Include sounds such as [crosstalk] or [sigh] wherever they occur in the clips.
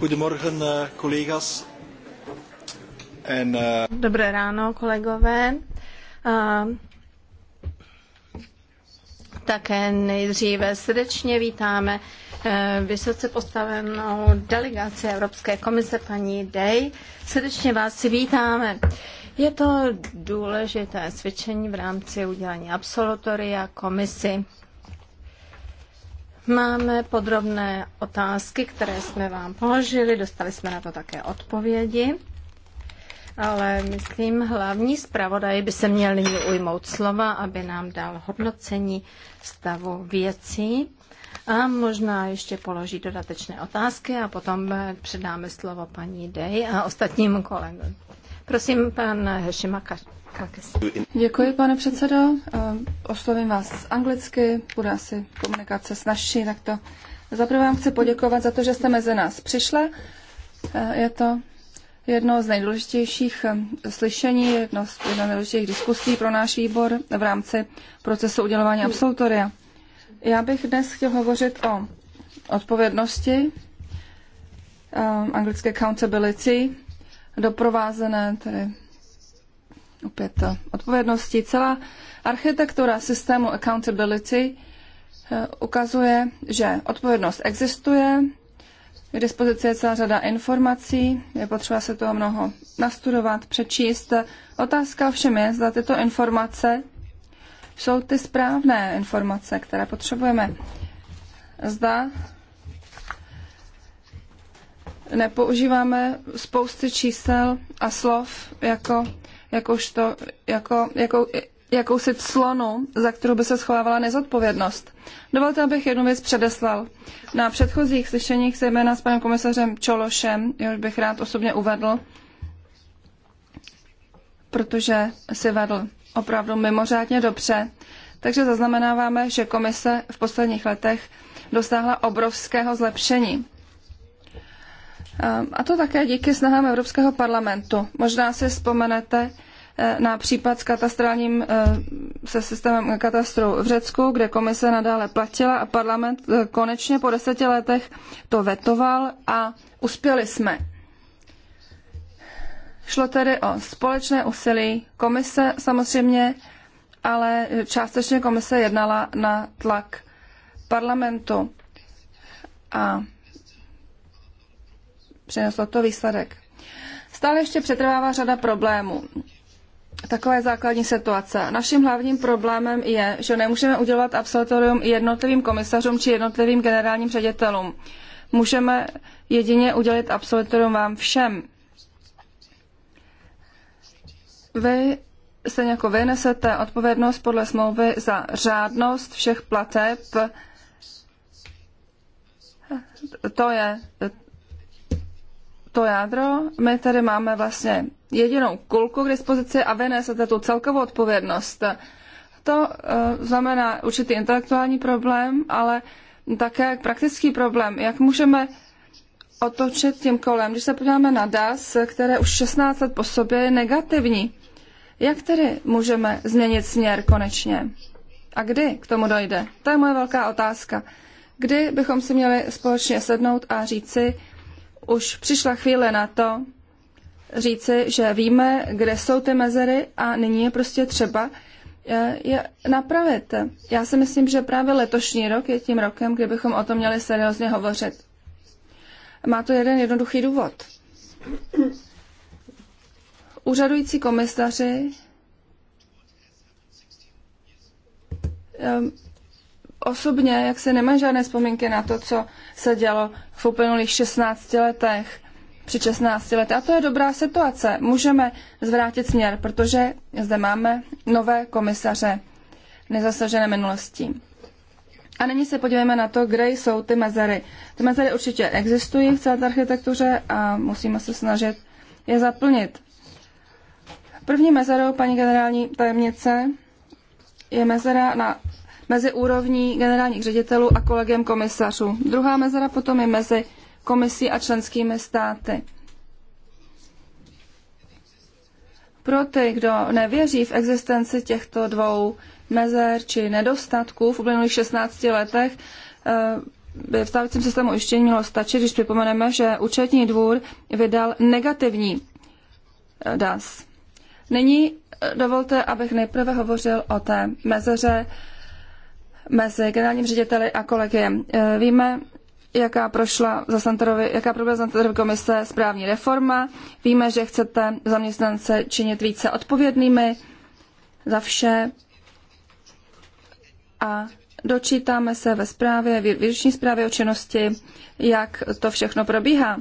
Goedemorgen, eh, collega's. En, eh, Dobré ráno, kolegové. Uh, také nejdříve srdečně vítáme vysoce postavenou delegaci Evropské komise paní Dej. Srdečně vás vítáme. Je to důležité cvičení v rámci udělání absolutoria komisi Máme podrobné otázky, které jsme vám položili, dostali jsme na to také odpovědi, ale myslím, hlavní zpravodaj by se měl nyní ujmout slova, aby nám dal hodnocení stavu věcí a možná ještě položí dodatečné otázky a potom předáme slovo paní Dej a ostatním kolegům. Prosím, pan Děkuji, pane předsedo. Eh, oslovím vás anglicky, bude asi komunikace snažší, tak to. Zaprvé vám chci poděkovat za to, že jste mezi nás přišla. Eh, je to jedno z nejdůležitějších eh, slyšení, jedno z, nejdůležitějších diskusí pro náš výbor v rámci procesu udělování absolutoria. Já bych dnes chtěl hovořit o odpovědnosti, anglické accountability, doprovázené tedy opět odpovědností. Celá architektura systému accountability eh, ukazuje, že odpovědnost existuje, k dispozici je celá řada informací, je potřeba se toho mnoho nastudovat, přečíst. Otázka všem je, zda tyto informace jsou ty správné informace, které potřebujeme. Zda nepoužíváme spousty čísel a slov jako, jakožto, jako, jako, jakousi clonu, za kterou by se schovávala nezodpovědnost. Dovolte, abych jednu věc předeslal. Na předchozích slyšeních, zejména s panem komisařem Čološem, jehož bych rád osobně uvedl, protože si vedl opravdu mimořádně dobře, takže zaznamenáváme, že komise v posledních letech dosáhla obrovského zlepšení. Ehm, a to také díky snahám Evropského parlamentu. Možná si vzpomenete eh, na případ s katastrálním, eh, se systémem katastru v Řecku, kde komise nadále platila a parlament eh, konečně po deseti letech to vetoval a uspěli jsme. Šlo tedy o společné úsilí komise samozřejmě, ale částečně komise jednala na tlak parlamentu. A přineslo to výsledek. Stále ještě přetrvává řada problémů. Takové základní situace. Naším hlavním problémem je, že nemůžeme udělat absolutorium jednotlivým komisařům či jednotlivým generálním ředitelům. Můžeme jedině udělit absolutorium vám všem. Vy se jako vynesete odpovědnost podle smlouvy za řádnost všech plateb. To je to jádro. My tady máme vlastně jedinou kulku k dispozici a vy nesete tu celkovou odpovědnost. To eh, znamená určitý intelektuální problém, ale také praktický problém. Jak můžeme otočit tím kolem, když se podíváme na DAS, které už 16 let po sobě je negativní. Jak tedy můžeme změnit směr konečně? A kdy k tomu dojde? To je moje velká otázka. Kdy bychom si měli společně sednout a říci, už přišla chvíle na to říci, že víme, kde jsou ty mezery a nyní je prostě třeba eh, je napravit. Já si myslím, že právě letošní rok je tím rokem, kdybychom o tom měli seriózně hovořit. Má to jeden jednoduchý důvod. Úřadující komisaři osobně jak se nemá žádné vzpomínky na to, co se dělo v uplynulých 16 letech, při 16 letech, A to je dobrá situace. Můžeme zvrátit směr, protože zde máme nové komisaře nezasažené minulostí. A nyní se podívejme na to, kde jsou ty mezery. Ty mezery určitě existují v celé architektuře a musíme se snažit je zaplnit. První mezerou paní generální tajemnice je mezera na mezi úrovní generálních ředitelů a kolegem komisařů. Druhá mezera potom je mezi komisí a členskými státy. Pro ty, kdo nevěří v existenci těchto dvou mezer či nedostatků v uplynulých 16 letech, eh, by v stávacím systému ještě mělo stačit, když připomeneme, že účetní dvůr vydal negativní eh, DAS. Nyní eh, dovolte, abych nejprve hovořil o té mezeře mezi generálním řediteli a kolegiem. Víme, jaká prošla za Santerovi, jaká proběhla Santerovi komise správní reforma. Víme, že chcete zaměstnance činit více odpovědnými za vše a dočítáme se ve zprávě, výroční zprávě o činnosti, jak to všechno probíhá.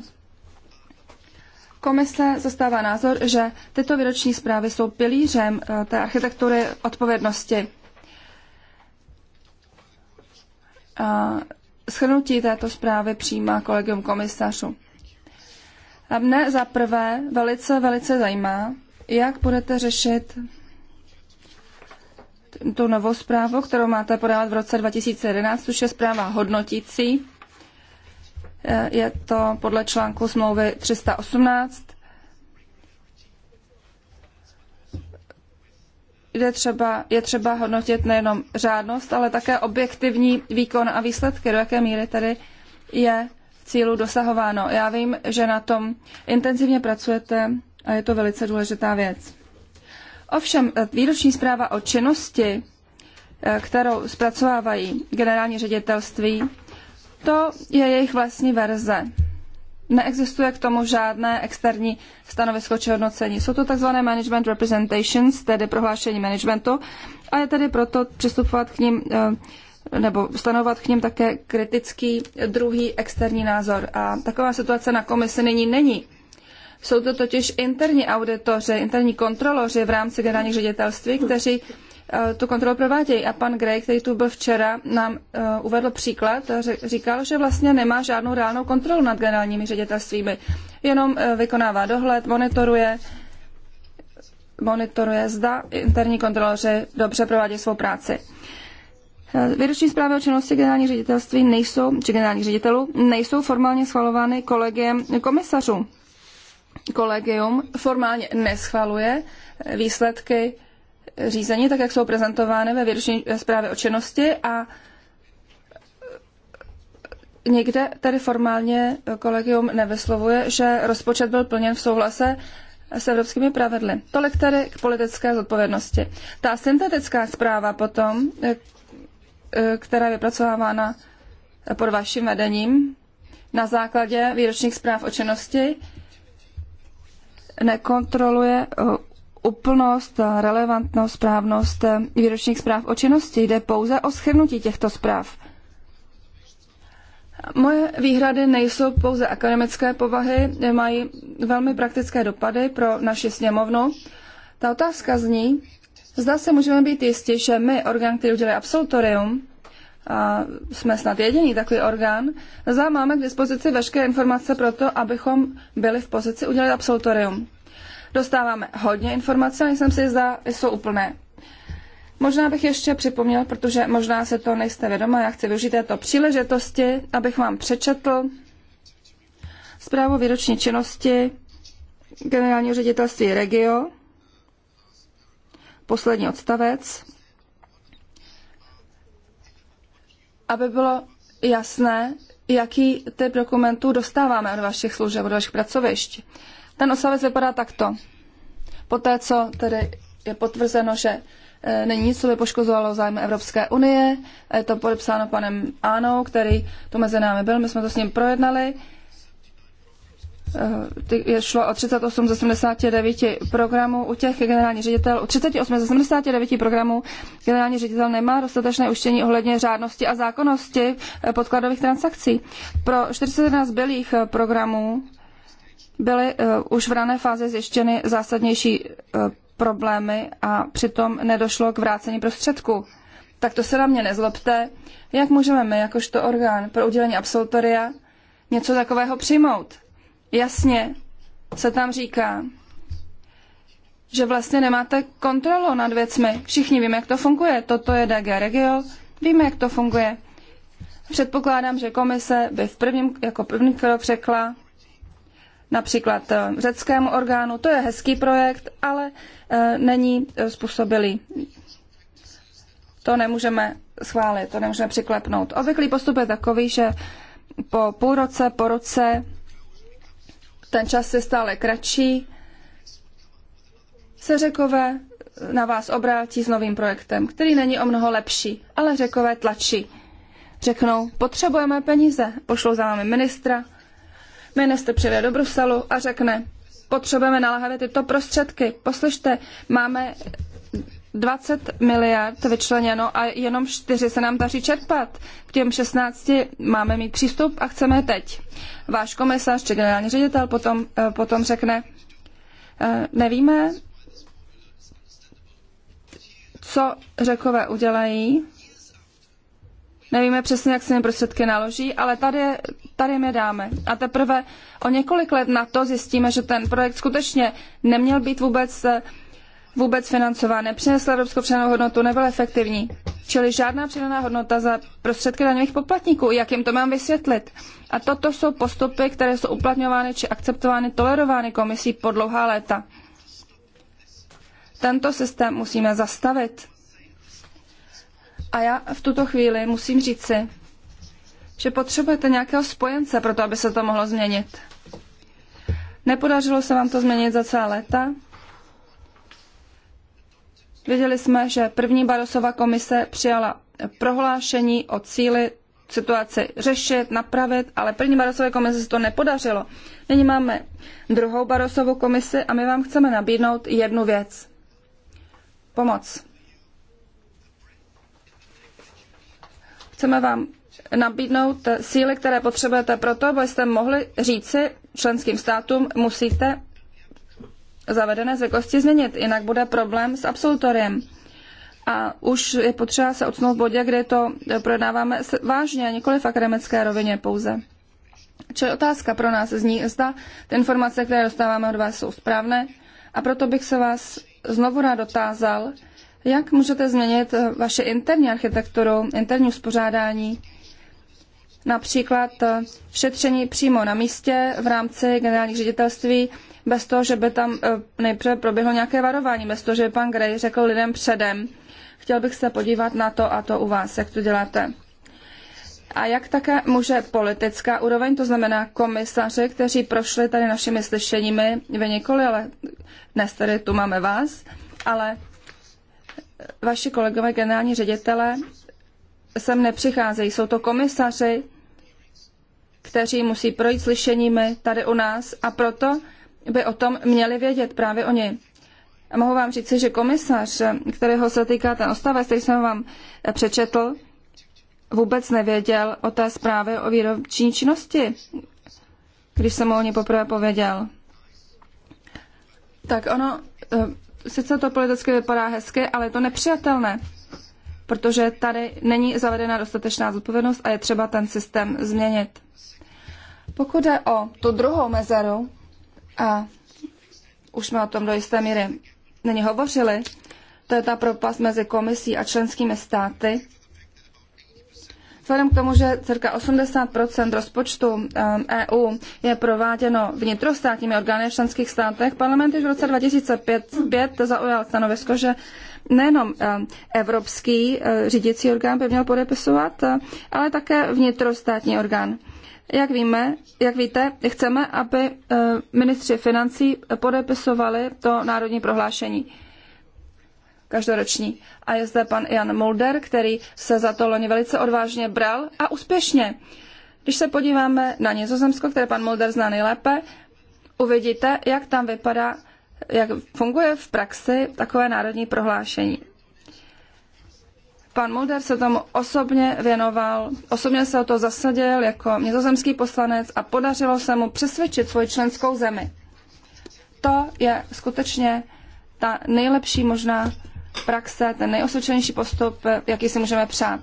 Komise zastává názor, že tyto výroční zprávy jsou pilířem e, té architektury odpovědnosti. shrnutí této zprávy přijímá kolegium komisařů. A mne za prvé velice, velice zajímá, jak budete řešit tu novou zprávu, kterou máte podávat v roce 2011, což je zpráva hodnotící. Je to podle článku smlouvy 318 je třeba, je třeba hodnotit nejenom řádnost, ale také objektivní výkon a výsledky, do jaké míry tedy je cílu dosahováno. Já vím, že na tom intenzivně pracujete a je to velice důležitá věc. Ovšem, výroční zpráva o činnosti, eh, kterou zpracovávají generální ředitelství, to je jejich vlastní verze. Neexistuje k tomu žádné externí stanovisko či hodnocení. Jsou to tzv. management representations, tedy prohlášení managementu, a je tedy proto přistupovat k ním eh, nebo stanovat k ním také kritický druhý externí názor. A taková situace na komisi nyní není. Jsou to totiž interní auditoři, interní kontroloři v rámci generálních ředitelství, kteří Eh, tu kontrolu provádějí. A pan Gray, který tu byl včera, nám eh, uvedl příklad, říkal, že vlastně nemá žádnou reálnou kontrolu nad generálními ředitelstvími. Jenom eh, vykonává dohled, monitoruje, monitoruje, zda interní kontroloři dobře provádějí svou práci. Výroční zprávy o činnosti generálních ředitelství nejsou, či generálních ředitelů, nejsou formálně schvalovány kolegiem komisařů. Kolegium formálně neschvaluje výsledky řízení, tak jak jsou prezentovány ve výroční zprávě o činnosti a někde tady formálně kolegium nevyslovuje, že rozpočet byl plněn v souhlase s evropskými pravidly. Tolik tedy k politické zodpovědnosti. Ta syntetická zpráva potom, která je vypracovávána pod vaším vedením na základě výročních zpráv o činnosti, nekontroluje úplnost, relevantnost, správnost výročních zpráv o činnosti. Jde pouze o schrnutí těchto zpráv. Moje výhrady nejsou pouze akademické povahy, mají velmi praktické dopady pro naši sněmovnu. Ta otázka zní, zda se můžeme být jistí, že my, orgán, který udělá absolutorium, a jsme snad jediný takový orgán, zda máme k dispozici veškeré informace pro to, abychom byli v pozici udělat absolutorium. Dostáváme hodně informací, ale jsem si zda, jsou úplné. Možná bych ještě připomněl, protože možná se to nejste vědoma, já chci využít této příležitosti, abych vám přečetl zprávu výroční činnosti generálního ředitelství Regio, poslední odstavec, aby bylo jasné, jaký typ dokumentů dostáváme od vašich služeb, od vašich pracovišť. Ten odstavec vypadá takto. Poté, co tedy je potvrzeno, že e, není nic, co by poškozovalo zájmy Evropské unie, je to podepsáno panem Ánou, který tu mezi námi byl, my jsme to s ním projednali. E, je šlo o 38 ze 79 programů. U těch generální ředitel, u 38 ze 79 programů generální ředitel nemá dostatečné uštění ohledně řádnosti a zákonnosti e, podkladových transakcí. Pro 41 zbylých programů byly eh, už v rané fázi zjištěny zásadnější eh, problémy a přitom nedošlo k vrácení prostředků. Tak to se na mě nezlobte. Jak můžeme my, jakožto orgán pro udělení absolutoria, něco takového přijmout? Jasně se tam říká, že vlastně nemáte kontrolu nad věcmi. Všichni víme, jak to funguje. Toto je DG Regio, víme, jak to funguje. Předpokládám, že komise by v prvním, jako první krok řekla, například eh, řeckému orgánu. To je hezký projekt, ale eh, není eh, způsobilý. To nemůžeme schválit, to nemůžeme přiklepnout. Obvyklý postup je takový, že po půl roce, po roce ten čas se stále kratší. Se řekové na vás obrátí s novým projektem, který není o mnoho lepší, ale řekové tlačí. Řeknou, potřebujeme peníze, pošlou za námi ministra, Ministr přijde do Bruselu a řekne, potřebujeme naléhavě tyto prostředky. Poslyšte, máme 20 miliard vyčleněno a jenom 4 se nám daří čerpat. K těm 16 máme mít přístup a chceme teď. Váš komisař či generální ředitel potom, eh, potom řekne, eh, nevíme, co řekové udělají, Nevíme přesně, jak se těmi prostředky naloží, ale tady, tady jim je dáme. A teprve o několik let na to zjistíme, že ten projekt skutečně neměl být vůbec, eh, vůbec financován, nepřinesl evropskou přidanou hodnotu, nebyl efektivní. Čili žádná přidaná hodnota za prostředky daňových poplatníků. Jak jim to mám vysvětlit? A toto jsou postupy, které jsou uplatňovány či akceptovány, tolerovány komisí po dlouhá léta. Tento systém musíme zastavit. A já v tuto chvíli musím říci, že potřebujete nějakého spojence pro to, aby se to mohlo změnit. Nepodařilo se vám to změnit za celá léta. Věděli jsme, že první Barosova komise přijala prohlášení o cíli situaci řešit, napravit, ale první Barosové komise se to nepodařilo. Nyní máme druhou Barosovou komisi a my vám chceme nabídnout jednu věc. Pomoc. Chceme vám nabídnout síly, které potřebujete proto, abyste mohli říci členským státům, musíte zavedené zvyklosti změnit, jinak bude problém s absolutoriem. A už je potřeba se odsunout v bodě, kde to projednáváme vážně a nikoli v akademické rovině pouze. Čili otázka pro nás zní, zda ty informace, které dostáváme od vás, jsou správné. A proto bych se vás znovu rád dotázal, jak můžete změnit eh, vaše interní architekturu, interní uspořádání, například eh, šetření přímo na místě v rámci generálních ředitelství, bez toho, že by tam eh, nejprve proběhlo nějaké varování, bez toho, že by pan Gray řekl lidem předem, chtěl bych se podívat na to a to u vás, jak to děláte. A jak také může politická úroveň, to znamená komisaři, kteří prošli tady našimi slyšeními, vy nikoli, ale dnes tady tu máme vás, ale vaši kolegové generální ředitele sem nepřicházejí. Jsou to komisaři, kteří musí projít slyšeními tady u nás a proto by o tom měli vědět právě oni. A mohu vám říct, že komisař, kterého se týká ten ostavec, který jsem vám přečetl, vůbec nevěděl o té zprávě o výroční činnosti, když jsem mu o ní poprvé pověděl. Tak ono, eh, sice to politicky vypadá hezky, ale je to nepřijatelné, protože tady není zavedena dostatečná zodpovědnost a je třeba ten systém změnit. Pokud jde o tu druhou mezeru, a už jsme o tom do jisté míry není hovořili, to je ta propast mezi komisí a členskými státy, Vzhledem k tomu, že cirka 80 rozpočtu um, EU je prováděno vnitrostátními orgány v členských státech, parlament již v roce 2005 zaujal stanovisko, že nejenom um, evropský uh, řídící orgán by měl podepisovat, uh, ale také vnitrostátní orgán. Jak víme, jak víte, chceme, aby uh, ministři financí podepisovali to národní prohlášení každoroční. A je zde pan Jan Mulder, který se za to loni velice odvážně bral a úspěšně. Když se podíváme na Nizozemsko, které pan Mulder zná nejlépe, uvidíte, jak tam vypadá, jak funguje v praxi takové národní prohlášení. Pan Mulder se tomu osobně věnoval, osobně se o to zasadil jako nizozemský poslanec a podařilo se mu přesvědčit svoji členskou zemi. To je skutečně ta nejlepší možná praxe, ten nejosvědčenější postup, jaký si můžeme přát.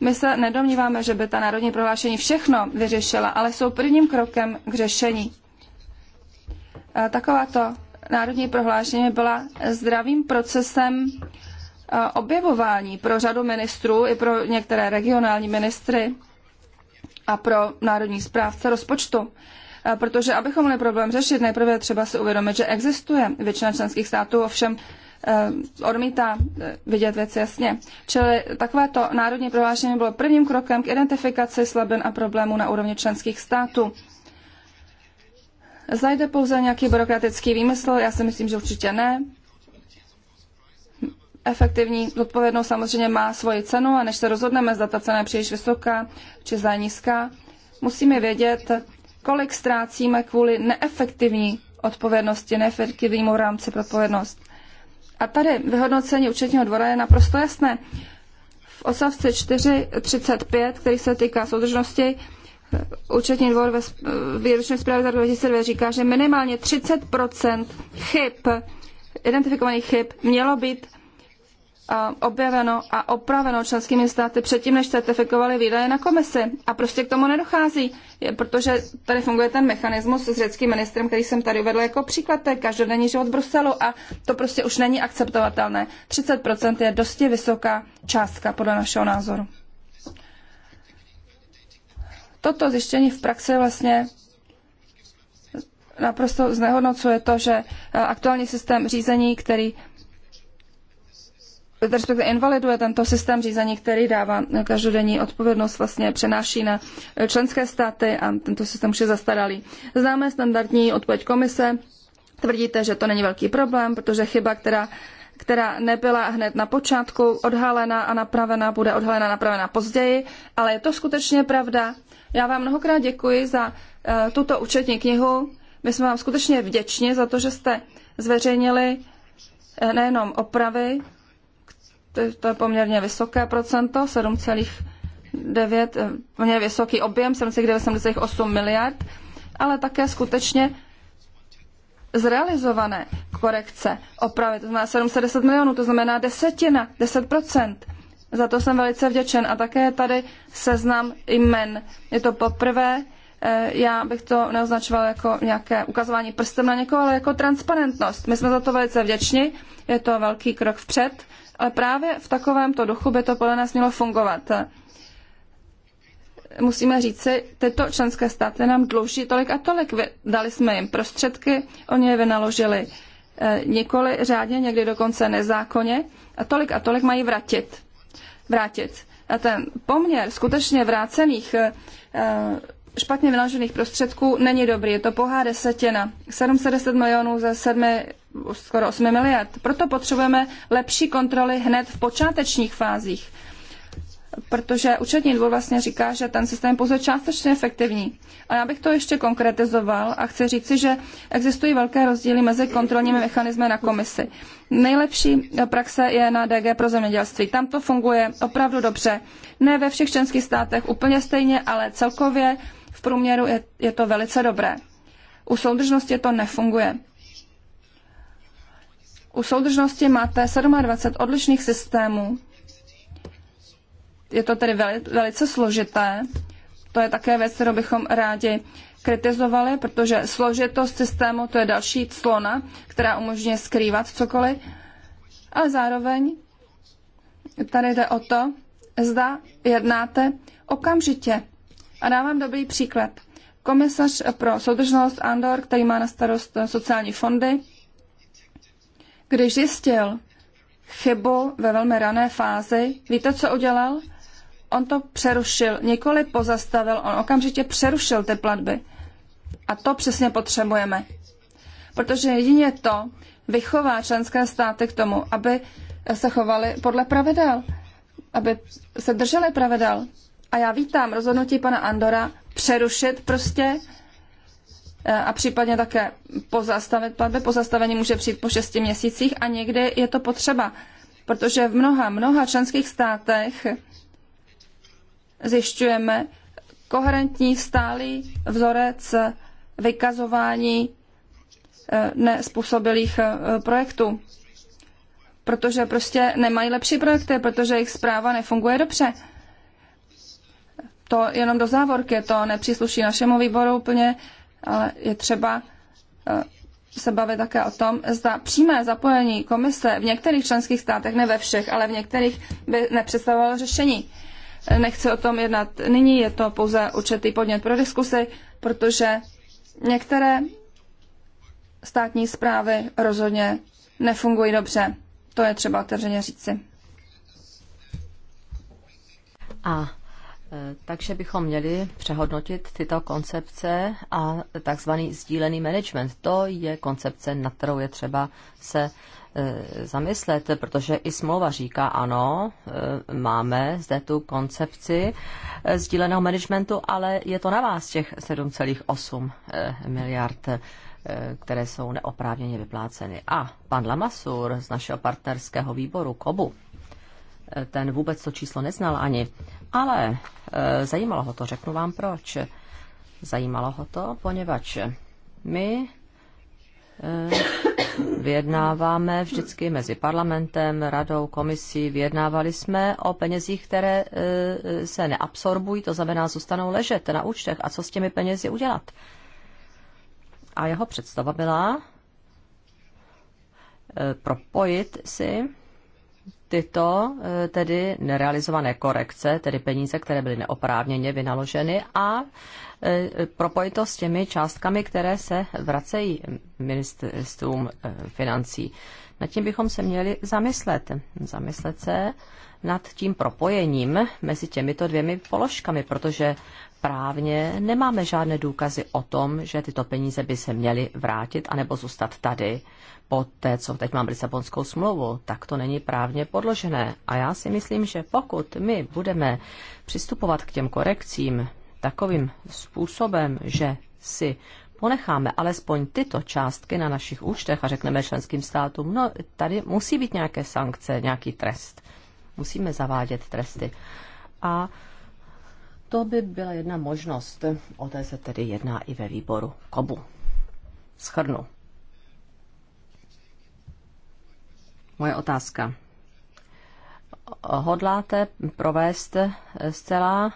My se nedomníváme, že by ta národní prohlášení všechno vyřešila, ale jsou prvním krokem k řešení. Takováto národní prohlášení byla zdravým procesem objevování pro řadu ministrů i pro některé regionální ministry a pro národní správce rozpočtu. Protože abychom mohli problém řešit, nejprve třeba si uvědomit, že existuje. Většina členských států ovšem Eh, odmítá eh, vidět věci jasně. Čili takovéto národní prohlášení bylo prvním krokem k identifikaci slabin a problémů na úrovni členských států. Zajde pouze nějaký byrokratický výmysl? Já si myslím, že určitě ne. Efektivní zodpovědnost samozřejmě má svoji cenu a než se rozhodneme, zda ta cena je příliš vysoká či za nízká, musíme vědět, kolik ztrácíme kvůli neefektivní odpovědnosti, neefektivnímu rámci pro odpovědnost. A tady vyhodnocení účetního dvora je naprosto jasné. V osavce 4.35, který se týká soudržnosti, Účetní dvor ve výroční zprávě za 2002 říká, že minimálně 30 chyb, identifikovaných chyb, mělo být objeveno a opraveno členskými státy předtím, než certifikovali výdaje na komisi. A prostě k tomu nedochází, protože tady funguje ten mechanismus s řeckým ministrem, který jsem tady uvedl jako příklad, to je každodenní život v Bruselu a to prostě už není akceptovatelné. 30% je dosti vysoká částka podle našeho názoru. Toto zjištění v praxi vlastně naprosto znehodnocuje to, že aktuální systém řízení, který respektive invaliduje tento systém řízení, který dává každodenní odpovědnost, vlastně přenáší na členské státy a tento systém už je zastaralý. Známe standardní odpověď komise, tvrdíte, že to není velký problém, protože chyba, která která nebyla hned na počátku odhalena a napravena, bude odhalena a napravena později, ale je to skutečně pravda. Já vám mnohokrát děkuji za eh, tuto účetní knihu. My jsme vám skutečně vděční za to, že jste zveřejnili eh, nejenom opravy to je poměrně vysoké procento, 7,9, eh, poměrně vysoký objem, 7,98 miliard, ale také skutečně zrealizované korekce, opravy, to znamená 710 milionů, to znamená desetina, 10%. Za to jsem velice vděčen. A také je tady seznam jmen. Je to poprvé, eh, já bych to neoznačoval jako nějaké ukazování prstem na někoho, ale jako transparentnost. My jsme za to velice vděční, je to velký krok vpřed ale právě v takovémto duchu by to podle nás mělo fungovat. Musíme říci, tyto členské státy nám dluží tolik a tolik. Dali jsme jim prostředky, oni je vynaložili eh, nikoli řádně, někdy dokonce nezákonně a tolik a tolik mají vratit. Vrátit. A ten poměr skutečně vrácených eh, eh, špatně vynaložených prostředků není dobrý. Je to pohá desetina. 710 milionů ze 7 už skoro 8 miliard. Proto potřebujeme lepší kontroly hned v počátečních fázích, protože účetní dvůr vlastně říká, že ten systém je pouze částečně efektivní. A já bych to ještě konkretizoval a chci říci, že existují velké rozdíly mezi kontrolními mechanismy na komisi. Nejlepší praxe je na DG pro zemědělství. Tam to funguje opravdu dobře. Ne ve všech členských státech úplně stejně, ale celkově v průměru je, je to velice dobré. U soudržnosti to nefunguje. U soudržnosti máte 27 odlišných systémů. Je to tedy veli, velice složité. To je také věc, kterou bychom rádi kritizovali, protože složitost systému to je další clona, která umožňuje skrývat cokoliv. Ale zároveň tady jde o to, zda jednáte okamžitě. A dávám dobrý příklad. Komisař pro soudržnost Andor, který má na starost sociální fondy, když zjistil chybu ve velmi rané fázi, víte, co udělal? On to přerušil, nikoli pozastavil, on okamžitě přerušil ty platby. A to přesně potřebujeme. Protože jedině to vychová členské státy k tomu, aby se chovali podle pravidel, aby se drželi pravidel. A já vítám rozhodnutí pana Andora přerušit prostě Eh, a případně také pozastavit platby. Pozastavení může přijít po šesti měsících a někdy je to potřeba, protože v mnoha, mnoha členských státech zjišťujeme koherentní stálý vzorec vykazování eh, nespůsobilých eh, projektů, protože prostě nemají lepší projekty, protože jejich zpráva nefunguje dobře. To jenom do závorky, to nepřísluší našemu výboru úplně ale je třeba eh, se bavit také o tom, zda přímé zapojení komise v některých členských státech, ne ve všech, ale v některých by nepředstavovalo řešení. Nechci o tom jednat nyní, je to pouze určitý podnět pro diskusy, protože některé státní zprávy rozhodně nefungují dobře. To je třeba otevřeně říci. A Eh, takže bychom měli přehodnotit tyto koncepce a takzvaný sdílený management. To je koncepce, na kterou je třeba se eh, zamyslet, protože i smlouva říká, ano, eh, máme zde tu koncepci sdíleného managementu, ale je to na vás těch 7,8 miliard, které jsou neoprávněně vypláceny. A pan Lamasur z našeho partnerského výboru KOBU ten vůbec to číslo neznal ani. Ale e, zajímalo ho to, řeknu vám proč. Zajímalo ho to, poněvadž my e, vyjednáváme vždycky mezi parlamentem, radou, komisí, vyjednávali jsme o penězích, které e, se neabsorbují, to znamená zůstanou ležet na účtech a co s těmi penězi udělat. A jeho představa byla e, propojit si tyto eh, tedy nerealizované korekce, tedy peníze, které byly neoprávněně vynaloženy a eh, propojit to s těmi částkami, které se vracejí ministrům eh, financí. Nad tím bychom se měli zamyslet. Zamyslet se nad tím propojením mezi těmito dvěmi položkami, protože právně nemáme žádné důkazy o tom, že tyto peníze by se měly vrátit anebo zůstat tady. Po té, co teď mám Lisabonskou smlouvu, tak to není právně podložené. A já si myslím, že pokud my budeme přistupovat k těm korekcím takovým způsobem, že si ponecháme alespoň tyto částky na našich účtech a řekneme členským státům, no tady musí být nějaké sankce, nějaký trest. Musíme zavádět tresty. A to by byla jedna možnost. O té se tedy jedná i ve výboru KOBU. Schrnu. Moje otázka. Hodláte provést zcela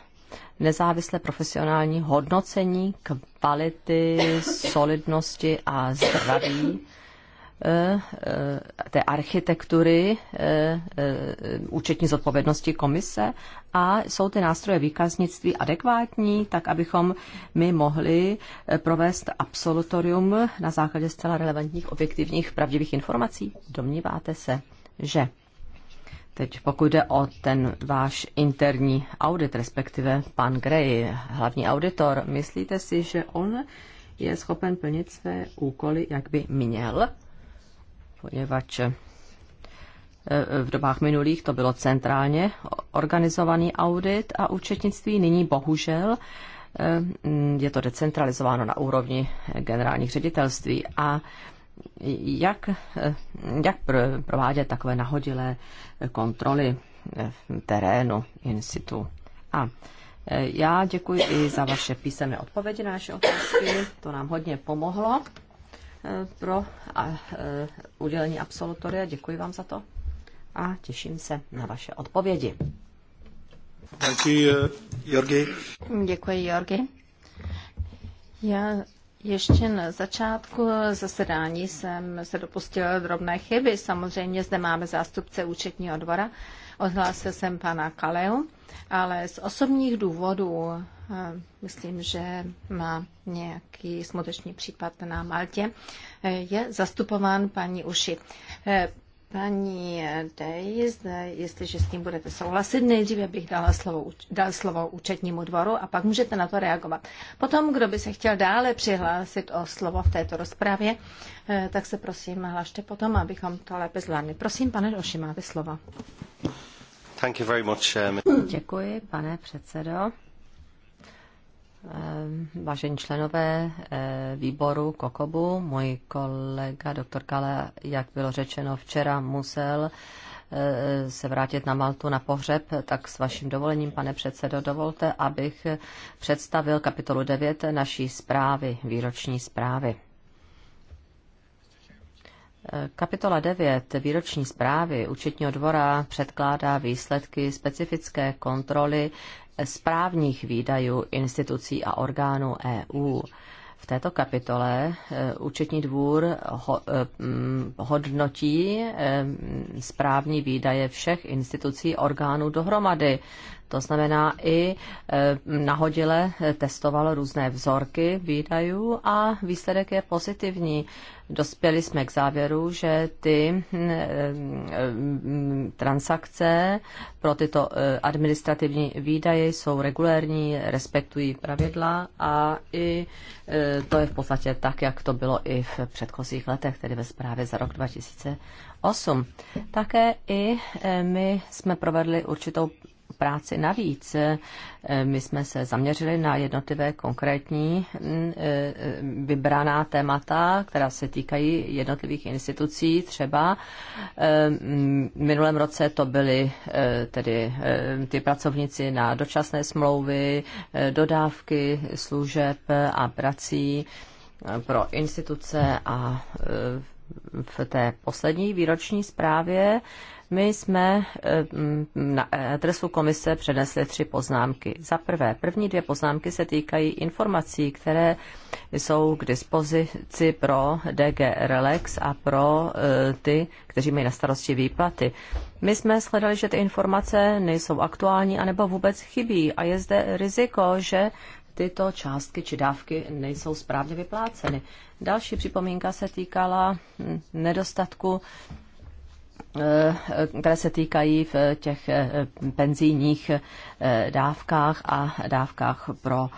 nezávislé profesionální hodnocení kvality, solidnosti a zdraví Eh, té architektury eh, eh, účetní zodpovědnosti komise a jsou ty nástroje výkaznictví adekvátní, tak abychom my mohli provést absolutorium na základě zcela relevantních, objektivních, pravdivých informací? Domníváte se, že Teď pokud jde o ten váš interní audit, respektive pan Gray, hlavní auditor, myslíte si, že on je schopen plnit své úkoly, jak by měl? poněvadž eh, v dobách minulých to bylo centrálně organizovaný audit a účetnictví. Nyní bohužel eh, je to decentralizováno na úrovni generálních ředitelství. A jak, eh, jak provádět takové nahodilé kontroly v terénu institu? A já děkuji i za vaše písemné odpovědi na naše otázky. To nám hodně pomohlo pro a, e, udělení absolutoria. Děkuji vám za to a těším se na vaše odpovědi. Děkuji, uh, Jorgi. Děkuji, Jorgi. Já ještě na začátku zasedání jsem se dopustila drobné chyby. Samozřejmě zde máme zástupce účetního dvora, Odhlásil jsem pana Kaleu, ale z osobních důvodů eh, myslím, že má nějaký smuteční případ na Maltě, eh, je zastupován paní Uši. Eh, Paní Dej, jestliže s tím budete souhlasit, nejdříve bych dala slovo, dal slovo účetnímu dvoru a pak můžete na to reagovat. Potom, kdo by se chtěl dále přihlásit o slovo v této rozpravě, eh, tak se prosím hlašte potom, abychom to lépe zvládli. Prosím, pane Doši, máte slovo. Thank you very much, um... Děkuji, pane předsedo. Eh, vážení členové eh, výboru Kokobu. Můj kolega doktor Kale, jak bylo řečeno včera, musel eh, se vrátit na Maltu na pohřeb, tak s vaším dovolením, pane předsedo, dovolte, abych představil kapitolu 9 naší zprávy, výroční zprávy. Kapitola 9 výroční zprávy účetního dvora předkládá výsledky specifické kontroly správních výdajů institucí a orgánů EU. V této kapitole e, účetní dvůr e, hodnotí e, správní výdaje všech institucí orgánů dohromady. To znamená, i e, nahodile testoval různé vzorky výdajů a výsledek je pozitivní. Dospěli jsme k závěru, že ty e, transakce pro tyto e, administrativní výdaje jsou regulérní, respektují pravidla a i to je v podstatě tak, jak to bylo i v předchozích letech, tedy ve zprávě za rok 2008. Také i my jsme provedli určitou práci navíc. Eh, my jsme se zaměřili na jednotlivé konkrétní mm, eh, eh, vybraná témata, která se týkají jednotlivých institucí. Třeba mm, minulém roce to byly tedy ty pracovníci na dočasné smlouvy, dodávky služeb a prací pro instituce a v té poslední výroční zprávě my jsme eh, na adresu komise přenesli tři poznámky. Za prvé, první dvě poznámky se týkají informací, které jsou k dispozici pro DG Relax a pro eh, ty, kteří mají na starosti výplaty. My jsme shledali, že ty informace nejsou aktuální anebo vůbec chybí a je zde riziko, že tyto částky či dávky nejsou správně vypláceny. Další připomínka se týkala hm, nedostatku Eh, které se týkají v těch eh, penzijních eh, dávkách a dávkách pro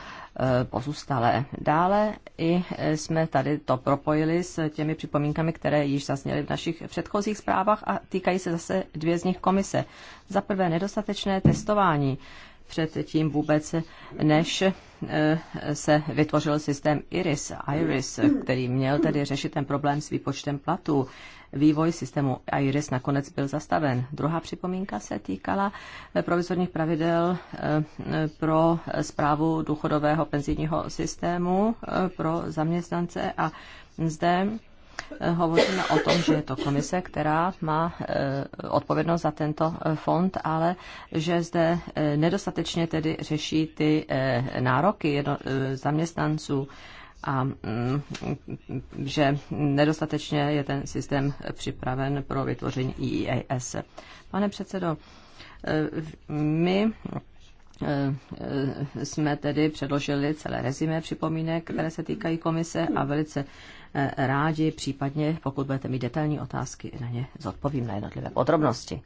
pozůstalé. Dále i jsme tady to propojili s těmi připomínkami, které již zazněly v našich předchozích zprávách a týkají se zase dvě z nich komise. Za prvé nedostatečné testování před tím vůbec, než se vytvořil systém IRIS, IRIS, který měl tedy řešit ten problém s výpočtem platů vývoj systému IRIS nakonec byl zastaven. Druhá připomínka se týkala eh, provizorních pravidel eh, eh, pro zprávu důchodového penzijního systému pro zaměstnance a zde Hovoříme o tom, že je to komise, která má odpovědnost za tento fond, ale že zde nedostatečně tedy řeší ty nároky zaměstnanců a mm, že nedostatečně je ten systém připraven pro vytvoření IIS. E Pane předsedo, eh, my eh, jsme tedy předložili celé rezime připomínek, které se týkají komise a velice eh, rádi, případně pokud budete mít detailní otázky, na ně zodpovím na jednotlivé podrobnosti.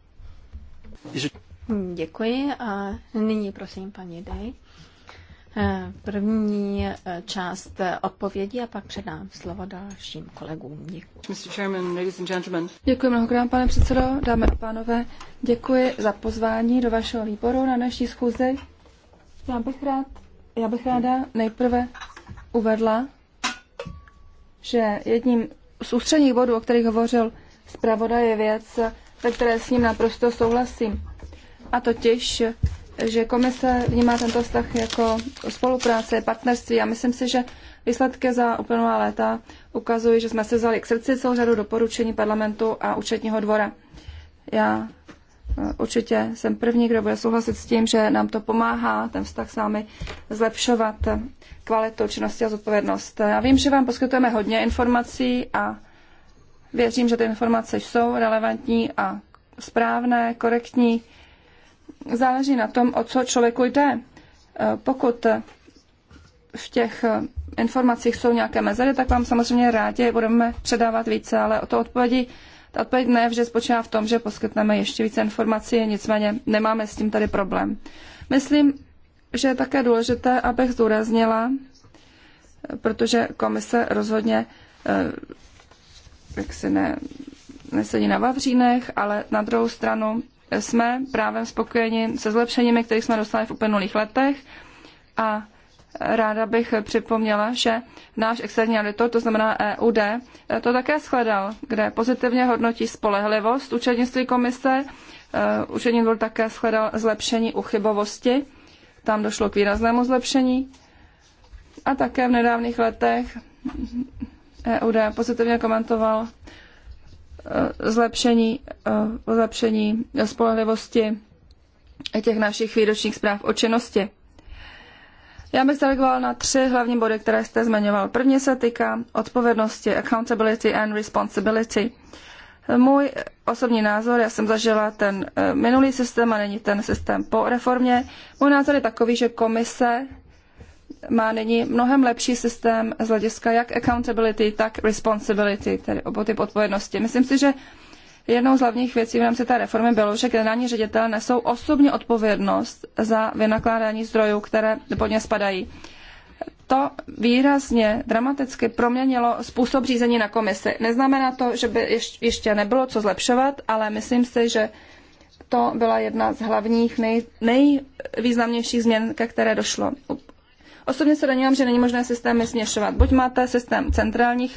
Děkuji a nyní prosím paní Dej. Eh, první eh, část eh, odpovědi a pak předám slovo dalším kolegům. Děkuji. Děkuji mnohokrát, pane předsedo, dámy a pánové. Děkuji za pozvání do vašeho výboru na naší schůzi. Já bych, rád, já bych ráda nejprve uvedla, že jedním z ústředních bodů, o kterých hovořil zpravodaj, je věc, ve které s ním naprosto souhlasím. A totiž že komise vnímá tento vztah jako spolupráce, partnerství a myslím si, že výsledky za uplynulá léta ukazují, že jsme se vzali k srdci celou řadu doporučení parlamentu a účetního dvora. Já eh, určitě jsem první, kdo bude souhlasit s tím, že nám to pomáhá ten vztah s námi zlepšovat kvalitu činnosti a zodpovědnost. Já vím, že vám poskytujeme hodně informací a věřím, že ty informace jsou relevantní a správné, korektní záleží na tom, o co člověku jde. E, pokud v těch e, informacích jsou nějaké mezery, tak vám samozřejmě rádi budeme předávat více, ale o to odpovědi ta odpověď ne vždy spočívá v tom, že poskytneme ještě více informací, nicméně nemáme s tím tady problém. Myslím, že je také důležité, abych zdůraznila, protože komise rozhodně e, jak si ne, nesedí na Vavřínech, ale na druhou stranu jsme právě spokojeni se zlepšeními, kterých jsme dostali v uplynulých letech a ráda bych připomněla, že náš externí auditor, to znamená EUD, to také shledal, kde pozitivně hodnotí spolehlivost učednictví komise. Učení eh, byl také shledal zlepšení uchybovosti. Tam došlo k výraznému zlepšení. A také v nedávných letech EUD pozitivně komentoval Eh, zlepšení, eh, zlepšení spolehlivosti těch našich výročních zpráv o činnosti. Já bych zareagoval na tři hlavní body, které jste zmiňoval. První se týká odpovědnosti, accountability and responsibility. Můj osobní názor, já jsem zažila ten eh, minulý systém a není ten systém po reformě. Můj názor je takový, že komise má nyní mnohem lepší systém z hlediska jak accountability, tak responsibility, tedy obou typ odpovědnosti. Myslím si, že jednou z hlavních věcí v rámci té reformy bylo, že generální ředitelé nesou osobní odpovědnost za vynakládání zdrojů, které pod ně spadají. To výrazně dramaticky proměnilo způsob řízení na komisi. Neznamená to, že by ještě nebylo co zlepšovat, ale myslím si, že to byla jedna z hlavních, nej, nejvýznamnějších změn, ke které došlo. Osobně se domnívám, že není možné systémy směšovat. Buď máte systém centrálních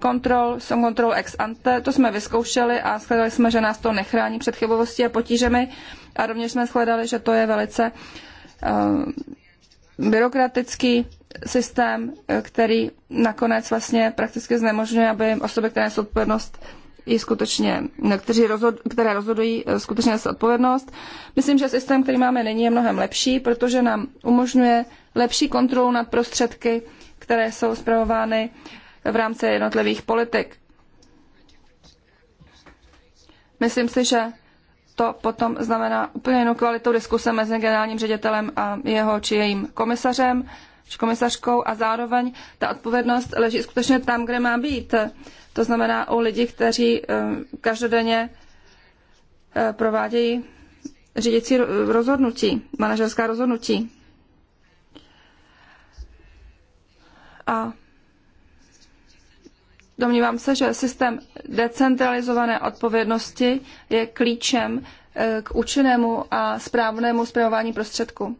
kontrol, jsou kontrol ex ante, to jsme vyzkoušeli a shledali jsme, že nás to nechrání před chybovostí a potížemi a rovněž jsme shledali, že to je velice uh, byrokratický systém, eh, který nakonec vlastně prakticky znemožňuje, aby osoby, které jsou odpovědnost i skutečně, kteří rozhod, které rozhodují eh, skutečně se odpovědnost. Myslím, že systém, který máme, není je mnohem lepší, protože nám umožňuje lepší kontrolu nad prostředky, které jsou zpravovány v rámci jednotlivých politik. Myslím si, že to potom znamená úplně jinou kvalitu diskuse mezi generálním ředitelem a jeho či jejím komisařem komisařkou a zároveň ta odpovědnost leží skutečně tam, kde má být. To znamená u lidí, kteří eh, každodenně eh, provádějí řídící rozhodnutí, manažerská rozhodnutí. A domnívám se, že systém decentralizované odpovědnosti je klíčem eh, k účinnému a správnému zpravování prostředku.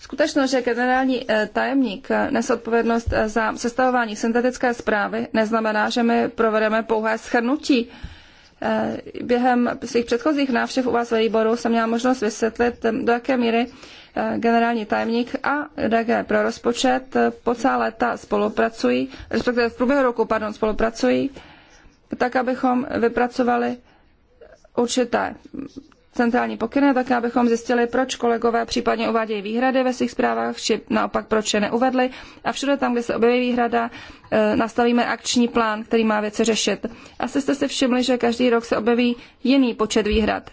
Skutečnost, že generální eh, tajemník eh, nese odpovědnost eh, za sestavování syntetické zprávy, neznamená, že my provedeme pouhé schrnutí. Během svých předchozích návštěv u vás ve výboru jsem měla možnost vysvětlit, do jaké míry generální tajemník a DG pro rozpočet po celá léta spolupracují, respektive v průběhu roku pardon, spolupracují, tak abychom vypracovali určité centrální pokyny, tak abychom zjistili, proč kolegové případně uvádějí výhrady ve svých zprávách, či naopak proč je neuvedli. A všude tam, kde se objeví výhrada, e, nastavíme akční plán, který má věci řešit. Asi jste si všimli, že každý rok se objeví jiný počet výhrad.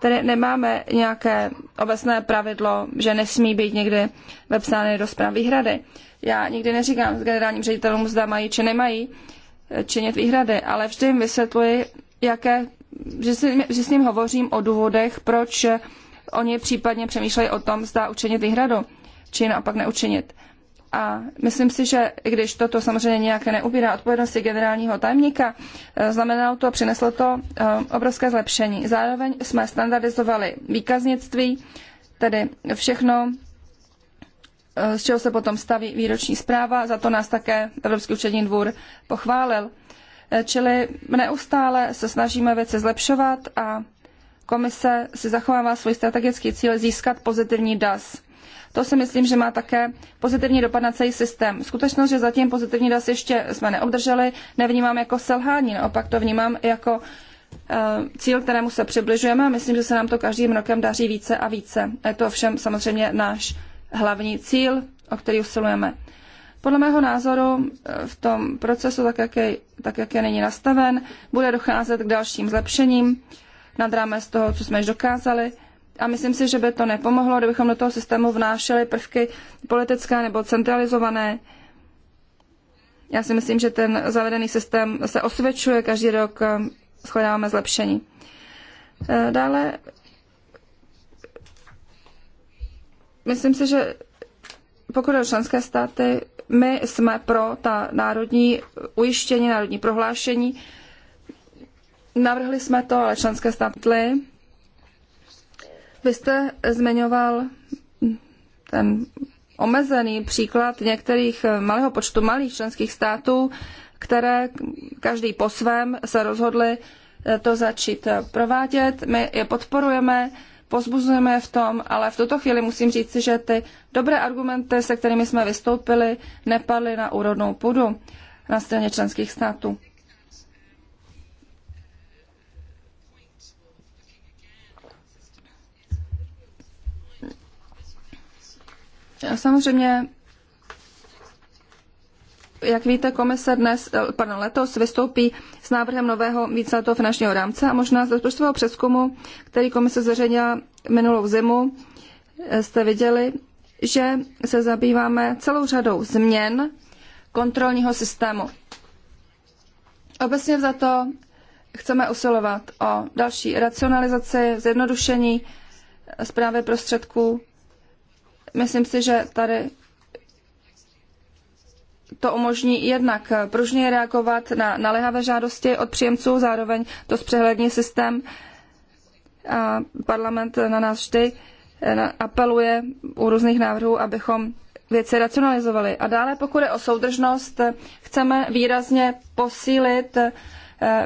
Tedy nemáme nějaké obecné pravidlo, že nesmí být někdy vepsány do zpráv výhrady. Já nikdy neříkám s generálním ředitelům, zda mají či nemají e, činit výhrady, ale vždy jim vysvětluji, jaké že, si, že s ním hovořím o důvodech, proč oni případně přemýšlejí o tom, zda učinit výhradu, či naopak neučinit. A myslím si, že i když toto samozřejmě nějak neubírá odpovědnosti generálního tajemníka, eh, znamenalo to, přineslo to eh, obrovské zlepšení. Zároveň jsme standardizovali výkaznictví, tedy všechno, eh, z čeho se potom staví výroční zpráva, za to nás také Evropský účetní dvůr pochválil. Eh, čili neustále se snažíme věci zlepšovat a komise si zachovává svůj strategický cíl získat pozitivní DAS. To si myslím, že má také pozitivní dopad na celý systém. Skutečnost, že zatím pozitivní DAS ještě jsme neobdrželi, nevnímám jako selhání, naopak to vnímám jako eh, cíl, kterému se přibližujeme a myslím, že se nám to každým rokem daří více a více. Je to ovšem samozřejmě náš hlavní cíl, o který usilujeme. Podle mého názoru eh, v tom procesu, tak jak, je, tak jak je nyní nastaven, bude docházet k dalším zlepšením nad rámec toho, co jsme již dokázali. A myslím si, že by to nepomohlo, kdybychom do toho systému vnášeli prvky politické nebo centralizované. Já si myslím, že ten zavedený systém se osvědčuje, každý rok shledáváme zlepšení. Eh, dále myslím si, že pokud o členské státy, my jsme pro ta národní ujištění, národní prohlášení. Navrhli jsme to, ale členské státy. Vy jste zmiňoval ten omezený příklad některých malého počtu malých členských států, které každý po svém se rozhodli to začít provádět. My je podporujeme pozbuzujeme v tom, ale v tuto chvíli musím říct, že ty dobré argumenty, se kterými jsme vystoupili, nepadly na úrodnou půdu na straně členských států. Samozřejmě jak víte, komise dnes, eh, pardon, letos vystoupí s návrhem nového víceletého finančního rámce a možná z rozpočtového přeskumu, který komise zveřejnila minulou zimu, eh, jste viděli, že se zabýváme celou řadou změn kontrolního systému. Obecně za to chceme usilovat o další racionalizaci, zjednodušení zprávy eh, prostředků. Myslím si, že tady to umožní jednak pružně reagovat na naléhavé žádosti od příjemců, zároveň to zpřehlední systém. A parlament na nás vždy eh, apeluje u různých návrhů, abychom věci racionalizovali. A dále, pokud je o soudržnost, chceme výrazně posílit eh,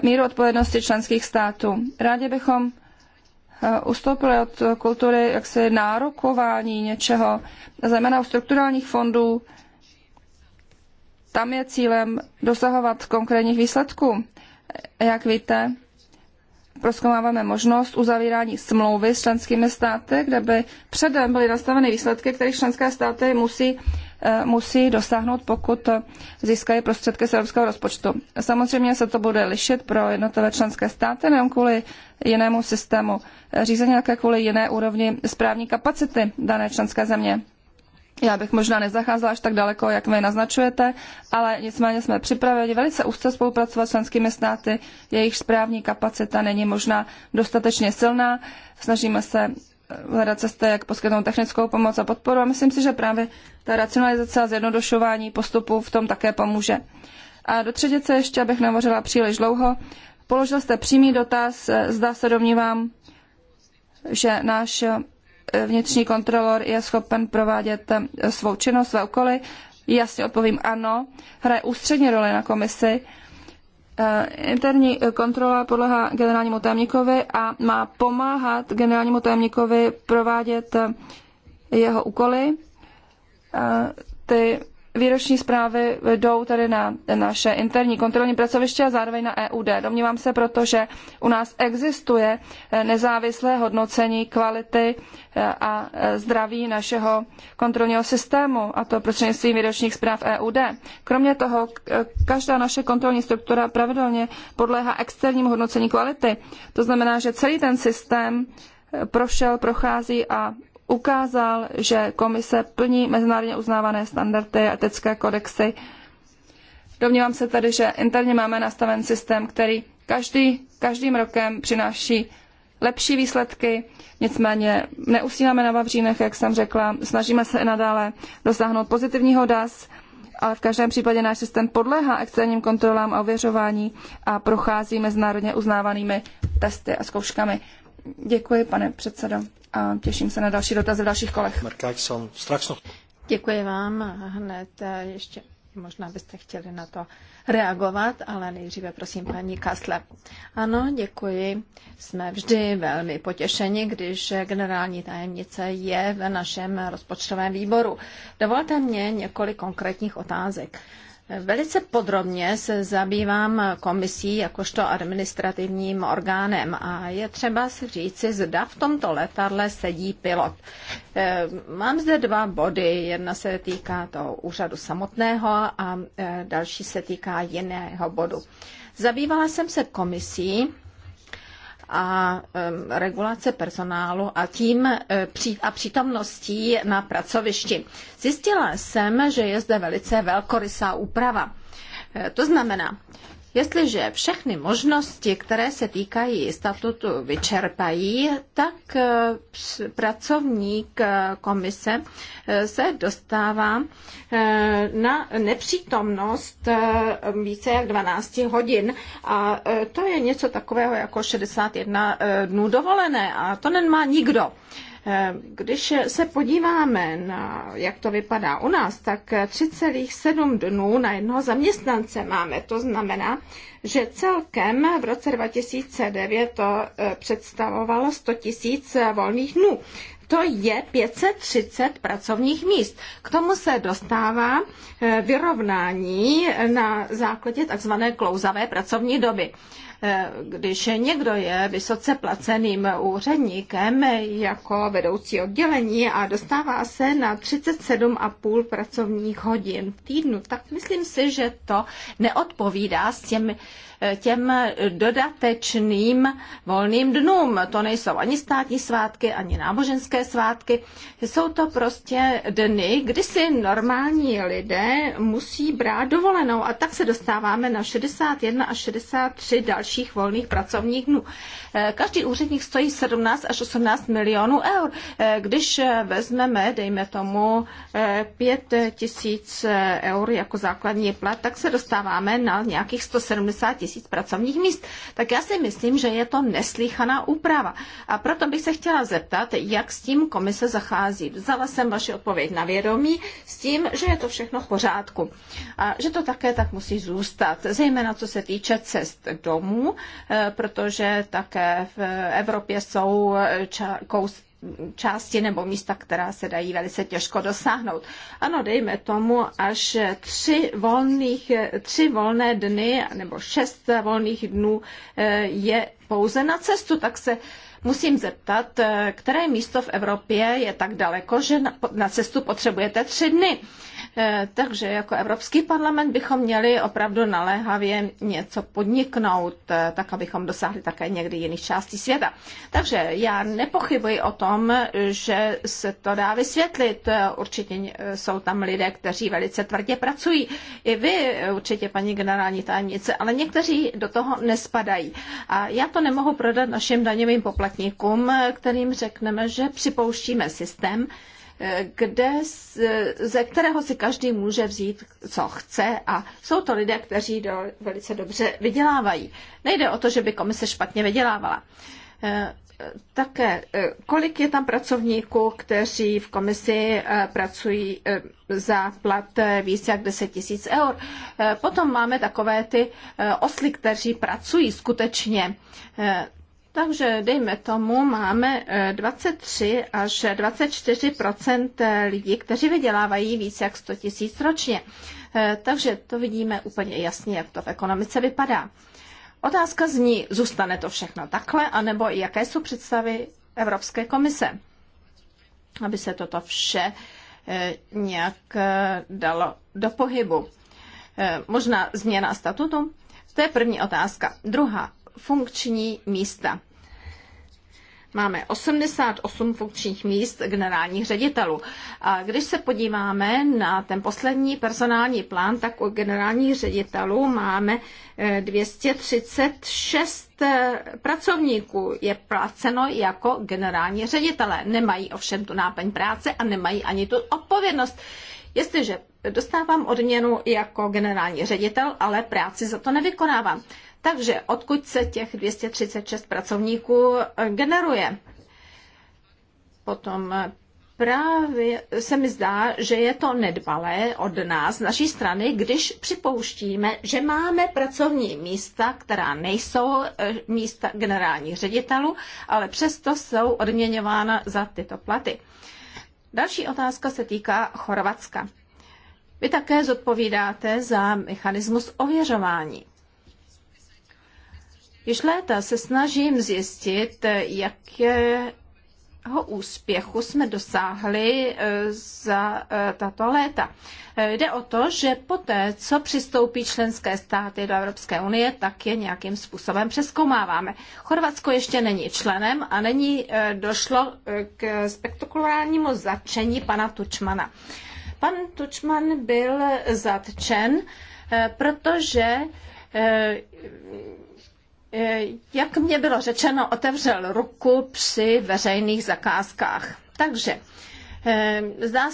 míru odpovědnosti členských států. Rádi bychom eh, ustoupili od kultury jaksi nárokování něčeho, zejména u strukturálních fondů, tam je cílem dosahovat konkrétních výsledků. Jak víte, proskomáváme možnost uzavírání smlouvy s členskými státy, kde by předem byly nastaveny výsledky, kterých členské státy musí, eh, musí dosáhnout, pokud získají prostředky z evropského rozpočtu. Samozřejmě se to bude lišit pro jednotlivé členské státy, nejen kvůli jinému systému řízení, také kvůli jiné úrovni správní kapacity dané členské země. Já bych možná nezacházela až tak daleko, jak vy naznačujete, ale nicméně jsme připraveni velice úzce spolupracovat s členskými státy. Jejich správní kapacita není možná dostatečně silná. Snažíme se eh, hledat cesty, jak poskytnout technickou pomoc a podporu a myslím si, že právě ta racionalizace a zjednodušování postupů v tom také pomůže. A do třetice ještě, abych nemořila příliš dlouho, položil jste přímý dotaz, eh, zda se domnívám, že náš vnitřní kontrolor je schopen provádět eh, svou činnost, své úkoly? Jasně odpovím ano. Hraje ústřední roli na komisi. Eh, interní kontrola podlehá generálnímu tajemníkovi a má pomáhat generálnímu tajemníkovi provádět eh, jeho úkoly. Ty výroční zprávy jdou tedy na naše interní kontrolní pracoviště a zároveň na EUD. Domnívám se proto, že u nás existuje nezávislé hodnocení kvality eh, a eh, zdraví našeho kontrolního systému, a to prostřednictvím výročních zpráv EUD. Kromě toho, eh, každá naše kontrolní struktura pravidelně podléhá externímu hodnocení kvality. To znamená, že celý ten systém prošel, prochází a ukázal, že komise plní mezinárodně uznávané standardy a etické kodexy. Domnívám se tedy, že interně máme nastaven systém, který každý, každým rokem přináší lepší výsledky, nicméně neusíláme na Vavřínech, jak jsem řekla, snažíme se i nadále dosáhnout pozitivního DAS, ale v každém případě náš systém podléhá externím kontrolám a ověřování a prochází mezinárodně uznávanými testy a zkouškami. Děkuji, pane předsedo a těším se na další dotazy v dalších kolech. Děkuji vám. Hned eh, ještě možná byste chtěli na to reagovat, ale nejdříve prosím paní Kasle. Ano, děkuji. Jsme vždy velmi potěšeni, když generální tajemnice je v našem rozpočtovém výboru. Dovolte mě několik konkrétních otázek. Velice podrobně se zabývám komisí jakožto administrativním orgánem a je třeba si říci, zda v tomto letadle sedí pilot. Eh, mám zde dva body. Jedna se týká toho úřadu samotného a eh, další se týká jiného bodu. Zabývala jsem se komisí a regulace personálu a tím e, a přítomností na pracovišti. Zjistila jsem, že je zde velice velkorysá úprava. E, to znamená, Jestliže všechny možnosti, které se týkají statutu, vyčerpají, tak eh, pracovník eh, komise eh, se dostává na nepřítomnost více jak 12 hodin. A to je něco takového jako 61 dnů dovolené. A to nemá nikdo. Eh, když se podíváme, na, jak to vypadá u nás, tak 3,7 dnů na jednoho zaměstnance máme. To znamená, že celkem v roce 2009 to eh, představovalo 100 000 eh, volných dnů. To je 530 pracovních míst. K tomu se dostává vyrovnání na základě tzv. klouzavé pracovní doby. Eh, když někdo je vysoce placeným úředníkem jako vedoucí oddělení a dostává se na 37,5 pracovních hodin v týdnu, tak myslím si, že to neodpovídá s těm, eh, těm dodatečným volným dnům. To nejsou ani státní svátky, ani náboženské svátky. Jsou to prostě dny, kdy si normální lidé musí brát dovolenou a tak se dostáváme na 61 a 63 další dalších volných pracovních dnů. Eh, každý úředník stojí 17 až 18 milionů eur. Eh, když vezmeme, dejme tomu, 5 eh, tisíc eur jako základní plat, tak se dostáváme na nějakých 170 tisíc pracovních míst. Tak já si myslím, že je to neslíchaná úprava. A proto bych se chtěla zeptat, jak s tím komise zachází. Vzala jsem vaši odpověď na vědomí s tím, že je to všechno v pořádku. A že to také tak musí zůstat, zejména co se týče cest domů regionů, eh, protože také v Evropě jsou eh, části nebo místa, která se dají velice těžko dosáhnout. Ano, dejme tomu až tři, volných, tři volné dny nebo šest volných dnů eh, je pouze na cestu, tak se musím zeptat, které místo v Evropě je tak daleko, že na, na cestu potřebujete tři dny. Eh, takže jako Evropský parlament bychom měli opravdu naléhavě něco podniknout, eh, tak abychom dosáhli také někdy jiných částí světa. Takže já nepochybuji o tom, že se to dá vysvětlit. Eh, určitě jsou tam lidé, kteří velice tvrdě pracují. I vy určitě, paní generální tajemnice, ale někteří do toho nespadají. A já to nemohu prodat našim daňovým poplatníkům, kterým řekneme, že připouštíme systém, kde, ze kterého si každý může vzít, co chce a jsou to lidé, kteří do, velice dobře vydělávají. Nejde o to, že by komise špatně vydělávala eh, také, eh, kolik je tam pracovníků, kteří v komisi eh, pracují za plat víc jak 10 tisíc eur. Potom máme takové ty osly, kteří pracují skutečně takže dejme tomu, máme 23 eh, až 24 eh, lidí, kteří vydělávají víc jak 100 tisíc ročně. Eh, takže to vidíme úplně jasně, jak to v ekonomice vypadá. Otázka zní, zůstane to všechno takhle, anebo jaké jsou představy Evropské komise, aby se toto vše nějak dalo do pohybu. Možná změna statutu? To je první otázka. Druhá, funkční místa. Máme 88 funkčních míst generálních ředitelů. A když se podíváme na ten poslední personální plán, tak u generálních ředitelů máme 236 eh, eh, pracovníků. Je placeno jako generální ředitelé. Nemají ovšem tu náplň práce a nemají ani tu odpovědnost. Jestliže dostávám odměnu jako generální ředitel, ale práci za to nevykonávám. Takže odkud se těch 236 pracovníků eh, generuje? Potom eh, právě se mi zdá, že je to nedbalé od nás, z naší strany, když připouštíme, že máme pracovní místa, která nejsou eh, místa generálních ředitelů, ale přesto jsou odměňována za tyto platy. Další otázka se týká Chorvatska. Vy také zodpovídáte za mechanismus ověřování. Již léta se snažím zjistit, jakého úspěchu jsme dosáhli eh, za eh, tato léta. Eh, jde o to, že poté, co přistoupí členské státy do Evropské unie, tak je nějakým způsobem přeskoumáváme. Chorvatsko ještě není členem a není došlo k spektakulárnímu zatčení pana Tučmana. Pan Tučman byl zatčen, protože Eh, jak mě bylo řečeno, otevřel ruku při veřejných zakázkách. Takže eh, zdá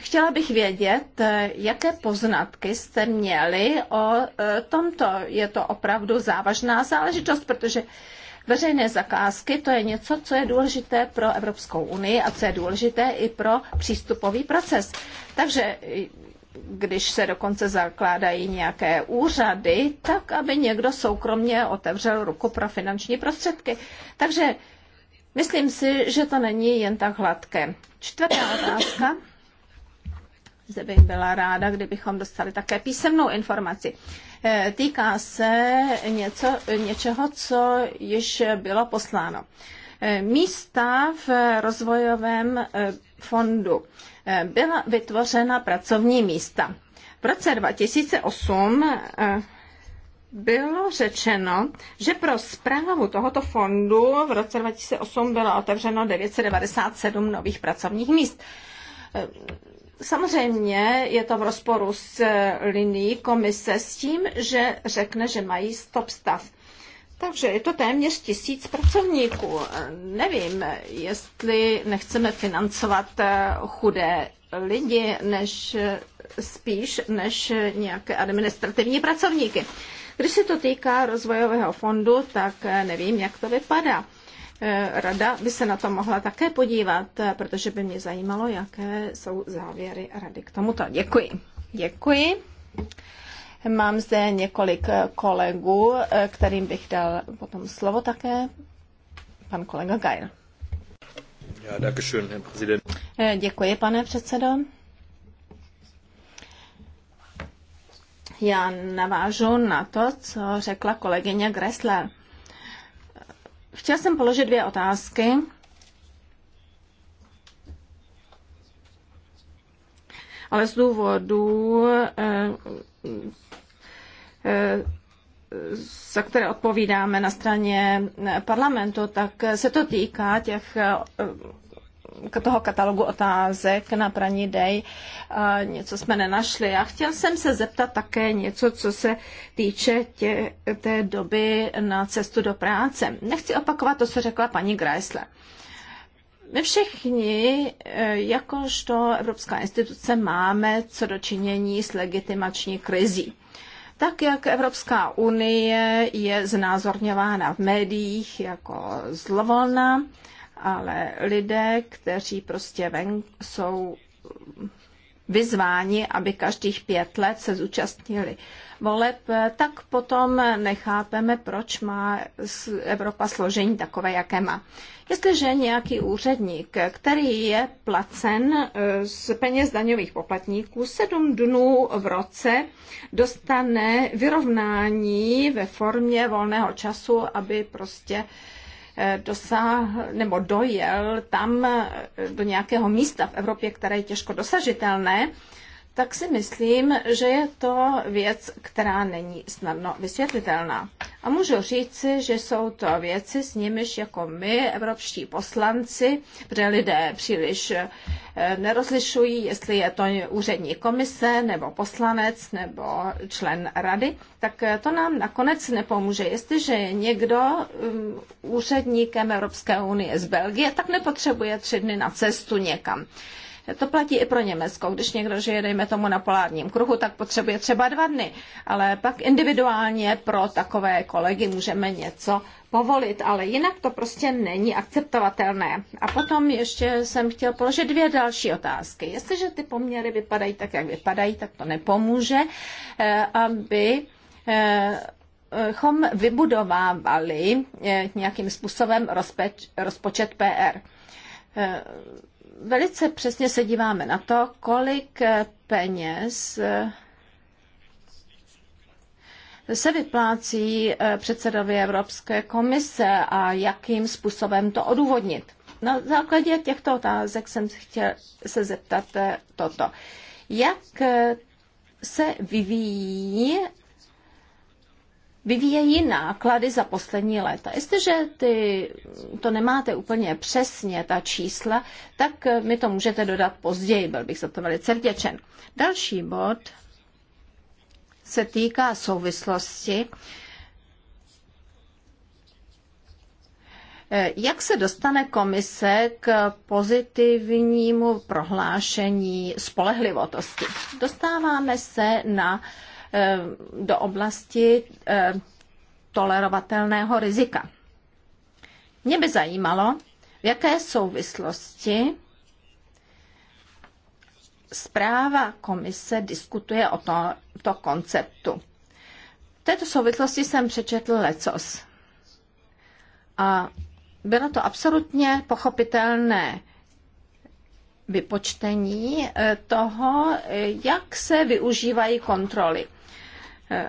chtěla bych vědět, eh, jaké poznatky jste měli o tomto. Je to opravdu závažná záležitost, protože veřejné zakázky to je něco, co je důležité pro Evropskou unii a co je důležité i pro přístupový proces. Takže když se dokonce zakládají nějaké úřady, tak aby někdo soukromně otevřel ruku pro finanční prostředky. Takže myslím si, že to není jen tak hladké. Čtvrtá otázka. Zde bych byla ráda, kdybychom dostali také písemnou informaci. Eh, týká se něco, něčeho, co již bylo posláno. Eh, místa v rozvojovém eh, fondu. Eh, byla vytvořena pracovní místa. V roce 2008 eh, bylo řečeno, že pro zprávu tohoto fondu v roce 2008 bylo otevřeno 997 nových pracovních míst. Eh, samozřejmě je to v rozporu s linií komise s tím, že řekne, že mají stop stav. Takže je to téměř tisíc pracovníků. Nevím, jestli nechceme financovat eh, chudé lidi, než eh, spíš než nějaké administrativní pracovníky. Když se to týká rozvojového fondu, tak eh, nevím, jak to vypadá. Rada by se na to mohla také podívat, protože by mě zajímalo, jaké jsou závěry rady k tomuto. Děkuji. Děkuji. Mám zde několik eh, kolegů, eh, kterým bych dal potom slovo také. Pan kolega Geil. Eh, děkuji, pane předsedo. Já navážu na to, co řekla kolegyně Gressler. Chtěl jsem položit dvě otázky. Ale z důvodu za které odpovídáme na straně parlamentu, tak se to týká těch eh, toho katalogu otázek na praní dej. Něco jsme nenašli. A chtěl jsem se zeptat také něco, co se týče tě, té doby na cestu do práce. Nechci opakovat to, co řekla paní Greisler. My všichni, eh, jakožto Evropská instituce, máme co dočinění s legitimační krizí. Tak, jak Evropská unie je znázorňována v médiích jako zlovolná, ale lidé, kteří prostě ven, jsou vyzváni, aby každých pět let se zúčastnili voleb, tak potom nechápeme, proč má Evropa složení takové, jaké má. Jestliže nějaký úředník, který je placen e, z peněz daňových poplatníků, sedm dnů v roce dostane vyrovnání ve formě volného času, aby prostě e, dosáhl nebo dojel tam e, do nějakého místa v Evropě, které je těžko dosažitelné, tak si myslím, že je to věc, která není snadno vysvětlitelná. A můžu říci, že jsou to věci, s nimiž jako my, evropští poslanci, protože lidé příliš eh, nerozlišují, jestli je to úřední komise, nebo poslanec, nebo člen rady, tak eh, to nám nakonec nepomůže. Jestliže je někdo mm, úředníkem Evropské unie z Belgie, tak nepotřebuje tři dny na cestu někam. To platí i pro Německo. Když někdo žije, dejme tomu, na polárním kruhu, tak potřebuje třeba dva dny. Ale pak individuálně pro takové kolegy můžeme něco povolit, ale jinak to prostě není akceptovatelné. A potom ještě jsem chtěl položit dvě další otázky. Jestliže ty poměry vypadají tak, jak vypadají, tak to nepomůže, eh, aby eh, chom vybudovávali eh, nějakým způsobem rozpeč, rozpočet PR velice přesně se díváme na to, kolik eh, peněz eh, se vyplácí eh, předsedovi Evropské komise a jakým způsobem to odůvodnit. Na základě těchto otázek jsem chtěl se zeptat toto. Jak se vyvíjí vyvíjejí náklady za poslední léta. Jestliže ty, to nemáte úplně přesně, ta čísla, tak eh, mi to můžete dodat později, byl bych za to velice vděčen. Další bod se týká souvislosti, eh, Jak se dostane komise k pozitivnímu prohlášení spolehlivosti? Dostáváme se na uh, Eh, do oblasti eh, tolerovatelného rizika. Mě by zajímalo, v jaké souvislosti zpráva komise diskutuje o to, to konceptu. V této souvislosti jsem přečetl lecos. A bylo to absolutně pochopitelné vypočtení eh, toho, jak se využívají kontroly. Eh,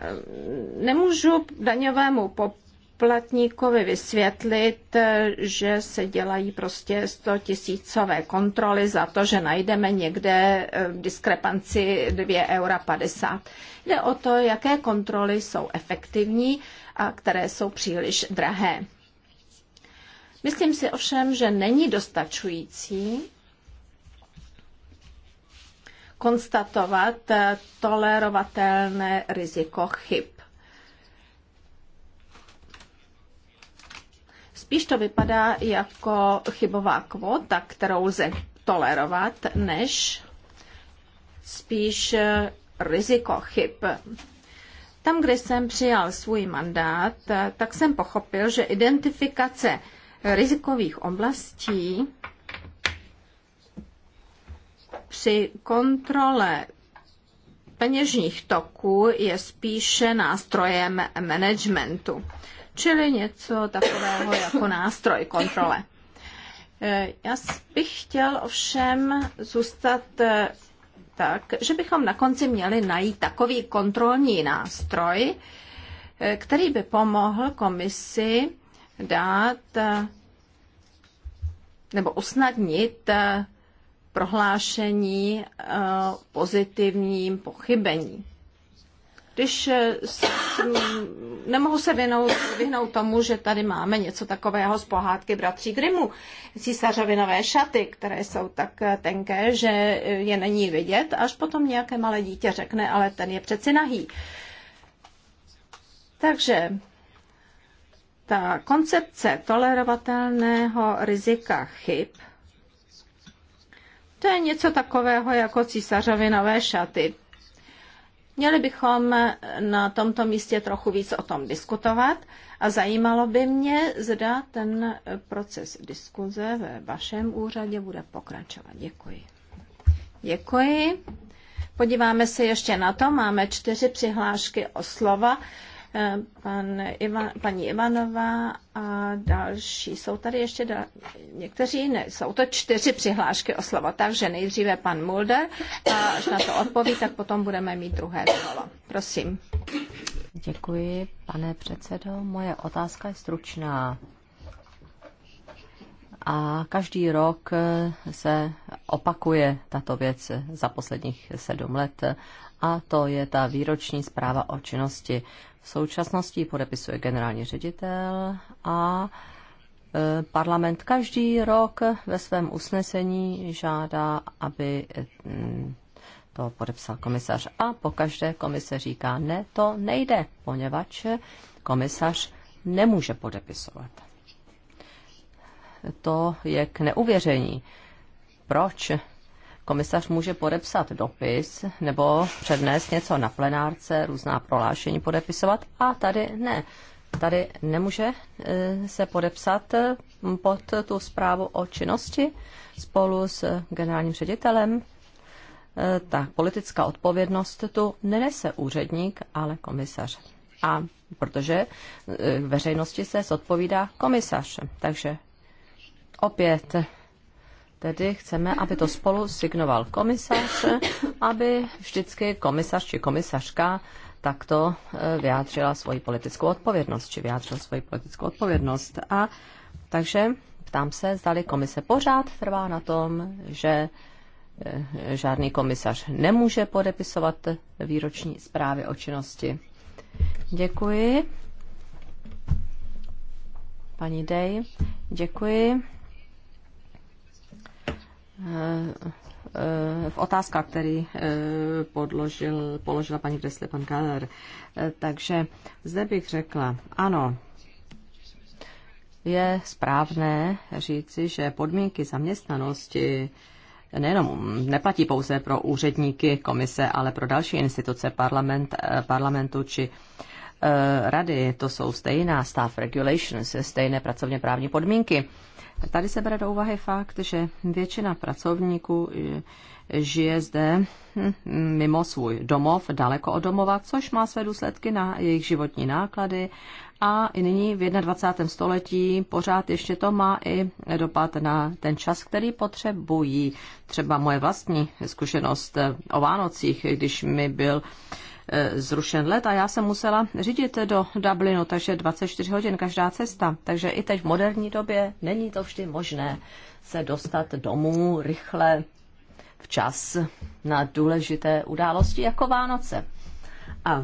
nemůžu daňovému poplatníkovi vysvětlit, eh, že se dělají prostě 100 tisícové kontroly za to, že najdeme někde eh, v diskrepanci 2,50 eura. Jde o to, jaké kontroly jsou efektivní a které jsou příliš drahé. Myslím si ovšem, že není dostačující, konstatovat eh, tolerovatelné riziko chyb. Spíš to vypadá jako chybová kvota, kterou lze tolerovat, než spíš eh, riziko chyb. Tam, kde jsem přijal svůj mandát, eh, tak jsem pochopil, že identifikace rizikových oblastí při kontrole peněžních toků je spíše nástrojem managementu, čili něco takového jako nástroj kontrole. Eh, já bych chtěl ovšem zůstat eh, tak, že bychom na konci měli najít takový kontrolní nástroj, eh, který by pomohl komisi dát nebo usnadnit prohlášení eh, pozitivním pochybení. Když eh, nemohu se vyhnout, vyhnout tomu, že tady máme něco takového z pohádky bratří Grimu, císařovinové šaty, které jsou tak eh, tenké, že je není vidět, až potom nějaké malé dítě řekne, ale ten je přeci nahý. Takže ta koncepce tolerovatelného rizika chyb – to je něco takového jako nové šaty. Měli bychom na tomto místě trochu víc o tom diskutovat a zajímalo by mě, zda ten proces diskuze ve vašem úřadě bude pokračovat. Děkuji. Děkuji. Podíváme se ještě na to. Máme čtyři přihlášky o slova pan Ivan, paní Ivanová a další. Jsou tady ještě da, někteří, ne, jsou to čtyři přihlášky o slovo, takže nejdříve pan Mulder a až na to odpoví, tak potom budeme mít druhé slovo. Prosím. Děkuji, pane předsedo. Moje otázka je stručná. A každý rok se opakuje tato věc za posledních sedm let a to je ta výroční zpráva o činnosti. V současnosti podepisuje generální ředitel a e, parlament každý rok ve svém usnesení žádá, aby mm, to podepsal komisař. A po každé komise říká, ne, to nejde, poněvadž komisař nemůže podepisovat. To je k neuvěření proč komisař může podepsat dopis nebo přednést něco na plenárce, různá prohlášení podepisovat a tady ne. Tady nemůže eh, se podepsat hm, pod tu zprávu o činnosti spolu s generálním ředitelem. Eh, tak politická odpovědnost tu nenese úředník, ale komisař. A protože eh, veřejnosti se zodpovídá komisař. Takže opět Tedy chceme, aby to spolu signoval komisař, aby vždycky komisař či komisařka takto e, vyjádřila svoji politickou odpovědnost, či vyjádřil svoji politickou odpovědnost. A takže ptám se, zdali komise pořád trvá na tom, že e, žádný komisař nemůže podepisovat výroční zprávy o činnosti. Děkuji. Paní Dej, děkuji. Eh, v otázkách, který eh, podložil, položila paní Kresle pan Keller. Eh, takže zde bych řekla, ano, je správné říci, že podmínky zaměstnanosti nejenom neplatí pouze pro úředníky komise, ale pro další instituce parlament, parlamentu či rady. To jsou stejná staff regulations, stejné pracovně právní podmínky. Tady se bere do úvahy fakt, že většina pracovníků eh, žije zde hm, mimo svůj domov, daleko od domova, což má své důsledky na jejich životní náklady a i nyní v 21. století pořád ještě to má i dopad na ten čas, který potřebují. Třeba moje vlastní zkušenost eh, o Vánocích, když mi byl E, zrušen let a já jsem musela řídit do Dublinu, takže 24 hodin každá cesta. Takže i teď v moderní době není to vždy možné se dostat domů rychle, včas na důležité události jako Vánoce. A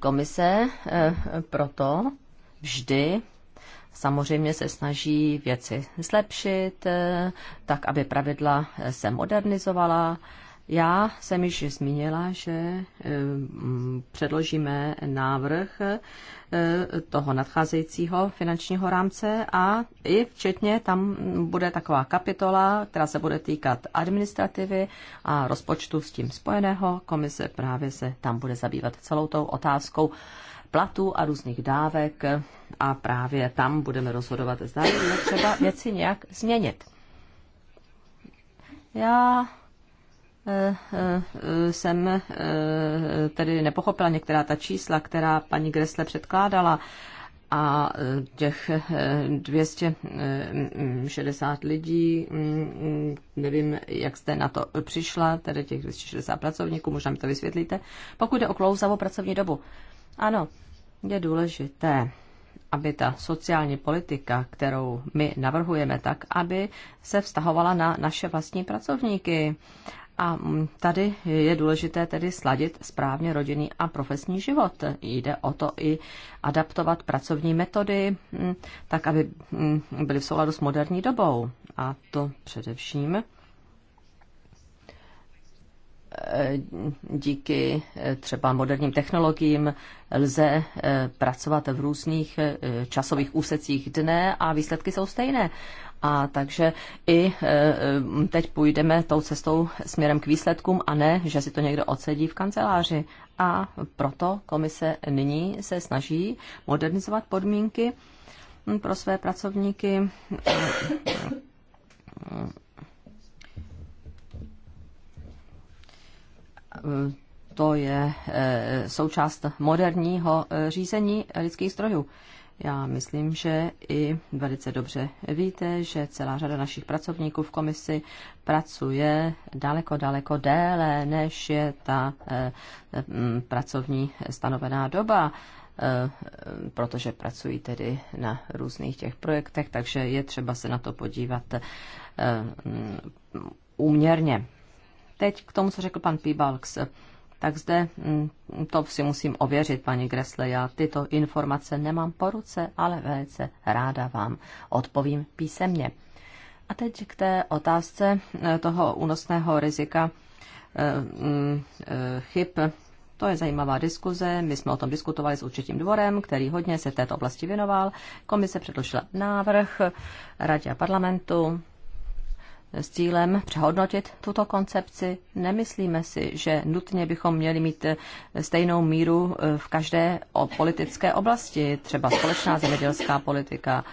komise e, proto vždy samozřejmě se snaží věci zlepšit, e, tak aby pravidla se modernizovala já jsem již zmínila, že eh, předložíme návrh eh, toho nadcházejícího finančního rámce a i včetně tam bude taková kapitola, která se bude týkat administrativy a rozpočtu s tím spojeného. Komise právě se tam bude zabývat celou tou otázkou platů a různých dávek a právě tam budeme rozhodovat, zda je třeba věci nějak změnit. Já jsem eh, tedy nepochopila některá ta čísla, která paní Gresle předkládala a eh, těch 260 eh, lidí, mm, nevím, jak jste na to přišla, tedy těch 260 pracovníků, možná mi to vysvětlíte. Pokud jde o klouzavou pracovní dobu, ano, je důležité, aby ta sociální politika, kterou my navrhujeme, tak aby se vztahovala na naše vlastní pracovníky a tady je důležité tedy sladit správně rodinný a profesní život. Jde o to i adaptovat pracovní metody mm, tak, aby mm, byly v souladu s moderní dobou. A to především eh, díky eh, třeba moderním technologiím lze eh, pracovat v různých časových úsecích dne a výsledky jsou stejné. A takže i e, e, teď půjdeme tou cestou směrem k výsledkům a ne, že si to někdo odsedí v kanceláři. A proto komise nyní se snaží modernizovat podmínky hm, pro své pracovníky. To je e, součást moderního řízení lidských strojů. Já myslím, že i velice dobře víte, že celá řada našich pracovníků v komisi pracuje daleko, daleko déle, než je ta eh, mm, pracovní stanovená doba eh, protože pracují tedy na různých těch projektech, takže je třeba se na to podívat eh, mm, úměrně. Teď k tomu, co řekl pan Pibalks tak zde mm, to si musím ověřit, paní Gresle. Já tyto informace nemám po ruce, ale velice ráda vám odpovím písemně. A teď k té otázce eh, toho únosného rizika eh, mm, eh, chyb. To je zajímavá diskuze. My jsme o tom diskutovali s určitým dvorem, který hodně se této oblasti věnoval. Komise předložila návrh radě a parlamentu s cílem přehodnotit tuto koncepci. Nemyslíme si, že nutně bychom měli mít eh, stejnou míru eh, v každé politické oblasti, třeba společná zemědělská politika,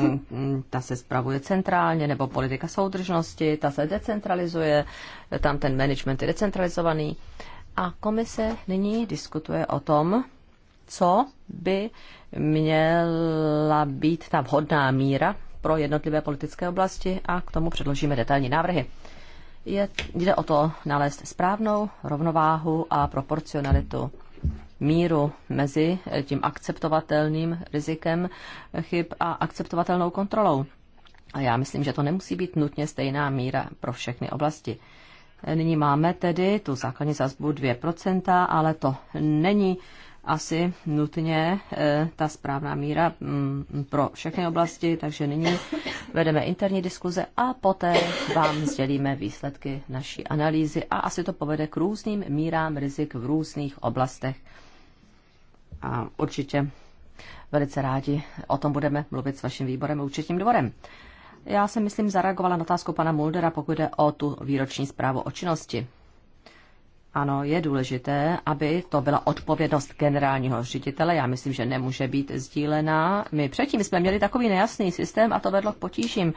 mm, mm, ta se spravuje centrálně, nebo politika soudržnosti, ta se decentralizuje, tam ten management je decentralizovaný. A komise nyní diskutuje o tom, co by měla být ta vhodná míra pro jednotlivé politické oblasti a k tomu předložíme detailní návrhy. Je, jde o to nalézt správnou rovnováhu a proporcionalitu míru mezi tím akceptovatelným rizikem chyb a akceptovatelnou kontrolou. A já myslím, že to nemusí být nutně stejná míra pro všechny oblasti. Nyní máme tedy tu základní sazbu 2%, ale to není asi nutně eh, ta správná míra mm, pro všechny oblasti, takže nyní vedeme interní diskuze a poté vám sdělíme výsledky naší analýzy a asi to povede k různým mírám rizik v různých oblastech. A určitě velice rádi o tom budeme mluvit s vaším výborem a účetním dvorem. Já jsem, myslím, zareagovala na otázku pana Muldera, pokud jde o tu výroční zprávu o činnosti. Ano, je důležité, aby to byla odpovědnost generálního ředitele. Já myslím, že nemůže být sdílená. My předtím jsme měli takový nejasný systém a to vedlo k potížím.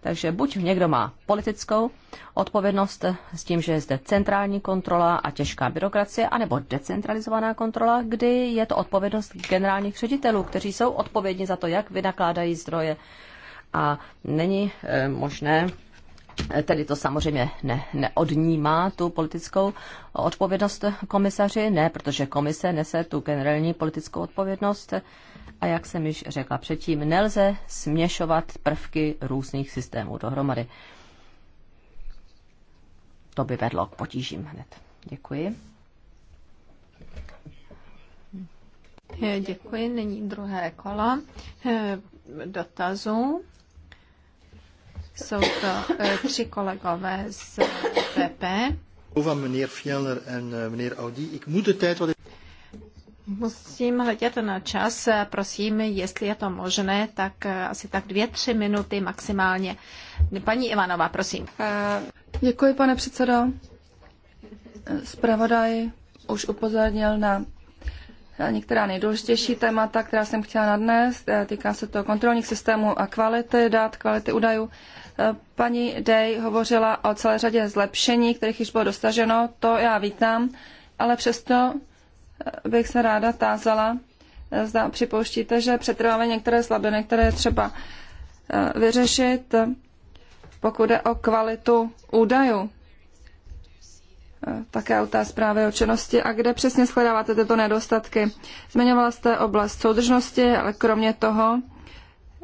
Takže buď někdo má politickou odpovědnost s tím, že je zde centrální kontrola a těžká byrokracie, anebo decentralizovaná kontrola, kdy je to odpovědnost generálních ředitelů, kteří jsou odpovědní za to, jak vynakládají zdroje. A není eh, možné Eh, tedy to samozřejmě ne, neodnímá tu politickou odpovědnost komisaři, ne, protože komise nese tu generální politickou odpovědnost. A jak jsem již řekla předtím, nelze směšovat prvky různých systémů dohromady. To by vedlo k potížím hned. Děkuji. Eh, děkuji. Nyní druhé kolo eh, dotazů. Jsou to eh, tři kolegové z PP. Eh, Musím hledět na čas. Eh, prosím, jestli je to možné, tak asi tak dvě, tři minuty maximálně. Paní Ivanová, prosím. Děkuji, pane předsedo. Zpravodaj už upozornil na některá nejdůležitější témata, která jsem chtěla nadnést. Týká se to kontrolních systémů a kvality dat, kvality údajů. Eh, paní Day hovořila o celé řadě zlepšení, kterých již bylo dosaženo, to já vítám, ale přesto eh, bych se ráda tázala, eh, zda připouštíte, že přetrvávají některé slabiny, které je třeba vyřešit, pokud jde o kvalitu údajů. Také o té zprávy o činnosti. A kde přesně shledáváte tyto nedostatky? Zmiňovala jste oblast soudržnosti, ale kromě toho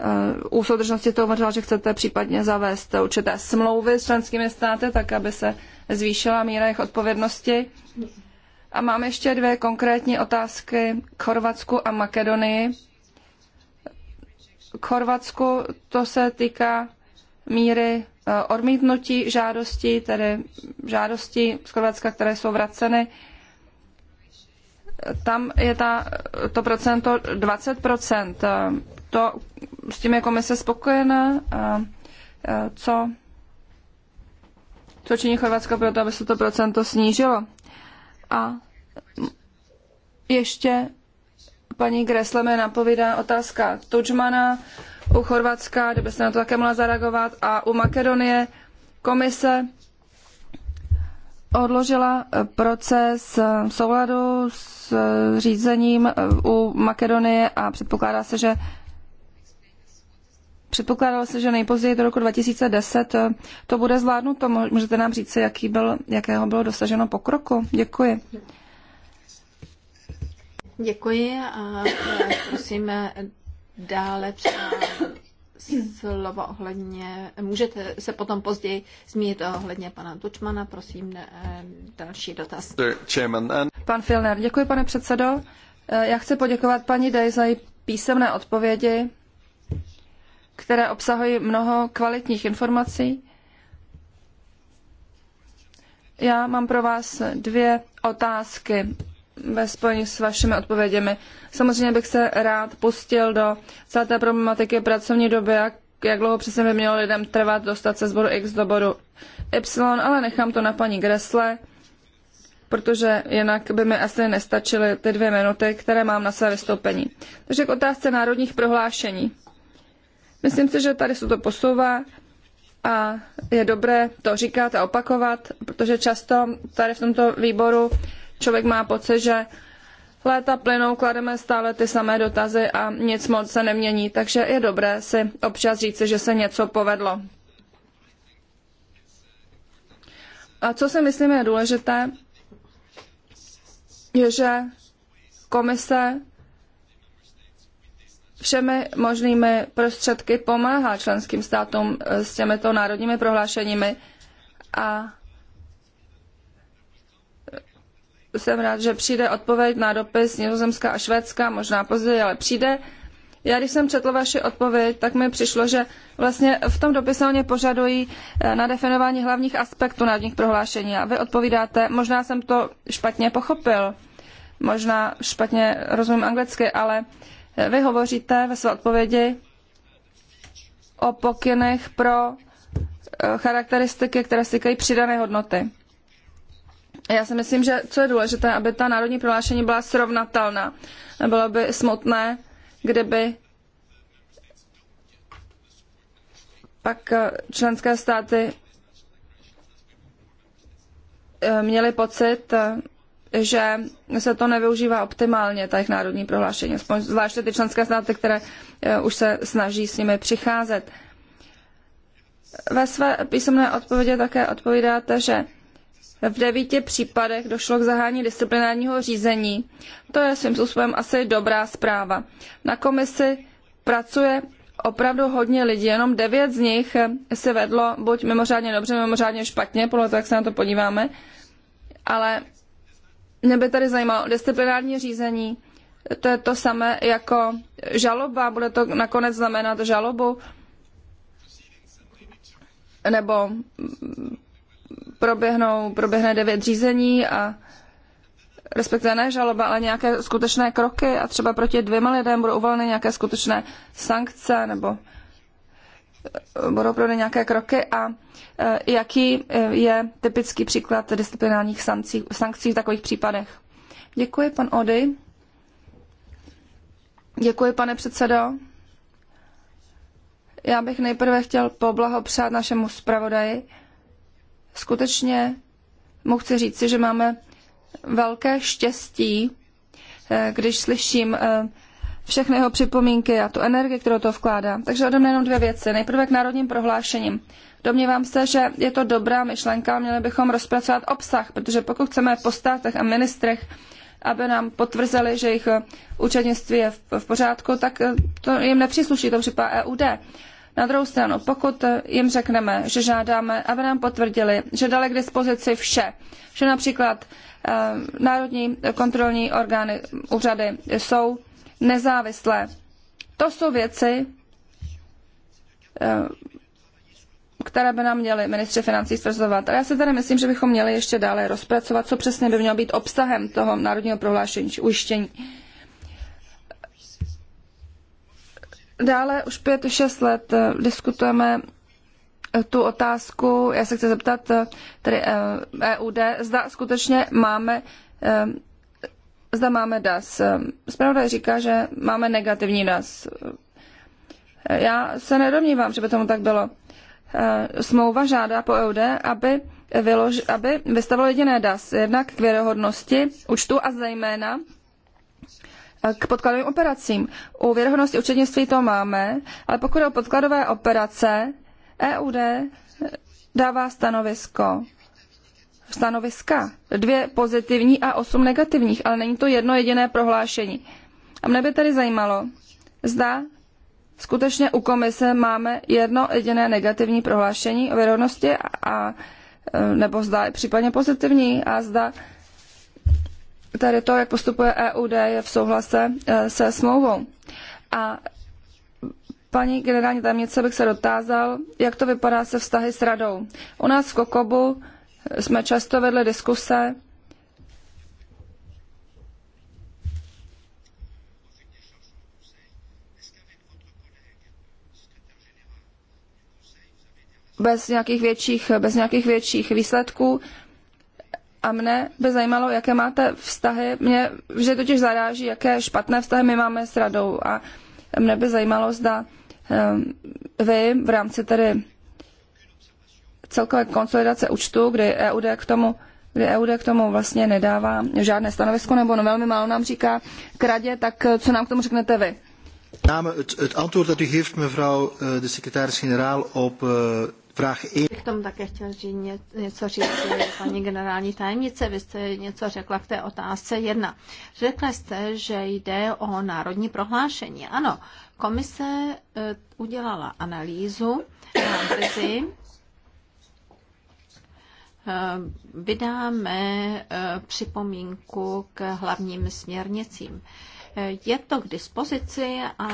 Eh, u soudržnosti to hovořila, že chcete případně zavést určité smlouvy s členskými státy, tak aby se zvýšila míra jejich odpovědnosti. A mám ještě dvě konkrétní otázky k Chorvatsku a Makedonii. K Chorvatsku to se týká míry eh, odmítnutí žádostí, tedy žádostí z Chorvatska, které jsou vraceny. Tam je ta, to procento 20 to s tím je komise spokojená a, a co, co činí Chorvatsko pro to, aby se to procento snížilo. A ještě paní Gresle mi napovídá otázka Tudžmana u Chorvatska, kdyby se na to také mohla zareagovat, a u Makedonie komise odložila proces souladu s řízením u Makedonie a předpokládá se, že Předpokládalo se, že nejpozději do roku 2010 eh, to bude zvládnuto. Můžete nám říct, eh, jaký byl, jakého bylo dosaženo pokroku? Děkuji. Děkuji a eh, prosím dále slovo ohledně, můžete se potom později zmínit ohledně pana Tučmana, prosím další dotaz. Pan Filner, děkuji pane předsedo. Já chci poděkovat paní Dej za její písemné odpovědi které obsahují mnoho kvalitních informací. Já mám pro vás dvě otázky ve spojení s vašimi odpověděmi. Samozřejmě bych se rád pustil do celé té problematiky pracovní doby, jak, jak dlouho přesně by mělo lidem trvat dostat se z bodu X do bodu Y, ale nechám to na paní Gresle, protože jinak by mi asi nestačily ty dvě minuty, které mám na své vystoupení. Takže k otázce národních prohlášení. Myslím si, že tady se to posouvá a je dobré to říkat a opakovat, protože často tady v tomto výboru člověk má pocit, že léta plynou, klademe stále ty samé dotazy a nic moc se nemění, takže je dobré si občas říci, že se něco povedlo. A co si myslím je důležité, je, že komise všemi možnými prostředky pomáhá členským státům eh, s těmito národními prohlášeními a jsem rád, že přijde odpověď na dopis Nizozemská a Švédska, možná později, ale přijde. Já když jsem četl vaši odpověď, tak mi přišlo, že vlastně v tom dopise oni požadují eh, na definování hlavních aspektů národních prohlášení a vy odpovídáte, možná jsem to špatně pochopil, možná špatně rozumím anglicky, ale uh, vy hovoříte ve své odpovědi o pokynech pro eh, charakteristiky, které se týkají přidané hodnoty. Já si myslím, že co je důležité, aby ta národní prohlášení byla srovnatelná. Bylo by smutné, kdyby pak eh, členské státy eh, měly pocit, že se to nevyužívá optimálně, ta jejich národní prohlášení, zvláště ty členské státy, které eh, už se snaží s nimi přicházet. Ve své písemné odpovědi také odpovídáte, že v devíti případech došlo k zahání disciplinárního řízení. To je svým způsobem asi dobrá zpráva. Na komisi pracuje opravdu hodně lidí, jenom devět z nich se vedlo buď mimořádně dobře, mimořádně špatně, podle toho, jak se na to podíváme, ale mě by tady zajímalo disciplinární řízení. To je to samé jako žaloba. Bude to nakonec znamenat žalobu? Nebo proběhnou, proběhne devět řízení a respektive ne žaloba, ale nějaké skutečné kroky a třeba proti dvěma lidem budou uvolněny nějaké skutečné sankce nebo budou provedeny nějaké kroky a e, jaký e, je typický příklad disciplinárních sankcí, sankcí v takových případech. Děkuji, pan Ody. Děkuji, pane předsedo. Já bych nejprve chtěl poblahopřát našemu zpravodaji. Skutečně mu chci říci, že máme velké štěstí, e, když slyším všechny jeho připomínky a tu energii, kterou to vkládá. Takže ode mne jenom dvě věci. Nejprve k národním prohlášením. Domnívám se, že je to dobrá myšlenka, měli bychom rozpracovat obsah, protože pokud chceme po státech a ministrech, aby nám potvrzeli, že jejich eh, účetnictví je v, pořádku, tak eh, to jim nepřísluší, to připadá EUD. Na druhou stranu, pokud eh, jim řekneme, že žádáme, aby nám potvrdili, že dali k dispozici vše, že například národní kontrolní orgány, úřady jsou nezávislé. To jsou věci, eh, které by nám měli ministři financí stvrzovat. Ale já si tady myslím, že bychom měli ještě dále rozpracovat, co přesně by mělo být obsahem toho národního prohlášení či ujištění. Dále už pět, šest let eh, diskutujeme eh, tu otázku, já se chci zeptat tedy EUD, e zda skutečně máme zda máme DAS. Ehm, zpravodaj říká, že máme negativní DAS. Ehm, já se nedomnívám, že by tomu tak bylo. Ehm, smlouva žádá po EUD, aby, vylož, aby vystavilo jediné DAS, jednak k věrohodnosti účtu a zejména k podkladovým operacím. U věrohodnosti účetnictví to máme, ale pokud je o podkladové operace, EUD dává stanovisko stanoviska. Dvě pozitivní a osm negativních, ale není to jedno jediné prohlášení. A mne by tedy zajímalo, zda skutečně u komise máme jedno jediné negativní prohlášení o věrohodnosti a e, nebo zda je případně pozitivní a zda tady to, jak postupuje EUD, je v souhlase e, se smlouvou. A paní generální tajemnice bych se dotázal, jak to vypadá se vztahy s radou. U nás v Kokobu jsme často vedli diskuse, bez nějakých větších, bez nějakých větších výsledků. A mne by zajímalo, jaké máte vztahy. Mě vždy totiž zaráží, jaké špatné vztahy my máme s radou. A mne by zajímalo, zda ehm, vy v rámci tedy celkové konsolidace účtu, kdy EUD k tomu kdy EUD k tomu vlastně nedává žádné stanovisko, nebo no velmi málo nám říká kradě, tak eh, co nám k tomu řeknete vy? Name het, het antwoord dat u geeft, mevrouw eh, de secretaris-generaal, op uh, vraag 1. K tomu také chtěl říct něco říct, paní generální tajemnice, vy jste něco řekla k té otázce 1. Řekla jste, že jde o národní prohlášení. Ano, komise udělala analýzu, Eh, vydáme eh, připomínku k hlavním směrnicím. Eh, je to k dispozici a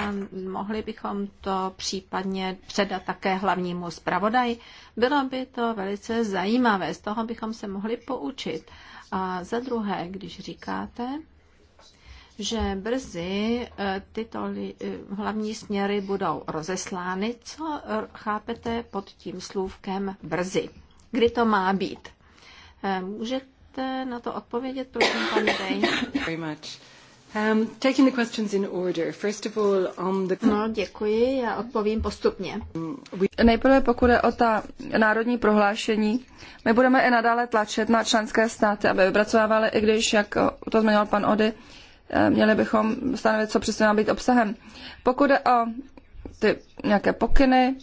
mohli bychom to případně předat také hlavnímu zpravodaji. Bylo by to velice zajímavé, z toho bychom se mohli poučit. A za druhé, když říkáte, že brzy tyto hlavní směry budou rozeslány, co chápete pod tím slůvkem brzy? kdy to má být. Eh, můžete na to odpovědět, prosím, paní Dej? Very much. Um, taking the questions in order. First of all, on the... No, děkuji, já odpovím postupně. Um, Nejprve pokud je o ta národní prohlášení, my budeme i nadále tlačit na členské státy, aby vypracovávaly, i když, jak to zmiňoval pan Ody, eh, měli bychom stanovit, co přesně má být obsahem. Pokud je o ty nějaké pokyny,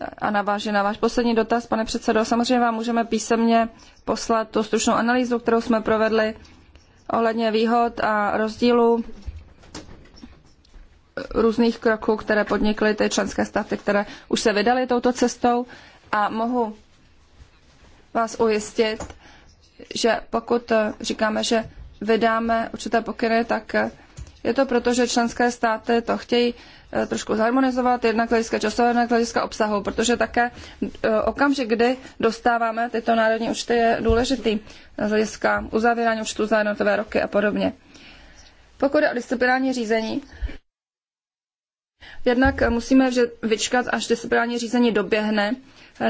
a naváže na váš poslední dotaz, pane předsedo. Samozřejmě vám můžeme písemně poslat tu stručnou analýzu, kterou jsme provedli ohledně výhod a rozdílů různých kroků, které podnikly ty členské státy, které už se vydaly touto cestou a mohu vás ujistit, že pokud říkáme, že vydáme určité pokyny, tak je to proto, že členské státy to chtějí eh, trošku zharmonizovat, jednak hlediska časové, jednak hlediska obsahu, protože také eh, okamžik, kdy dostáváme tyto národní účty, je důležitý z hlediska uzavírání účtů za jednotlivé roky a podobně. Pokud je o disciplinární řízení, jednak musíme vyčkat, až disciplinární řízení doběhne,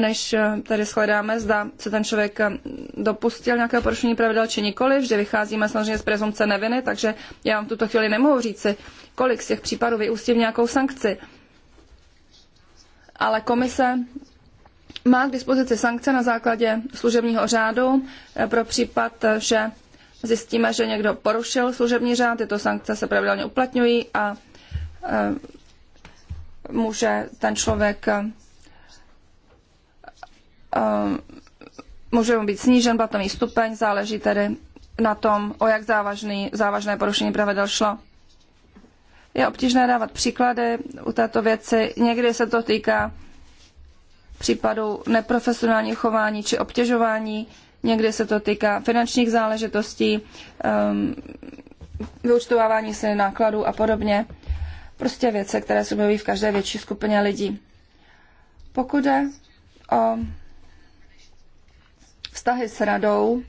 než eh, tedy shledáme, zda se ten člověk eh, dopustil nějakého porušení pravidel či nikoli. Vždy vycházíme samozřejmě z prezumce neviny, takže já vám tuto chvíli nemohu říci, kolik z těch případů vyústí v nějakou sankci. Ale komise má k dispozici sankce na základě služebního řádu eh, pro případ, že zjistíme, že někdo porušil služební řád, tyto sankce se pravidelně uplatňují a může ten člověk Ehm, může mu být snížen platový stupeň, záleží tedy na tom, o jak závažný, závažné porušení pravidel šlo. Je obtížné dávat příklady u této věci. Někdy se to týká případů neprofesionálního chování či obtěžování, někdy se to týká finančních záležitostí, um, ehm, vyučtovávání se nákladů a podobně. Prostě věce, které se objeví v každé větší skupině lidí. Pokud je o vztahy s radou.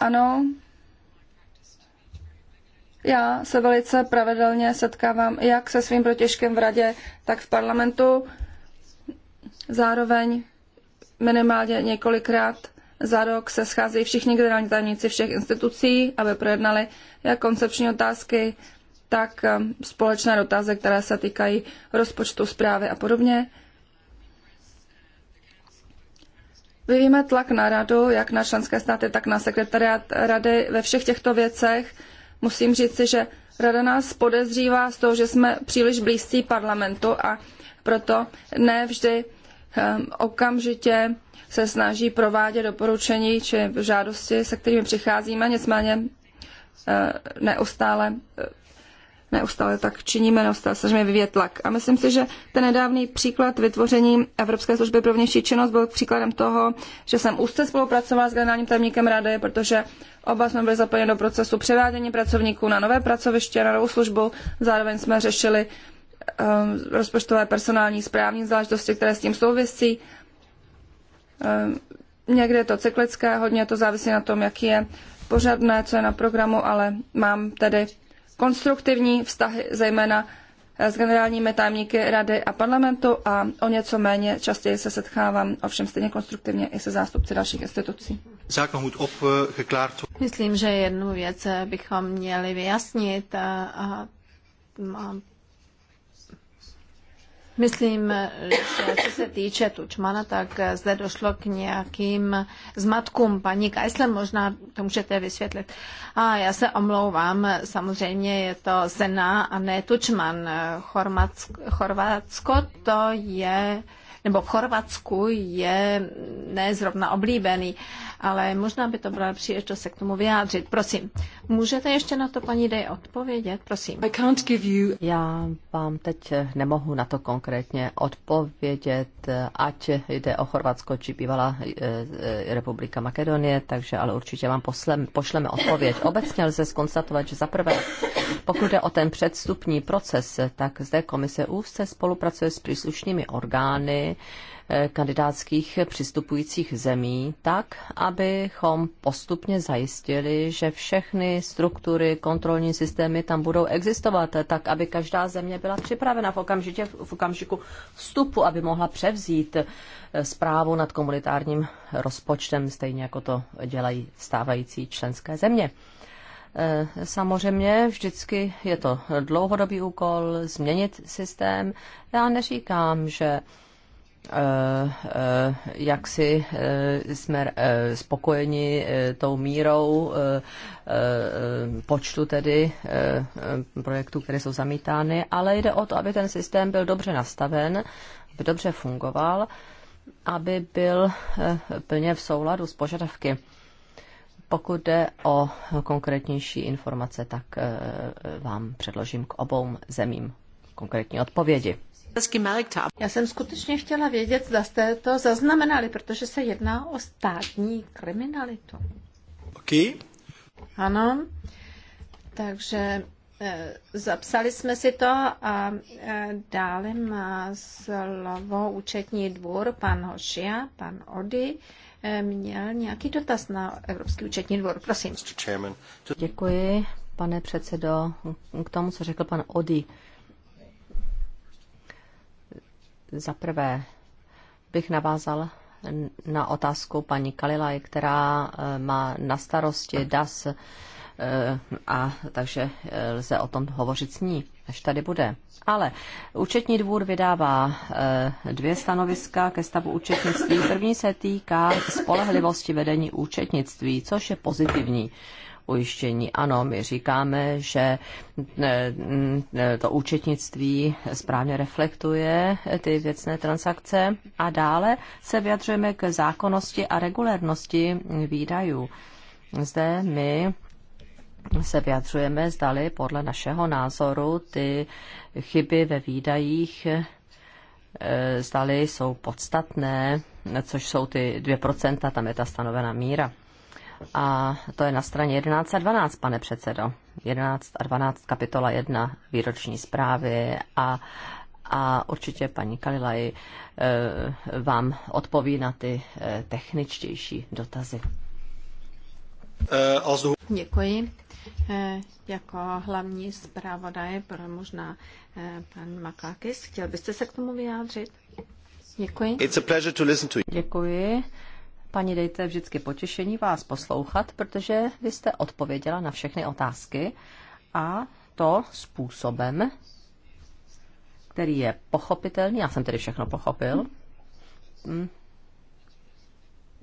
Ano, já se velice pravidelně setkávám jak se svým protěžkem v radě, tak v parlamentu. Zároveň minimálně několikrát za rok se scházejí všichni generální tajemníci všech institucí, aby projednali jak koncepční otázky, tak eh, společné dotazy, které se týkají rozpočtu, zprávy a podobně. Vyvíjíme tlak na radu, jak na členské státy, tak na sekretariát rady ve všech těchto věcech. Musím říci, že rada nás podezřívá z toho, že jsme příliš blízcí parlamentu a proto ne vždy ehm, okamžitě se snaží provádět doporučení či žádosti, se kterými přicházíme, nicméně eh, neustále eh, Neustále tak činíme, neustále se vyvíjet tlak. A myslím si, že ten nedávný příklad vytvoření Evropské služby pro vnější činnost byl příkladem toho, že jsem úzce spolupracovala s generálním tajemníkem rady, protože oba jsme byli zapojeni do procesu převádění pracovníků na nové pracoviště, na novou službu. Zároveň jsme řešili um, rozpočtové personální správní záležitosti, které s tím souvisí. Um, někdy je to cyklické, hodně to závisí na tom, jaký je pořadné, co je na programu, ale mám tedy konstruktivní vztahy, zejména eh, s generálními tajemníky rady a parlamentu a o něco méně častěji se setkávám, ovšem stejně konstruktivně i se zástupci dalších institucí. Eh, Myslím, že jednu věc eh, bychom měli vyjasnit a, a Myslím, že co se týče Tučmana, tak zde došlo k nějakým zmatkům. Paní Kajsle, možná to můžete vysvětlit. A já se omlouvám, samozřejmě je to Zena a ne Tučman. Chorvatsko, to je, nebo v Chorvatsku je nezrovna oblíbený ale možná by to byla příležitost se k tomu vyjádřit. Prosím, můžete ještě na to paní Dej odpovědět? Prosím. I can't give you... Já vám teď nemohu na to konkrétně odpovědět, ať jde o Chorvatsko či bývalá e, e, republika Makedonie, takže ale určitě vám poslem, pošleme odpověď. Obecně lze skonstatovat, že zaprvé, pokud jde o ten předstupní proces, tak zde komise úzce spolupracuje s příslušnými orgány, Eh, kandidátských přistupujících zemí, tak, abychom postupně zajistili, že všechny struktury, kontrolní systémy tam budou existovat, eh, tak, aby každá země byla připravena v, okamžitě, v okamžiku vstupu, aby mohla převzít eh, zprávu nad komunitárním rozpočtem, stejně jako to dělají stávající členské země. Samozřejmě vždycky je to dlouhodobý úkol změnit systém. Já neříkám, že Eh, eh, jak si eh, jsme spokojeni tou mírou počtu tedy projektů, které jsou zamítány, ale jde o to, aby ten systém byl dobře nastaven, aby dobře fungoval, aby byl plně v souladu s požadavky. Pokud jde o konkrétnější informace, tak vám předložím k obou zemím konkrétní odpovědi. Já jsem skutečně chtěla vědět, zda jste to zaznamenali, protože se jedná o státní kriminalitu. OK. Ano, takže eh, Zapsali jsme si to a eh, dále má slovo účetní dvůr, pan Hošia, pan Ody, eh, měl nějaký dotaz na Evropský účetní dvůr. Prosím. Děkuji, pane předsedo, k tomu, co řekl pan Ody. Za prvé bych navázal na otázku paní Kalilaj, která eh, má na starosti DAS eh, a takže eh, lze o tom hovořit s ní, až tady bude. Ale účetní dvůr vydává dvě stanoviska ke stavu účetnictví. První se týká spolehlivosti vedení účetnictví, což je pozitivní ujištění. Ano, my říkáme, že eh, eh, to účetnictví správně reflektuje eh, ty věcné transakce a dále se vyjadřujeme k zákonnosti a regulérnosti výdajů. Zde my se vyjadřujeme, zdali podle našeho názoru ty chyby ve výdajích zdali jsou podstatné, což jsou ty 2%, tam je ta stanovená míra. A to je na straně 11 a 12, pane předsedo. 11 a 12, kapitola 1 výroční zprávy a, a určitě paní Kalilaj e, vám odpoví na ty e, techničtější dotazy. Eh, Děkuji. Jako hlavní zpravodaj pro možná pan Makakis, chtěl byste se k tomu vyjádřit? Děkuji. It's a pleasure to listen to you. Děkuji. Paní Dejte, vždycky potěšení vás poslouchat, protože vy jste odpověděla na všechny otázky a to způsobem, který je pochopitelný. Já jsem tedy všechno pochopil. Hmm.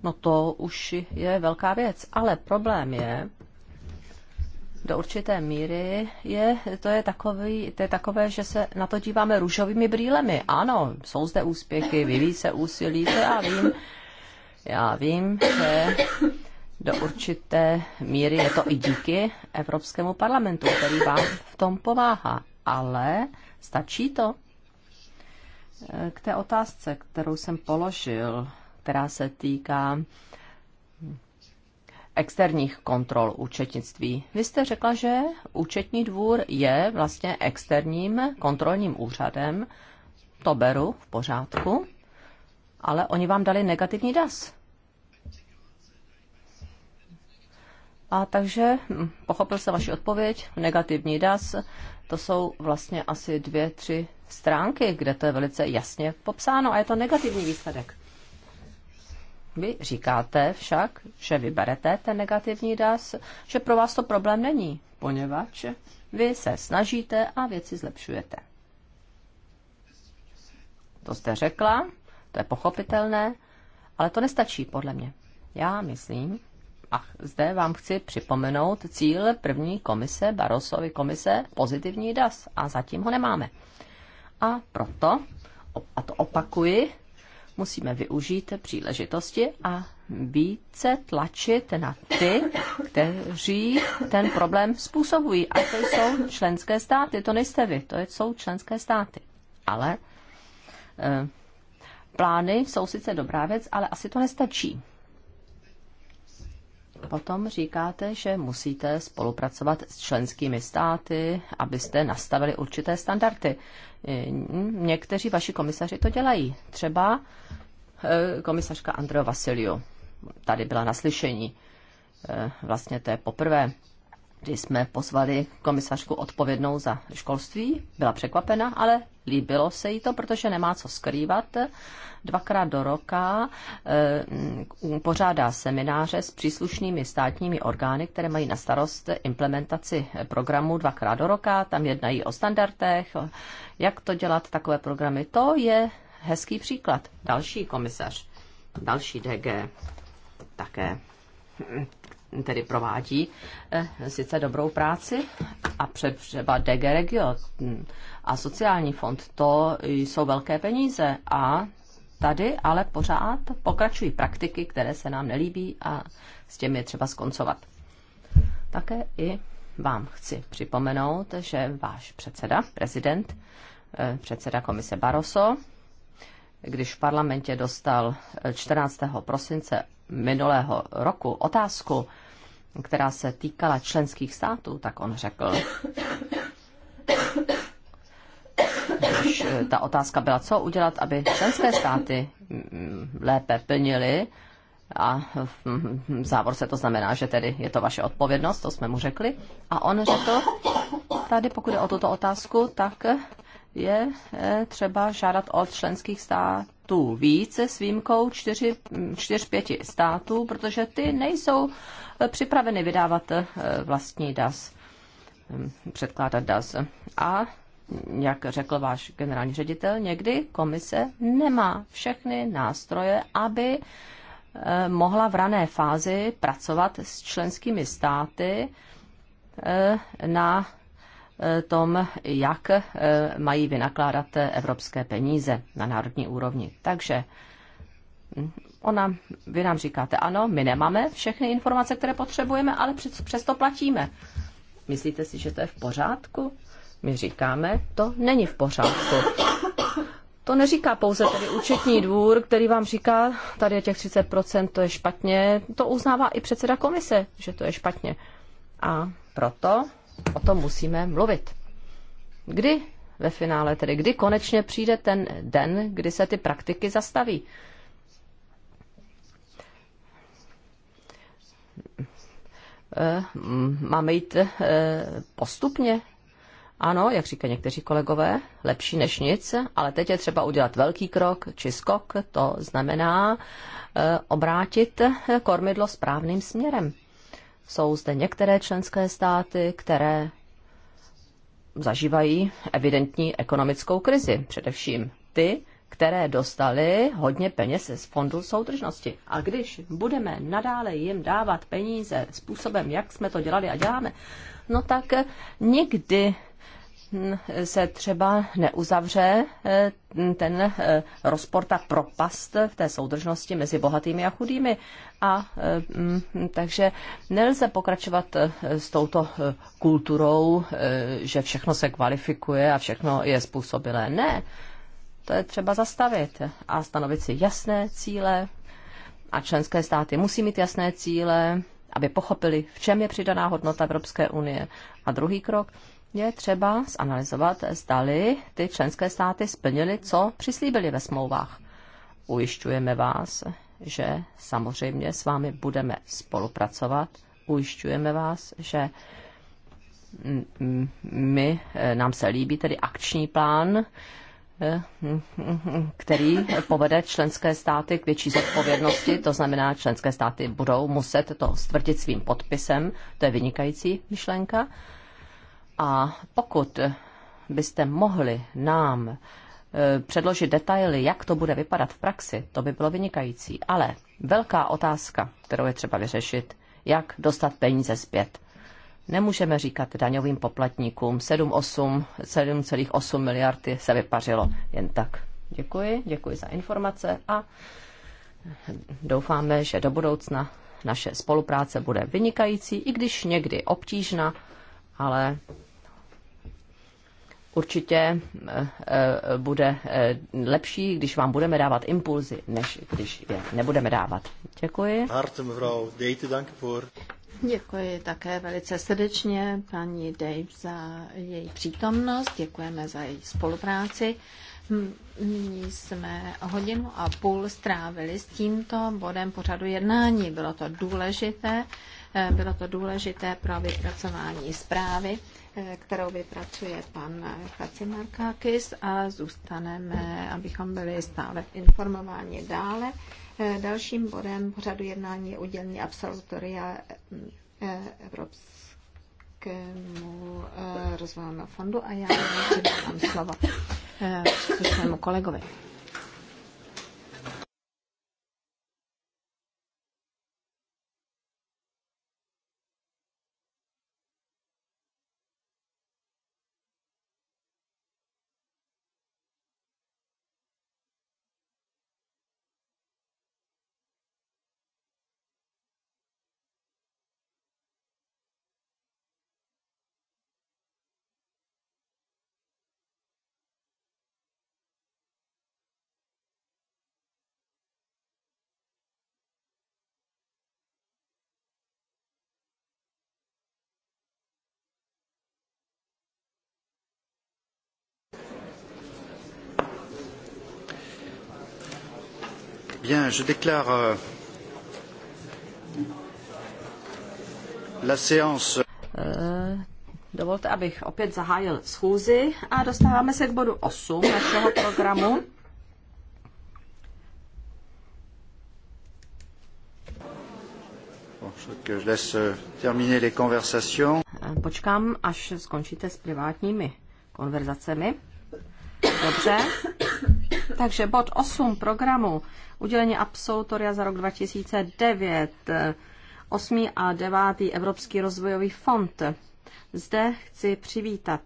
No to už je velká věc, ale problém je, do určité míry je, to je, takový, to je takové, že se na to díváme růžovými brýlemi. Ano, jsou zde úspěchy, vyvíjí se úsilí, to já vím, já vím, že do určité míry je to i díky Evropskému parlamentu, který vám v tom pomáhá. Ale stačí to? K té otázce, kterou jsem položil, která se týká externích kontrol účetnictví. Vy jste řekla, že účetní dvůr je vlastně externím kontrolním úřadem. To beru v pořádku ale oni vám dali negativní DAS. A takže hm, pochopil jsem vaši odpověď, negativní DAS, to jsou vlastně asi dvě, tři stránky, kde to je velice jasně popsáno a je to negativní výsledek. Vy říkáte však, že vyberete ten negativní DAS, že pro vás to problém není, poněvadž vy se snažíte a věci zlepšujete. To jste řekla, to je pochopitelné, ale to nestačí podle mě. Já myslím, a zde vám chci připomenout cíl první komise, Barosovy komise, pozitivní DAS. A zatím ho nemáme. A proto, a to opakuji, musíme využít příležitosti a více tlačit na ty, kteří ten problém způsobují. A to jsou členské státy, to nejste vy, to jsou členské státy. Ale eh, Plány jsou sice dobrá věc, ale asi to nestačí. Potom říkáte, že musíte spolupracovat s členskými státy, abyste nastavili určité standardy. Někteří vaši komisaři to dělají. Třeba eh, komisařka Andreo Vasiliu. Tady byla na slyšení. Eh, vlastně to je poprvé, kdy jsme pozvali komisařku odpovědnou za školství. Byla překvapena, ale líbilo se jí to, protože nemá co skrývat. Dvakrát do roka e, pořádá semináře s příslušnými státními orgány, které mají na starost implementaci programu dvakrát do roka. Tam jednají o standardech, jak to dělat, takové programy. To je hezký příklad. Další komisař, další DG také hm, tedy provádí eh, sice dobrou práci a třeba DG Regio hm, a sociální fond, to jsou velké peníze a tady ale pořád pokračují praktiky, které se nám nelíbí a s těmi je třeba skoncovat. Také i vám chci připomenout, že váš předseda, prezident, eh, předseda komise Barroso, když v parlamentě dostal 14. Eh, prosince minulého roku otázku, která se týkala členských států, tak on řekl, když eh, ta otázka byla, co udělat, aby členské státy mm, lépe plnily, a mm, v závorce to znamená, že tedy je to vaše odpovědnost, to jsme mu řekli. A on řekl, tady pokud je o tuto otázku, tak je eh, třeba žádat od členských států více s výjimkou 4-5 mm, států, protože ty nejsou eh, připraveny vydávat vlastní DAS, předkládat DAS. A jak řekl váš generální ředitel, někdy komise nemá všechny nástroje, aby eh, mohla v rané fázi pracovat s členskými státy eh, na eh, tom, jak mají vynakládat evropské peníze na národní úrovni. Takže hm, ona, vy nám říkáte, ano, my nemáme všechny informace, které potřebujeme, ale přesto platíme. Myslíte si, že to je v pořádku? My říkáme, to není v pořádku. To neříká pouze tedy účetní dvůr, který vám říká, tady je těch 30%, to je špatně. To uznává i předseda komise, že to je špatně. A proto o tom musíme mluvit. Kdy ve finále tedy, kdy konečně přijde ten den, kdy se ty praktiky zastaví? Eh, máme jít eh, postupně ano, jak říkají někteří kolegové, lepší než nic, ale teď je třeba udělat velký krok či skok, to znamená e, obrátit kormidlo správným směrem. Jsou zde některé členské státy, které zažívají evidentní ekonomickou krizi, především ty, které dostaly hodně peněz z fondu soudržnosti. A když budeme nadále jim dávat peníze způsobem, jak jsme to dělali a děláme, no tak nikdy se třeba neuzavře eh, ten eh, rozpor, ta propast v té soudržnosti mezi bohatými a chudými. A eh, mm, takže nelze pokračovat s touto kulturou, že všechno se kvalifikuje a všechno je způsobilé. Ne, to je třeba zastavit a stanovit si jasné cíle. A členské státy musí mít jasné cíle, aby pochopili, v čem je přidaná hodnota Evropské unie. A druhý krok – je třeba zanalizovat, zdali ty členské státy splnily, co přislíbili ve smlouvách. Ujišťujeme vás, že samozřejmě s vámi budeme spolupracovat. Ujišťujeme vás, že my, e, nám se líbí tedy akční plán, e, který povede členské státy k větší zodpovědnosti, to znamená, členské státy budou muset to stvrdit svým podpisem, to je vynikající myšlenka. A pokud byste mohli nám e, předložit detaily, jak to bude vypadat v praxi, to by bylo vynikající. Ale velká otázka, kterou je třeba vyřešit, jak dostat peníze zpět. Nemůžeme říkat daňovým poplatníkům 7,8 miliardy se vypařilo jen tak. Děkuji, děkuji za informace a doufáme, že do budoucna naše spolupráce bude vynikající, i když někdy obtížná, ale určitě eh, eh, bude eh, lepší, když vám budeme dávat impulzy, než když je nebudeme dávat. Děkuji. Děkuji také velice srdečně paní Dave za její přítomnost, děkujeme za její spolupráci. My jsme hodinu a půl strávili s tímto bodem pořadu jednání. Bylo to důležité, bylo to důležité pro vypracování zprávy kterou vypracuje pan Chacimarkakis a zůstaneme, abychom byli stále informováni dále. E, dalším bodem pořadu jednání je udělení absolutoria e, Evropskému e, rozvojovému fondu a já předávám slovo svému kolegovi. Bien, je déclare euh, la séance. Eh, dovolte, abych opět zahájil schůzi a dostáváme se k bodu 8 našeho programu. Euh, eh, počkám, až skončíte s privátními konverzacemi. Dobře. Takže bod 8 programu udělení absolutoria za rok 2009, 8. a 9. Evropský rozvojový fond. Zde chci přivítat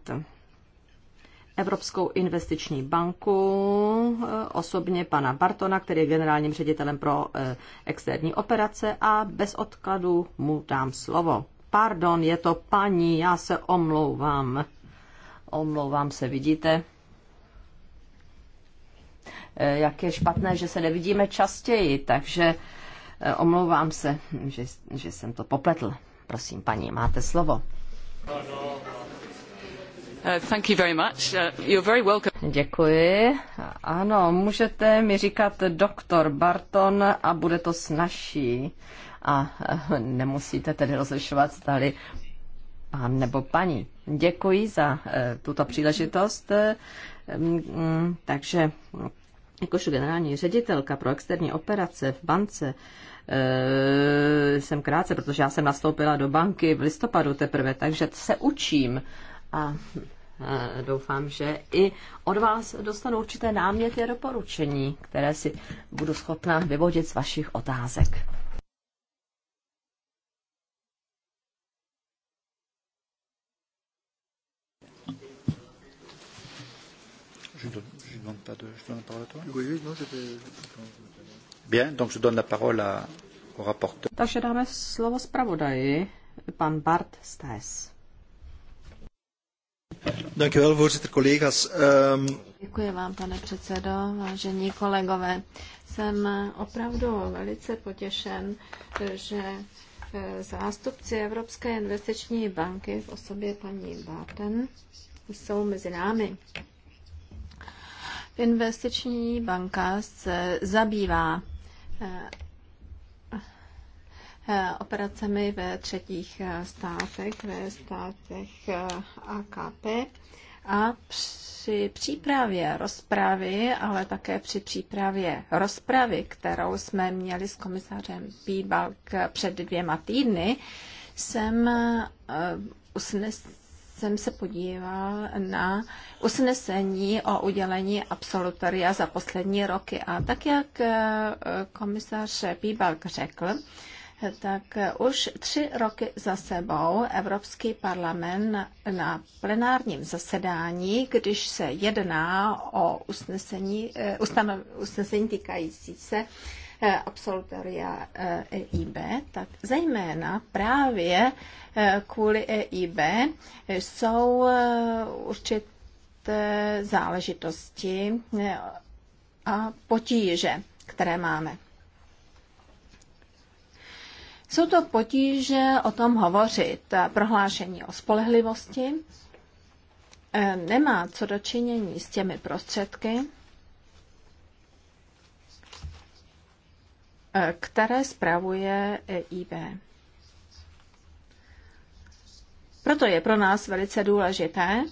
Evropskou investiční banku, eh, osobně pana Bartona, který je generálním ředitelem pro eh, externí operace a bez odkladu mu dám slovo. Pardon, je to paní, já se omlouvám. Omlouvám se, vidíte. Eh, jak je špatné, že se nevidíme častěji, takže eh, omlouvám se, že, že jsem to popletl. Prosím, paní, máte slovo. Eh, thank you very much. You're very welcome. Děkuji. Ano, můžete mi říkat doktor Barton a bude to snažší. A nemusíte tedy rozlišovat, zdali pán nebo paní. Děkuji za tuto příležitost Mm, takže jakožto generální ředitelka pro externí operace v bance eh, jsem krátce, protože já jsem nastoupila do banky v listopadu teprve, takže se učím a eh, doufám, že i od vás dostanu určité náměty a doporučení, které si budu schopná vyvodit z vašich otázek. pas de... Je donne la parole à toi Oui, oui, non, Bien, donc je donne la parole à, au rapporteur. Takže dáme slovo zpravodaji, pan Bart Stes. Ehm, Děkuji vám, pane předsedo, vážení kolegové. Jsem opravdu velice potěšen, že eh, zástupci Evropské investiční banky v osobě paní Barton jsou mezi námi. Investiční banka se zabývá eh, eh, operacemi ve třetích eh, státech, ve státech AKP a při přípravě rozpravy, ale také při přípravě rozpravy, kterou jsme měli s komisařem Píbalk před dvěma týdny, jsem usnesl jsem se podíval na usnesení o udělení absolutoria za poslední roky. A tak, jak eh, komisař Píbalk řekl, tak už tři roky za sebou Evropský parlament na plenárním zasedání, když se jedná o usnesení, eh, usnesení týkající se Eh, absolutoria EIB, eh, e tak zejména právě eh, kvůli EIB jsou určité záležitosti a potíže, které máme. Jsou to potíže o tom hovořit. Prohlášení o spolehlivosti nemá co dočinění s těmi prostředky, které spravuje EIB. Proto je pro nás velice důležité,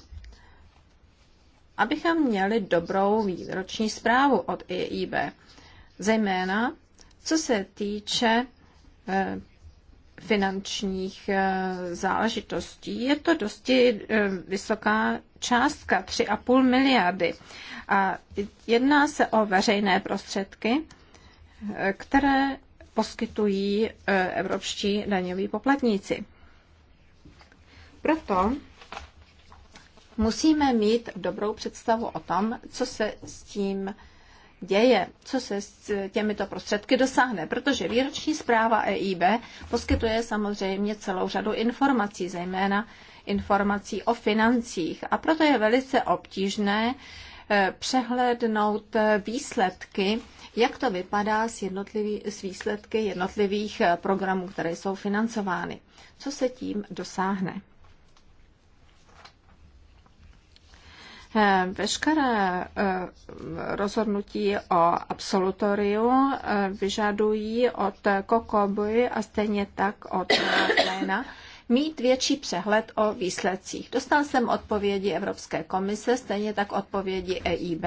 abychom měli dobrou výroční zprávu od EIB, zejména co se týče eh, finančních eh, záležitostí. Je to dosti eh, vysoká částka, 3,5 miliardy. A jedná se o veřejné prostředky, které poskytují e, evropští daňoví poplatníci. Proto musíme mít dobrou představu o tom, co se s tím děje, co se s těmito prostředky dosáhne, protože výroční zpráva EIB poskytuje samozřejmě celou řadu informací, zejména informací o financích. A proto je velice obtížné e, přehlednout výsledky jak to vypadá s, jednotlivý, s výsledky jednotlivých eh, programů, které jsou financovány. Co se tím dosáhne? Eh, veškeré eh, rozhodnutí o absolutoriu vyžadují od Kokoby a stejně tak od pléna mít větší přehled o výsledcích. Dostal jsem odpovědi Evropské komise, stejně tak odpovědi EIB.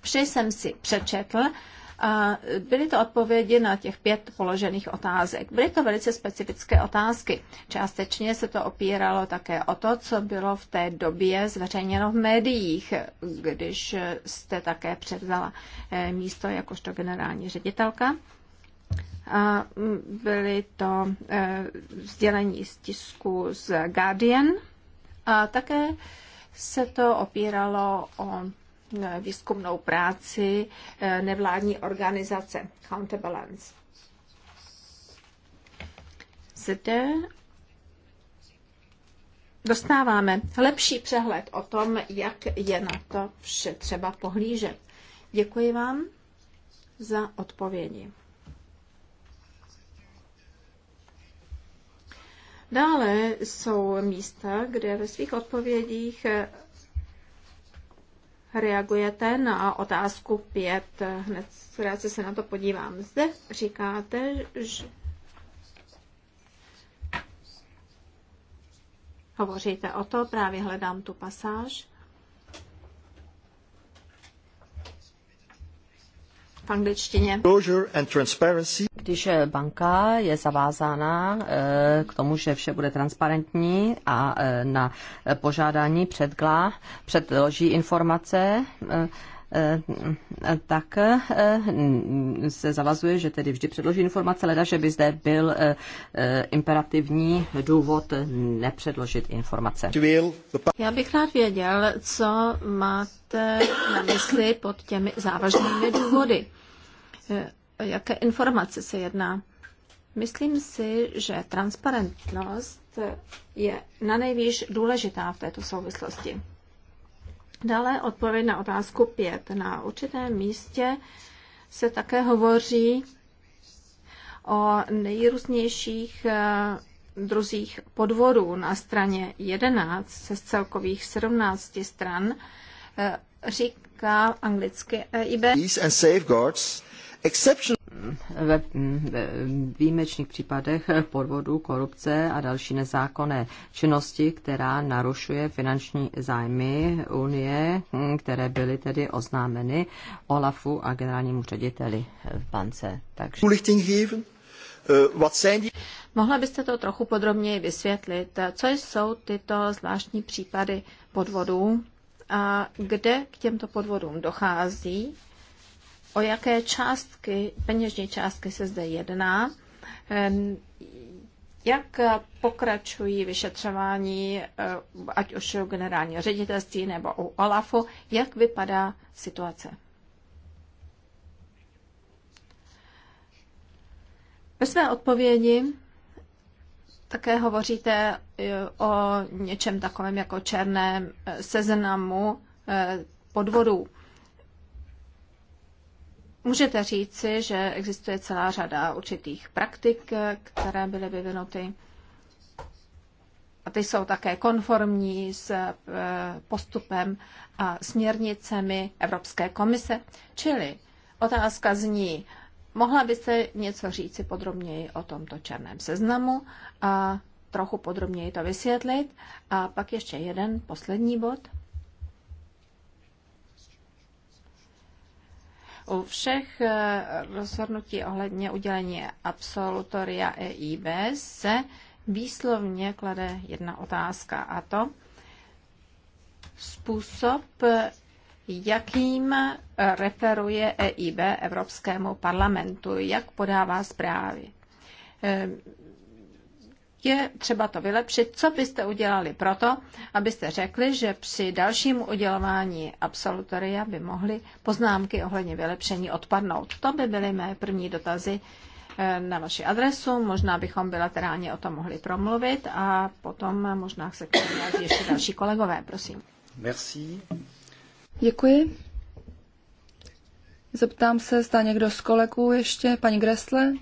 Vše jsem si přečetl a byly to odpovědi na těch pět položených otázek. Byly to velice specifické otázky. Částečně se to opíralo také o to, co bylo v té době zveřejněno v médiích, když jste také převzala eh, místo jakožto generální ředitelka. A byly to vzdělení eh, z tisku z Guardian a také se to opíralo o výzkumnou práci eh, nevládní organizace Counterbalance. Zde dostáváme lepší přehled o tom, jak je na to vše třeba pohlížet. Děkuji vám za odpovědi. Dále jsou místa, kde ve svých odpovědích reagujete na otázku 5. Hned krátce se na to podívám. Zde říkáte, že hovoříte o to, právě hledám tu pasáž. v angličtině. Když banka je zavázána eh, k tomu, že vše bude transparentní a eh, na požádání předglá, předloží informace, eh, Eh, tak eh, se zavazuje, že tedy vždy předloží informace, leda, že by zde byl eh, imperativní důvod nepředložit informace. Já bych rád věděl, co máte na mysli pod těmi závažnými důvody. Jaké informace se jedná? Myslím si, že transparentnost je na nejvýš důležitá v této souvislosti. Dále odpověď na otázku 5. Na určitém místě se také hovoří o nejrůznějších eh, druzích podvodů na straně 11 se z celkových 17 stran eh, říká anglicky EIB. And safeguards exceptional ve výjimečných případech podvodu, korupce a další nezákonné činnosti, která narušuje finanční zájmy Unie, které byly tedy oznámeny Olafu a generálnímu řediteli v bance. Takže... Eh, Mohla byste to trochu podrobněji vysvětlit? Co jsou tyto zvláštní případy podvodů a kde k těmto podvodům dochází? o jaké částky, peněžní částky se zde jedná, ehm, jak pokračují vyšetřování, eh, ať už u generálního ředitelství nebo u OLAFu, jak vypadá situace? Ve své odpovědi také hovoříte eh, o něčem takovém jako černém eh, seznamu podvodů. Můžete říci, že existuje celá řada určitých praktik, které byly vyvinuty a ty jsou také konformní s eh, postupem a směrnicemi Evropské komise. Čili otázka zní, mohla by se něco říci podrobněji o tomto černém seznamu a trochu podrobněji to vysvětlit. A pak ještě jeden poslední bod. U všech eh, rozhodnutí ohledně udělení absolutoria EIB se výslovně klade jedna otázka a to způsob, jakým eh, referuje EIB Evropskému parlamentu, jak podává zprávy. Eh, je třeba to vylepšit. Co byste udělali proto, abyste řekli, že při dalším udělování absolutoria by mohly poznámky ohledně vylepšení odpadnout? To by byly mé první dotazy eh, na vaši adresu, možná bychom bilaterálně o tom mohli promluvit a potom možná se k tomu ještě další kolegové, prosím. Merci. Děkuji. Zeptám se, zda někdo z kolegů ještě, paní Gresle,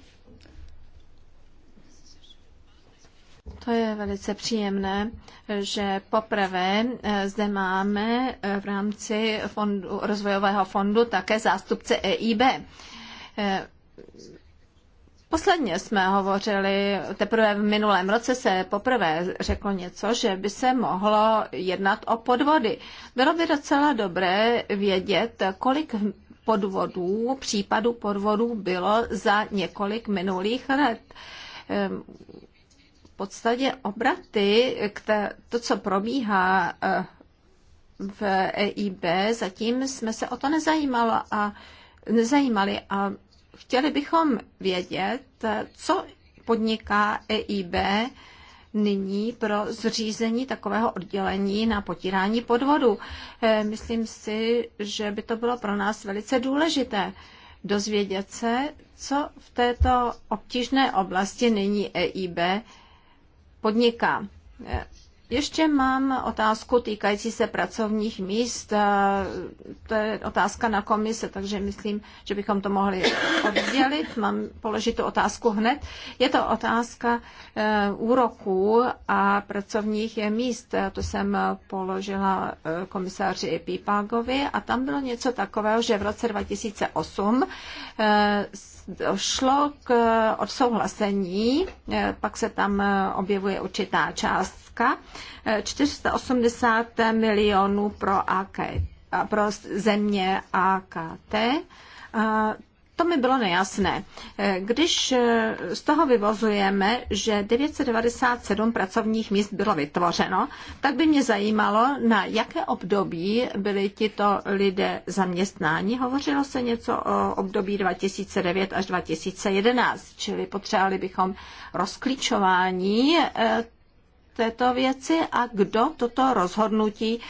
To je velice příjemné, že poprvé eh, zde máme eh, v rámci fondu, rozvojového fondu také zástupce EIB. Eh, posledně jsme hovořili, teprve v minulém roce se poprvé řeklo něco, že by se mohlo jednat o podvody. Bylo by docela dobré vědět, kolik podvodů, případů podvodů bylo za několik minulých let ehm, podstatě obraty, to, co probíhá eh, v EIB, zatím jsme se o to nezajímalo a nezajímali a chtěli bychom vědět, co podniká EIB nyní pro zřízení takového oddělení na potírání podvodu. Eh, myslím si, že by to bylo pro nás velice důležité dozvědět se, co v této obtížné oblasti nyní EIB podniká. Eh, ještě mám otázku týkající se pracovních míst. Eh, to je otázka na komise, takže myslím, že bychom to mohli oddělit. Mám položit tu otázku hned. Je to otázka eh, úroků a pracovních míst. To jsem položila komisáři Pípágovi a tam bylo něco takového, že v roce 2008 došlo k eh, odsouhlasení, eh, pak se tam eh, objevuje určitá částka, 480 milionů pro, AK, pro země AKT to mi bylo nejasné. Eh, když eh, z toho vyvozujeme, že 997 pracovních míst bylo vytvořeno, tak by mě zajímalo, na jaké období byli tito lidé zaměstnáni. Hovořilo se něco o období 2009 až 2011, čili potřebovali bychom rozklíčování eh, této věci a kdo toto rozhodnutí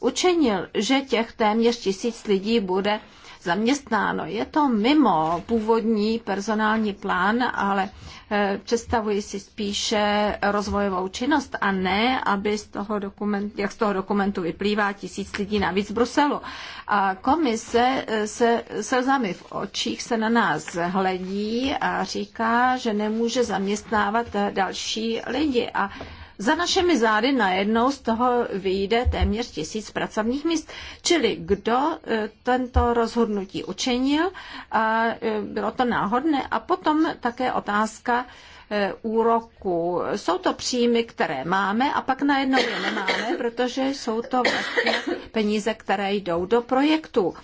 učinil, že těch téměř tisíc lidí bude zaměstnáno. Je to mimo původní personální plán, ale eh, představuji si spíše rozvojovou činnost a ne, aby z toho dokumentu, jak z toho dokumentu vyplývá tisíc lidí navíc z Bruselu. A komise eh, se slzami v očích se na nás hledí a říká, že nemůže zaměstnávat eh, další lidi a za našimi zády najednou z toho vyjde téměř tisíc pracovních míst. Čili kdo e, tento rozhodnutí učinil, a e, bylo to náhodné. A potom také otázka, e, úroku. Jsou to příjmy, které máme a pak najednou je nemáme, protože jsou to vlastně peníze, které jdou do projektu.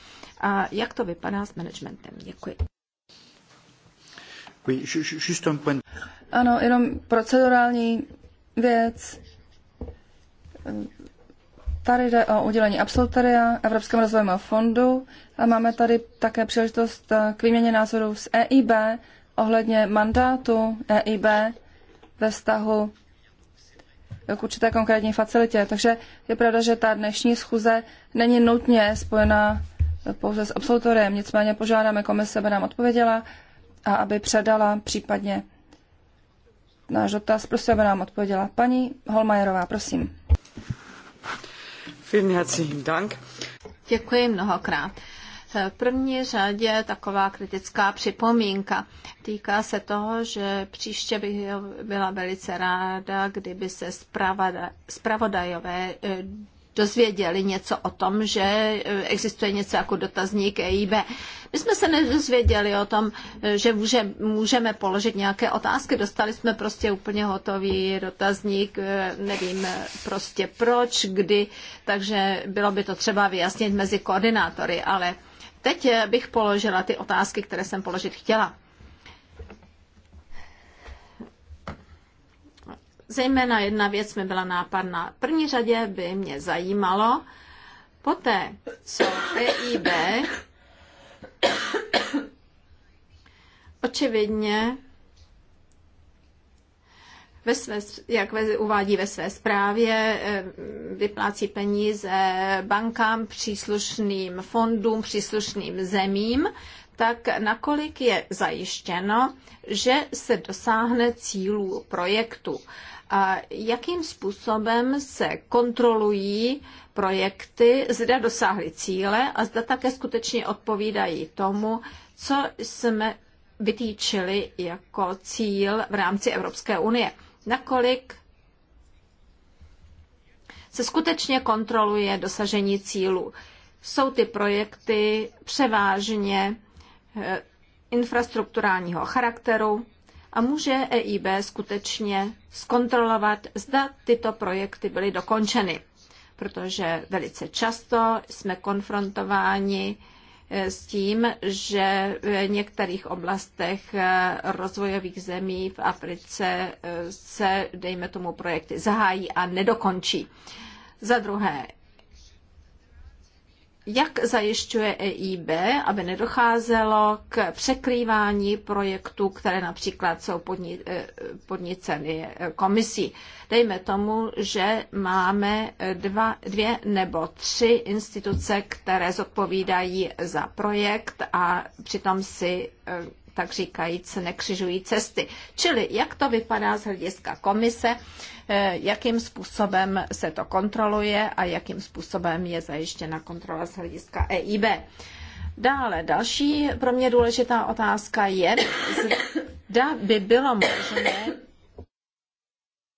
A jak to vypadá s managementem? Děkuji. Ano, jenom procedurální věc. Tady jde o udělení absolutoria Evropském rozvojovému fondu a máme tady také příležitost eh, k výměně názorů s EIB ohledně mandátu EIB ve vztahu k určité konkrétní facilitě. Takže je pravda, že ta dnešní schůze není nutně spojená pouze s absolutoriem, nicméně požádáme komise, aby nám odpověděla a aby předala případně náš dotaz. Prosím, aby nám odpověděla paní Holmajerová, prosím. Dank. Děkuji mnohokrát. V první řadě taková kritická připomínka. Týká se toho, že příště bych byla velice ráda, kdyby se zpravodajové eh, dozvěděli něco o tom, že e, existuje něco jako dotazník EIB. My jsme se nedozvěděli o tom, e, že může, můžeme položit nějaké otázky. Dostali jsme prostě úplně hotový dotazník, e, nevím prostě proč, kdy, takže bylo by to třeba vyjasnit mezi koordinátory, ale teď bych položila ty otázky, které jsem položit chtěla. Zejména jedna věc mi byla nápadná. V první řadě by mě zajímalo, poté co EIB očividně ve své, jak ve, uvádí ve své zprávě, eh, vyplácí peníze bankám, příslušným fondům, příslušným zemím, tak nakolik je zajištěno, že se dosáhne cílů projektu a jakým způsobem se kontrolují projekty, zda dosáhly cíle a zda také skutečně odpovídají tomu, co jsme vytýčili jako cíl v rámci Evropské unie. Nakolik se skutečně kontroluje dosažení cílů. Jsou ty projekty převážně eh, infrastrukturálního charakteru, a může EIB skutečně zkontrolovat, zda tyto projekty byly dokončeny. Protože velice často jsme konfrontováni eh, s tím, že v některých oblastech eh, rozvojových zemí v Africe eh, se, dejme tomu, projekty zahájí a nedokončí. Za druhé, jak zajišťuje EIB, aby nedocházelo k překrývání projektů, které například jsou podni, eh, podniceny eh, komisí. Dejme tomu, že máme dva, dvě nebo tři instituce, které zodpovídají za projekt a přitom si eh, tak říkajíc nekřižují cesty. Čili jak to vypadá z hlediska komise, eh, jakým způsobem se to kontroluje a jakým způsobem je zajištěna kontrola z hlediska EIB. Dále, další pro mě důležitá otázka je, zda by bylo možné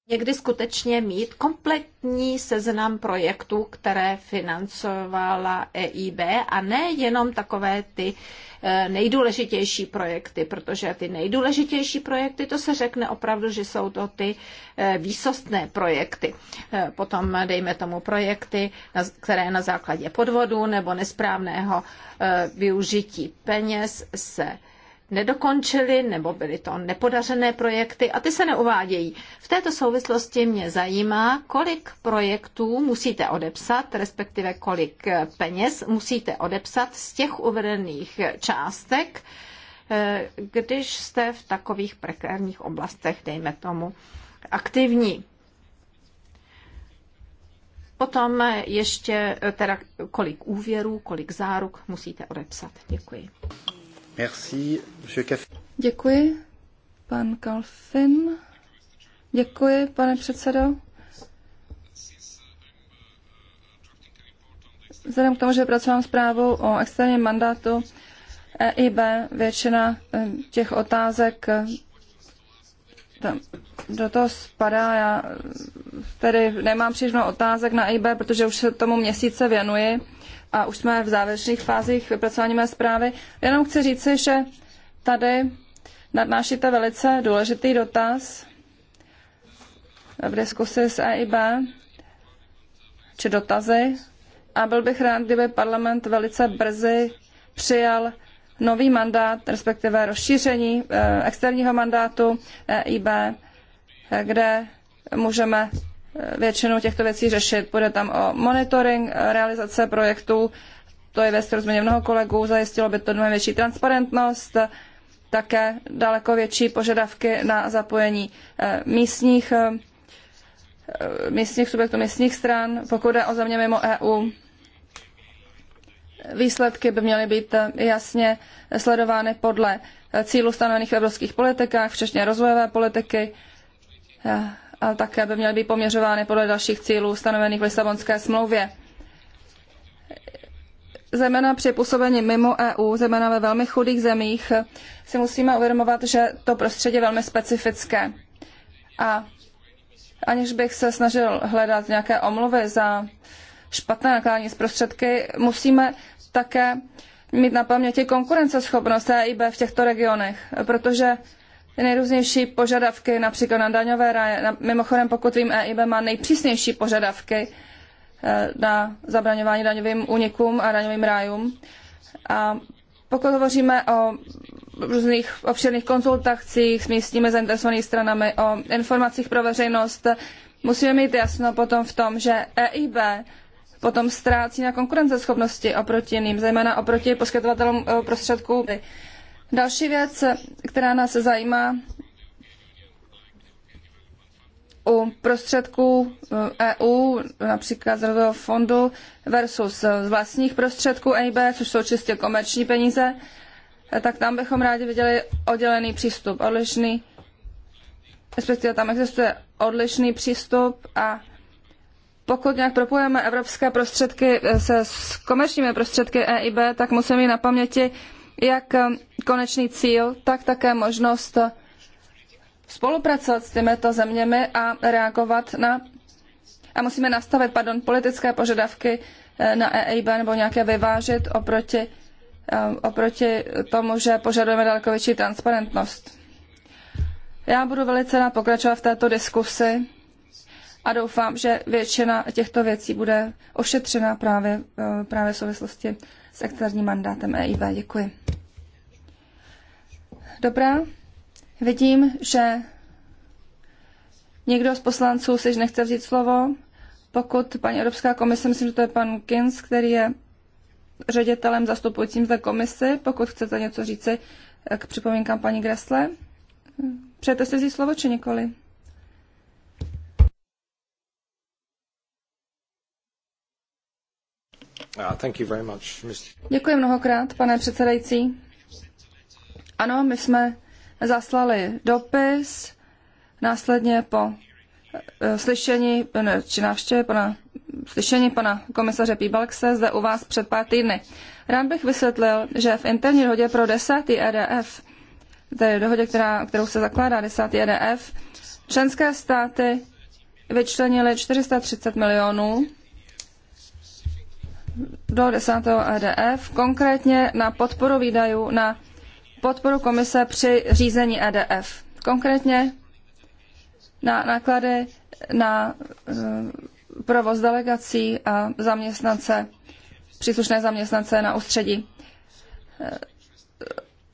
někdy skutečně mít kompletní seznam projektů, které financovala EIB a ne jenom takové ty eh, nejdůležitější projekty, protože ty nejdůležitější projekty, to se řekne opravdu, že jsou to ty eh, výsostné projekty. Eh, potom dejme tomu projekty, které na základě podvodu nebo nesprávného využití peněz se nedokončily nebo byly to nepodařené projekty a ty se neuvádějí. V této souvislosti mě zajímá, kolik projektů musíte odepsat, respektive kolik peněz musíte odepsat z těch uvedených částek, eh, když jste v takových prekérních oblastech, dejme tomu, aktivní. Potom ještě eh, teda kolik úvěrů, kolik záruk musíte odepsat. Děkuji. Děkuji, pan Kalfin. Děkuji, pane předsedo. Vzhledem k tomu, že pracovám zprávu o externím mandátu EIB, většina eh, těch otázek eh, tam, do toho spadá. Já eh, tedy nemám příliš otázek na EIB, protože už se tomu měsíce věnuji a už jsme v závěrečných fázích vypracování mé zprávy. Jenom chci říci, že tady nadnášíte velice důležitý dotaz v diskusi s EIB, či dotazy, a byl bych rád, kdyby parlament velice brzy přijal nový mandát, respektive rozšíření eh, externího mandátu EIB, eh, kde můžeme Eh, většinu těchto věcí řešit. Bude tam o monitoring eh, realizace projektů, to je věc, kterou změně mnoho kolegů, zajistilo by to mnohem větší transparentnost, také daleko větší požadavky na zapojení eh, místních, místních subjektů, místních stran, pokud jde o země mimo EU. Výsledky by měly být jasně sledovány podle cílů stanovených v evropských politikách, včetně rozvojové politiky také by měly být poměřovány podle dalších cílů stanovených v Lisabonské smlouvě. Zejména při působení mimo EU, zejména ve velmi chudých zemích, si musíme uvědomovat, že to prostředí je velmi specifické. A aniž bych se snažil hledat nějaké omluvy za špatné nakládání s prostředky, musíme také mít na paměti konkurenceschopnost EIB v těchto regionech, protože nejrůznější požadavky, například na daňové ráje. Mimochodem, pokud vím, EIB má nejpřísnější požadavky eh, na zabraňování daňovým únikům a daňovým rájům. A pokud hovoříme o různých obširných konzultacích s místními zainteresovanými stranami, o informacích pro veřejnost, musíme mít jasno potom v tom, že EIB potom ztrácí na konkurenceschopnosti oproti jiným, zejména oproti poskytovatelům eh, prostředků. Další věc, která nás zajímá, u prostředků EU, eh, e například z rozvojového fondu, versus z vlastních prostředků EIB, což jsou čistě komerční peníze, eh, tak tam bychom rádi viděli oddělený přístup, odlišný, respektive tam existuje odlišný přístup a pokud nějak propojeme evropské prostředky eh, se s komerčními prostředky EIB, tak musíme mít na paměti jak eh, konečný cíl, tak také možnost eh, spolupracovat s těmito zeměmi a reagovat na a musíme nastavit pardon, politické požadavky eh, na EIB nebo nějaké vyvážit oproti, oproti tomu, že požadujeme daleko větší transparentnost. Já budu velice rád pokračovat v této diskusi a doufám, že většina těchto věcí bude ošetřena právě, právě v souvislosti s akcelerním mandátem EIB. Děkuji. Dobrá. Vidím, že někdo z poslanců si nechce vzít slovo. Pokud paní Evropská komise, myslím, že to je pan Kins, který je ředitelem zastupujícím za komisi, pokud chcete něco říci k připomínkám paní Gressle. Přejete si vzít slovo či nikoli? Uh, Děkuji mnohokrát, pane předsedající. Ano, my jsme zaslali dopis následně po eh, slyšení či návštěvě pana, slyšení pana komisaře Píbalkse zde u vás před pár týdny. Rád bych vysvětlil, že v interní dohodě pro desátý EDF, tedy dohodě, která, kterou se zakládá desátý EDF, členské státy vyčlenily 430 milionů do 10. EDF, konkrétně na podporu výdajů na podporu komise při řízení EDF. Konkrétně na náklady na eh, provoz delegací a zaměstnance, příslušné zaměstnance na ústředí. Eh,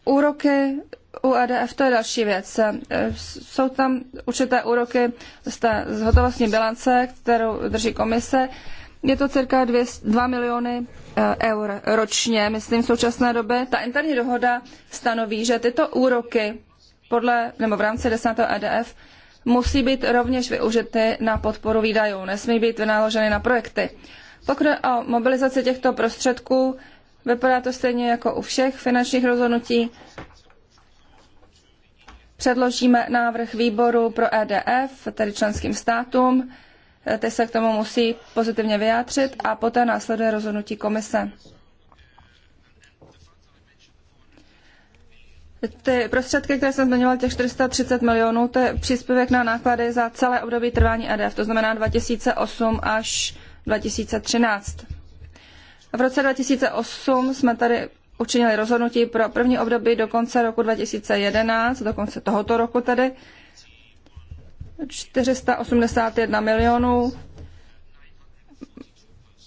úroky u EDF to je další věc. Eh, jsou tam určité úroky z té zhotovostní bilance, kterou drží komise je to cirka 2, miliony eh, eur ročně, myslím v současné době. Ta interní dohoda stanoví, že tyto úroky podle nebo v rámci 10. EDF musí být rovněž využity na podporu výdajů, nesmí být vynaloženy na projekty. Pokud o mobilizaci těchto prostředků, vypadá to stejně jako u všech finančních rozhodnutí. Předložíme návrh výboru pro EDF, tedy členským státům, ty se k tomu musí pozitivně vyjádřit a poté následuje rozhodnutí komise. Ty prostředky, které jsem zmiňoval, těch 430 milionů, to je příspěvek na náklady za celé období trvání EDF, to znamená 2008 až 2013. V roce 2008 jsme tady učinili rozhodnutí pro první období do konce roku 2011, do konce tohoto roku tedy, 481 milionů,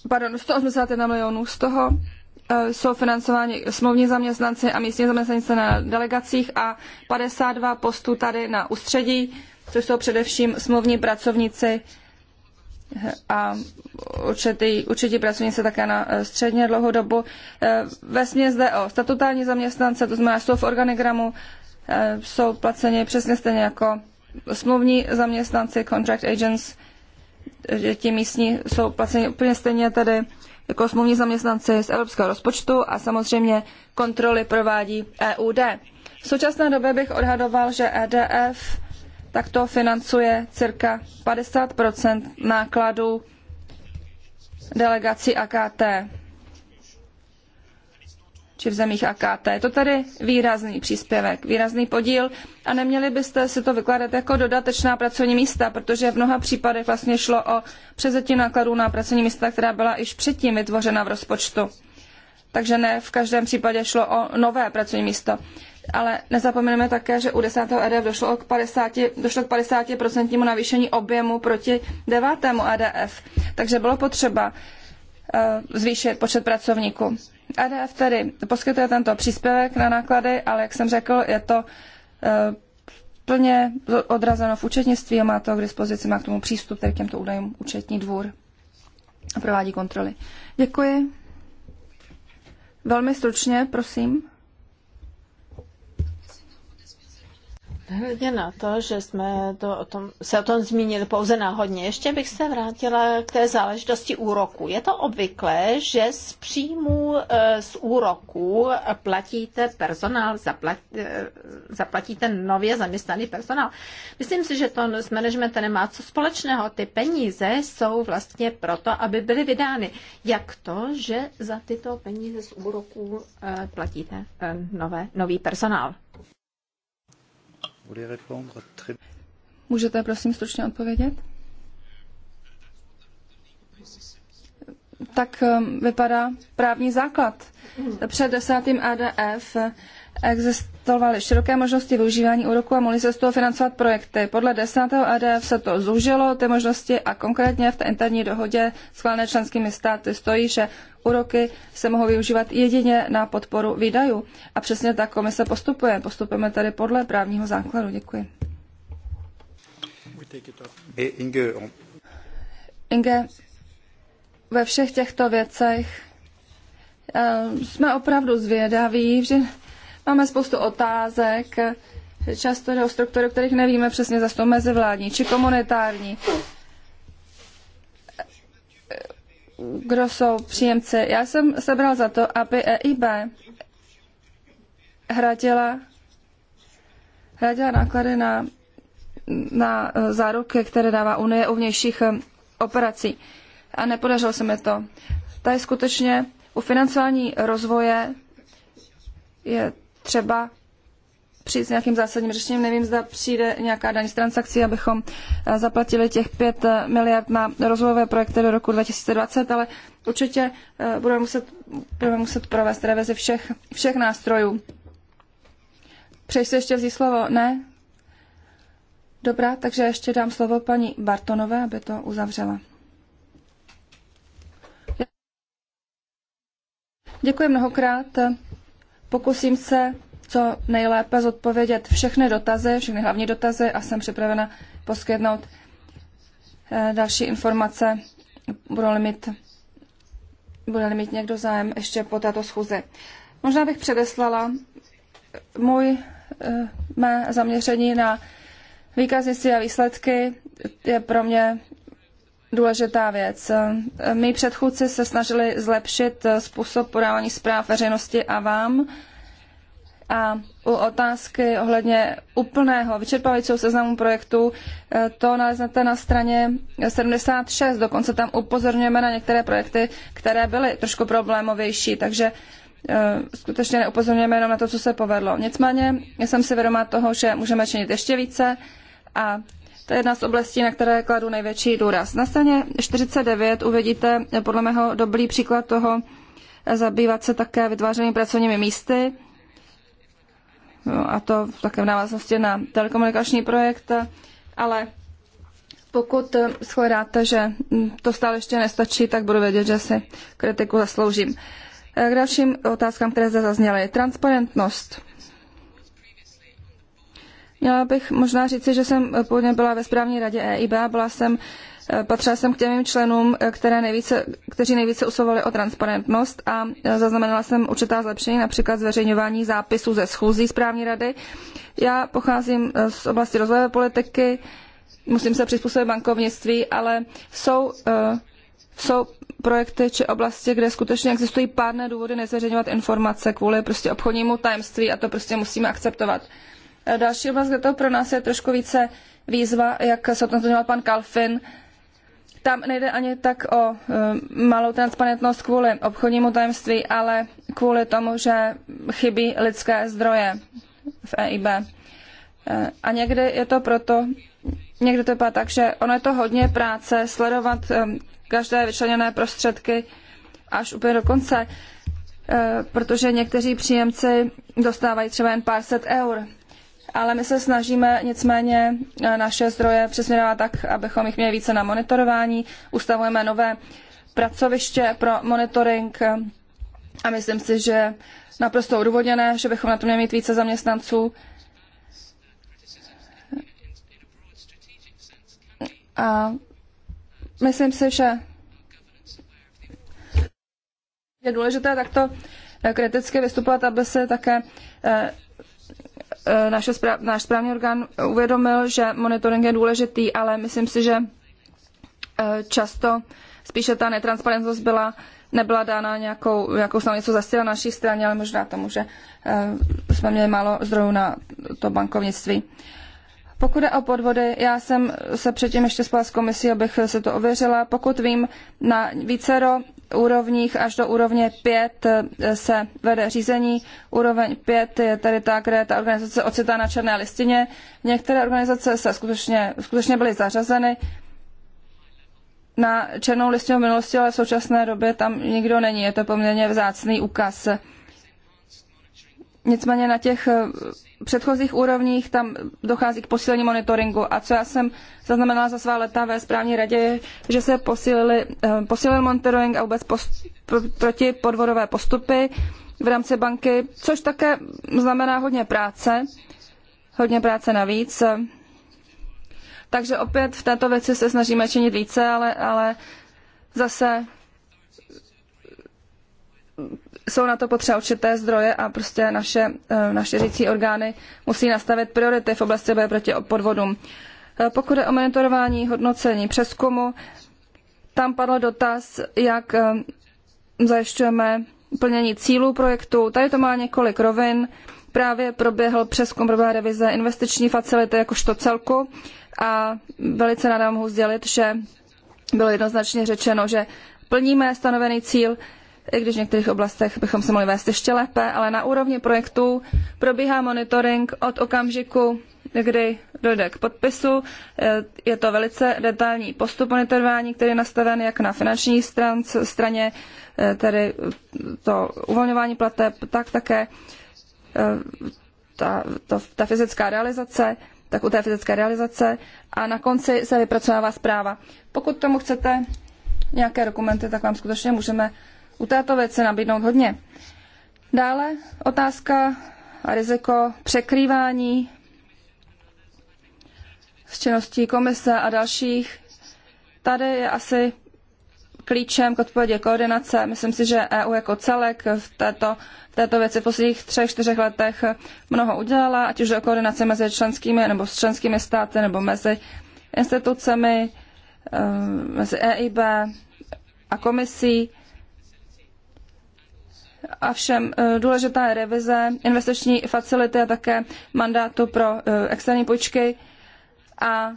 pardon, 181 milionů z toho eh, jsou financováni smluvní zaměstnanci a místní zaměstnanci na delegacích a 52 postů tady na ústředí, což jsou především smluvní pracovníci eh, a určitý, určitý pracovníci také na eh, středně dlouhou dobu. Ve zde o statutární zaměstnance, to znamená, jsou v organigramu, jsou placeni přesně stejně jako smluvní zaměstnanci, contract agents, eh, ti místní jsou placeni úplně stejně tedy jako smluvní zaměstnanci z evropského rozpočtu a samozřejmě kontroly provádí EUD. V současné době bych odhadoval, že EDF takto financuje cirka 50 nákladů delegací AKT či v zemích AKT. Je to tedy výrazný příspěvek, výrazný podíl a neměli byste si to vykládat jako dodatečná pracovní místa, protože v mnoha případech vlastně šlo o přezetí nákladů na pracovní místa, která byla již předtím vytvořena v rozpočtu. Takže ne v každém případě šlo o nové pracovní místo. Ale nezapomeneme také, že u 10. EDF došlo, k 50, došlo k 50% navýšení objemu proti 9. EDF. Takže bylo potřeba uh, zvýšit počet pracovníků. ADF tedy poskytuje tento příspěvek na náklady, ale jak jsem řekl, je to eh, plně odrazeno v účetnictví a má to k dispozici, má k tomu přístup tedy k těmto údajům účetní dvůr a provádí kontroly. Děkuji. Velmi stručně, prosím. Hledě na to, že jsme to o tom, se o tom zmínili pouze náhodně, ještě bych se vrátila k té záležitosti úroku. Je to obvyklé, že z příjmu eh, z úroku platíte personál, zaplatí, eh, zaplatíte nově zaměstnaný personál. Myslím si, že to s managementem nemá co společného. Ty peníze jsou vlastně proto, aby byly vydány. Jak to, že za tyto peníze z úroku eh, platíte nové, nový personál? Můžete prosím stručně odpovědět? Tak eh, vypadá právní základ. Před desátým ADF existovaly široké možnosti využívání úroku a mohly se z toho financovat projekty. Podle 10. ADF se to zúžilo, ty možnosti, a konkrétně v té interní dohodě schválené členskými státy stojí, že úroky se mohou využívat jedině na podporu výdajů. A přesně tak komise postupuje. Postupujeme tady podle právního základu. Děkuji. Inge, ve všech těchto věcech eh, jsme opravdu zvědaví, že Máme spoustu otázek, často jde o struktury, kterých nevíme přesně, zase to mezivládní či komunitární. Kdo jsou příjemci? Já jsem sebral za to, aby EIB hradila, hradila náklady na, na záruky, které dává Unie u vnějších eh, operací. A nepodařilo se mi to. Tady skutečně u financování rozvoje je třeba přijít s nějakým zásadním řešením. Nevím, zda přijde nějaká daň z transakcí, abychom eh, zaplatili těch 5 eh, miliard na rozvojové projekty do roku 2020, ale určitě eh, budeme muset, budeme muset provést revizi všech, všech nástrojů. Přeji se ještě vzít slovo? Ne? Dobrá, takže ještě dám slovo paní Bartonové, aby to uzavřela. Děkuji mnohokrát. Pokusím se co nejlépe zodpovědět všechny dotazy, všechny hlavní dotazy a jsem připravena poskytnout eh, další informace, bude li mít, bude mít někdo zájem ještě po této schůzi. Možná bych předeslala můj, eh, mé zaměření na výkaznici a výsledky je pro mě důležitá věc. My předchůdci se snažili zlepšit způsob podávání zpráv veřejnosti a vám. A u otázky ohledně úplného vyčerpávajícího seznamu projektů, to naleznete na straně 76, dokonce tam upozorňujeme na některé projekty, které byly trošku problémovější, takže eh, skutečně neupozorňujeme jenom na to, co se povedlo. Nicméně jsem si vědomá toho, že můžeme činit ještě více a to je jedna z oblastí, na které kladu největší důraz. Na straně 49 uvidíte eh, podle mého dobrý příklad toho eh, zabývat se také vytvářenými pracovními místy, no a to také v návaznosti na telekomunikační projekt, ale pokud shledáte, že hm, to stále ještě nestačí, tak budu vědět, že si kritiku zasloužím. K dalším otázkám, které zde zazněly. Transparentnost. Měla bych možná říci, že jsem původně byla ve správní radě EIB a byla jsem, eh, patřila jsem k těm členům, eh, které nejvíce, kteří nejvíce usilovali o transparentnost a eh, zaznamenala jsem určitá zlepšení, například zveřejňování zápisů ze schůzí správní rady. Já pocházím z oblasti rozvojové politiky, musím se přizpůsobit bankovnictví, ale jsou, jsou projekty či oblasti, kde skutečně existují pádné důvody nezveřejňovat informace kvůli prostě obchodnímu tajemství a to prostě musíme akceptovat. Další oblast, kde to pro nás je trošku více výzva, jak se o tom zmiňoval pan Kalfin, tam nejde ani tak o eh, malou transparentnost kvůli obchodnímu tajemství, ale kvůli tomu, že chybí lidské zdroje v EIB. Eh, a někdy je to proto, někdy to vypadá tak, že ono je to hodně práce sledovat eh, každé vyčleněné prostředky až úplně do konce, protože někteří příjemci dostávají třeba jen pár set eur ale my se snažíme nicméně eh, naše zdroje přesměrovat tak, abychom jich měli více na monitorování. Ustavujeme nové pracoviště pro monitoring a myslím si, že naprosto odůvodněné, že bychom na to měli mít více zaměstnanců. A myslím si, že je důležité takto eh, kriticky vystupovat, aby se také eh, Eh, naše správ, náš správní orgán uvědomil, že monitoring je důležitý, ale myslím si, že eh, často spíše ta netransparentnost byla, nebyla dána nějakou, nějakou něco zasila na naší straně, ale možná tomu, že eh, jsme měli málo zdrojů na to bankovnictví. Pokud jde o podvody, já jsem se předtím ještě spala s komisí, abych se to ověřila. Pokud vím, na vícero úrovních až do úrovně 5 eh, se vede řízení. Úroveň 5 je tady ta, kde ta organizace ocitá na černé listině. Některé organizace se skutečně, skutečně byly zařazeny na černou listinu v minulosti, ale v současné době tam nikdo není. Je to poměrně vzácný úkaz. Nicméně na těch eh, předchozích úrovních, tam dochází k posílení monitoringu. A co já jsem zaznamenala za svá leta ve správní radě, že se posílili, eh, posílil monitoring a vůbec post, proti podvodové postupy v rámci banky, což také znamená hodně práce, hodně práce navíc. Takže opět v této věci se snažíme činit více, ale, ale zase jsou na to potřeba určité zdroje a prostě naše, eh, naše řící orgány musí nastavit priority v oblasti boje proti podvodům. Eh, pokud je o monitorování, hodnocení, přeskumu, tam padl dotaz, jak eh, zajišťujeme plnění cílů projektu. Tady to má několik rovin. Právě proběhl přeskum, proběhla revize investiční facility jakožto celku a velice nadám mohu sdělit, že bylo jednoznačně řečeno, že plníme stanovený cíl, i když v některých oblastech bychom se mohli vést ještě lépe, ale na úrovni projektů probíhá monitoring od okamžiku, kdy dojde k podpisu. Je to velice detailní postup monitorování, který je nastaven jak na finanční stran, straně, tedy to uvolňování plateb, tak také eh, ta, to, ta fyzická realizace, tak u té fyzické realizace a na konci se vypracovává zpráva. Pokud tomu chcete nějaké dokumenty, tak vám skutečně můžeme u této věci nabídnout hodně. Dále otázka a riziko překrývání s činností komise a dalších. Tady je asi klíčem k odpovědi koordinace. Myslím si, že EU jako celek v této, v této věci v posledních třech, čtyřech letech mnoho udělala, ať už o koordinaci mezi členskými nebo s členskými státy nebo mezi institucemi, eh, mezi EIB a komisí. Avšem eh, důležitá je revize investiční facility a také mandátu pro eh, externí půjčky. A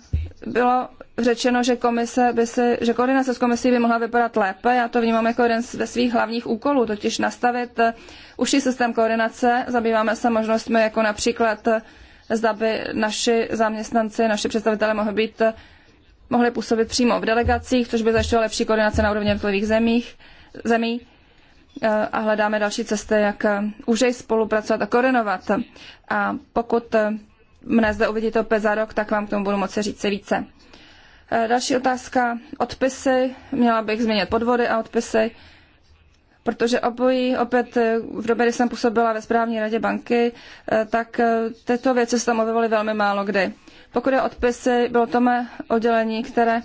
bylo řečeno, že, komise by si, že koordinace s komisí by mohla vypadat lépe. Já to vnímám jako jeden ze svých hlavních úkolů, totiž nastavit eh, užší systém koordinace. Zabýváme se možnostmi jako například, zda by naši zaměstnanci, naši představitelé mohli být mohli působit přímo v delegacích, což by zajišťovalo lepší koordinace na úrovni jednotlivých zemích, zemí Eh, a hledáme další cesty, jak eh, užej spolupracovat a koordinovat. A pokud eh, mne zde uvidíte opět za rok, tak vám k tomu budu moci říct více. Další otázka. Odpisy. Měla bych změnit podvody a odpisy, protože obojí, opět v době, kdy jsem působila ve správní radě banky, tak tyto věci se tam objevovaly velmi málo kdy. Pokud je odpisy, bylo to mé oddělení, které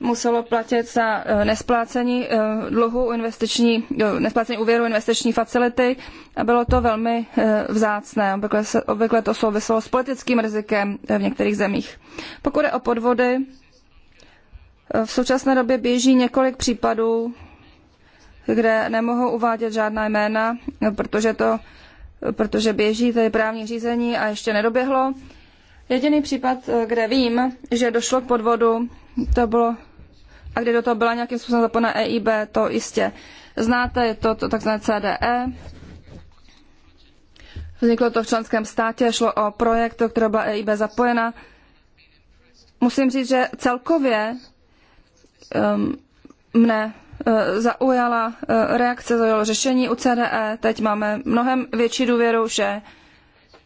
muselo platit za eh, nesplácení eh, dluhu investiční, nesplácení úvěru investiční facility a bylo to velmi eh, vzácné. Obvykle, se, obvykle to souviselo s politickým rizikem v některých zemích. Pokud je o podvody, v současné době běží několik případů, kde nemohou uvádět žádná jména, protože, to, protože běží tady právní řízení a ještě nedoběhlo. Jediný případ, kde vím, že došlo k podvodu, to bylo a kdy do toho byla nějakým způsobem zapojena EIB, to jistě znáte, je to, to takzvané CDE. Vzniklo to v členském státě, šlo o projekt, do kterého byla EIB zapojena. Musím říct, že celkově um, mne uh, zaujala uh, reakce, zaujalo řešení u CDE. Teď máme mnohem větší důvěru, že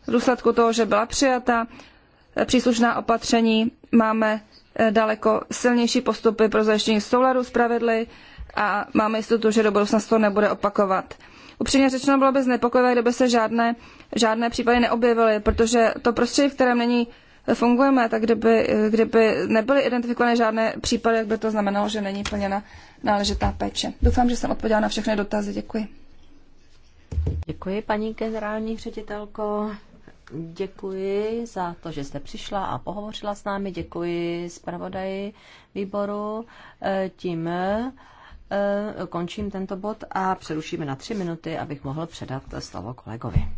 v důsledku toho, že byla přijata příslušná opatření, máme daleko silnější postupy pro zajištění souladu s pravidly a máme jistotu, že do budoucna se to nebude opakovat. Upřímně řečeno bylo by znepokojivé, kdyby se žádné, žádné případy neobjevily, protože to prostředí, v kterém není fungujeme, tak kdyby, kdyby nebyly identifikované žádné případy, jak by to znamenalo, že není plněna náležitá péče. Doufám, že jsem odpověděla na všechny dotazy. Děkuji. Děkuji, paní generální ředitelko. Děkuji za to, že jste přišla a pohovořila s námi. Děkuji zpravodaji výboru. E, Tím e, končím tento bod a přerušíme na tři minuty, abych mohl předat slovo kolegovi.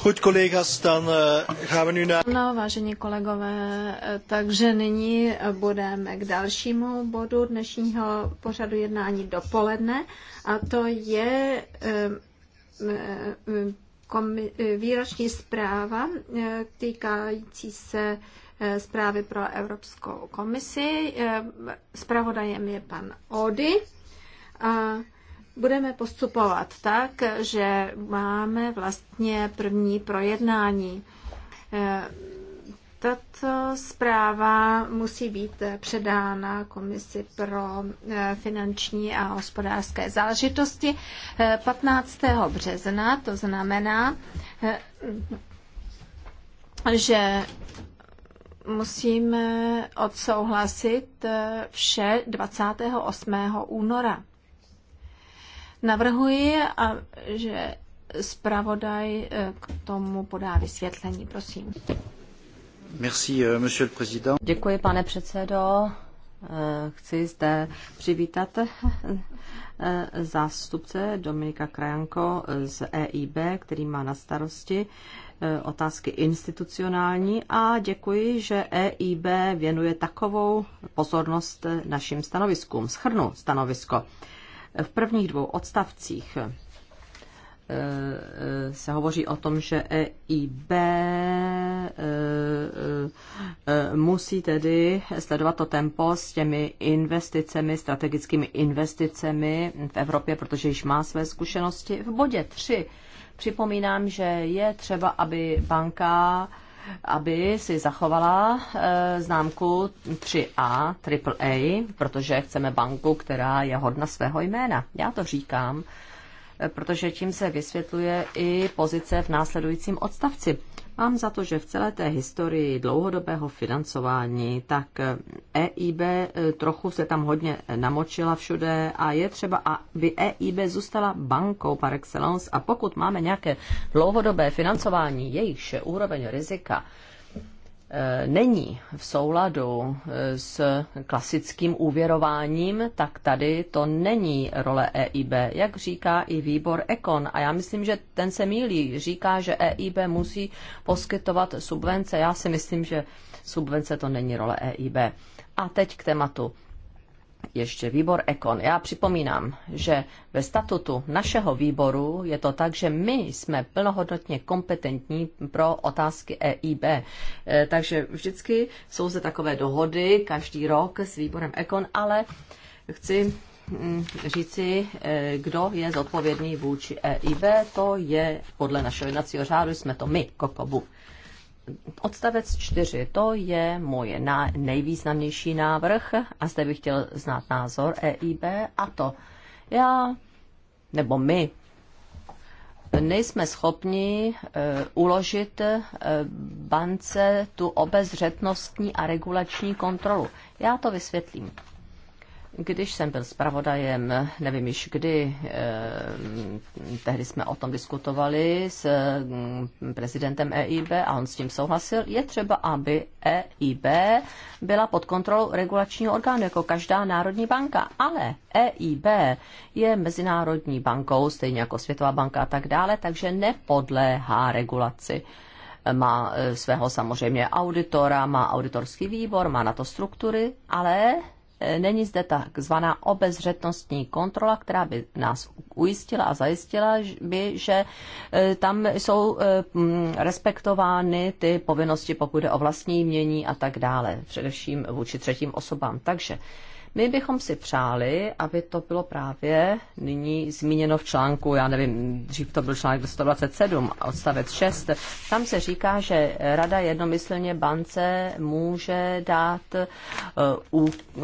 Goed, collega's, dan gaan we na... No, vážení kolegové, eh, takže nyní budeme k dalšímu bodu dnešního pořadu jednání dopoledne a to je eh, eh, výroční zpráva týkající se zprávy pro Evropskou komisi. Zpravodajem je pan Ody. A budeme postupovat tak, že máme vlastně první projednání. Eh, tato zpráva musí být předána Komisi pro eh, finanční a hospodářské záležitosti 15. Eh, března, to znamená, že musíme odsouhlasit vše 28. února. Navrhuji, a, že zpravodaj eh, k tomu podá vysvětlení. Prosím. Merci, eh, monsieur le président. Děkuji, pane předsedo. Eh, chci zde přivítat zástupce Dominika Krajanko z EIB, který má na starosti otázky institucionální a děkuji, že EIB věnuje takovou pozornost našim stanoviskům. Schrnu stanovisko. V prvních dvou odstavcích eh, eh, se hovoří o tom, že EIB eh, musí tedy sledovat to tempo s těmi investicemi, strategickými investicemi v Evropě, protože již má své zkušenosti. V bodě 3 připomínám, že je třeba, aby banka aby si zachovala eh, známku 3A, AAA, protože chceme banku, která je hodna svého jména. Já to říkám protože tím se vysvětluje i pozice v následujícím odstavci. Mám za to, že v celé té historii dlouhodobého financování, tak EIB eh, e eh, trochu se tam hodně namočila všude a je třeba, aby EIB zůstala bankou par excellence a pokud máme nějaké dlouhodobé financování, jejichž úroveň rizika Eh, není v souladu eh, s klasickým úvěrováním, tak tady to není role EIB, jak říká i výbor Ekon. A já myslím, že ten se mílí. Říká, že EIB musí poskytovat subvence. Já si myslím, že subvence to není role EIB. A teď k tématu ještě výbor Ekon. Já připomínám, že ve statutu našeho výboru je to tak, že my jsme plnohodnotně kompetentní pro otázky EIB. E, takže vždycky jsou zde takové dohody každý rok s výborem Ekon, ale chci mm, říci, e, kdo je zodpovědný vůči EIB, to je podle našeho jednacího řádu, jsme to my, Kokobu. Odstavec 4, to je můj nejvýznamnější návrh a zde bych chtěl znát názor EIB a to já, nebo my, nejsme schopni e, uložit e, bance tu obezřetnostní a regulační kontrolu. Já to vysvětlím. Když jsem byl zpravodajem, nevím již kdy, eh, tehdy jsme o tom diskutovali s mm, prezidentem EIB a on s tím souhlasil, je třeba, aby EIB byla pod kontrolou regulačního orgánu, jako každá národní banka. Ale EIB je mezinárodní bankou, stejně jako Světová banka a tak dále, takže nepodléhá regulaci má eh, svého samozřejmě auditora, má auditorský výbor, má na to struktury, ale není zde takzvaná obezřetnostní kontrola, která by nás ujistila a zajistila by, že e, tam jsou e, respektovány ty povinnosti, pokud je o vlastní mění a tak dále, především vůči třetím osobám. Takže my bychom si přáli, aby to bylo právě nyní zmíněno v článku, já nevím, dřív to byl článek 127, odstavec 6. Tam se říká, že rada jednomyslně bance může dát uh, uh,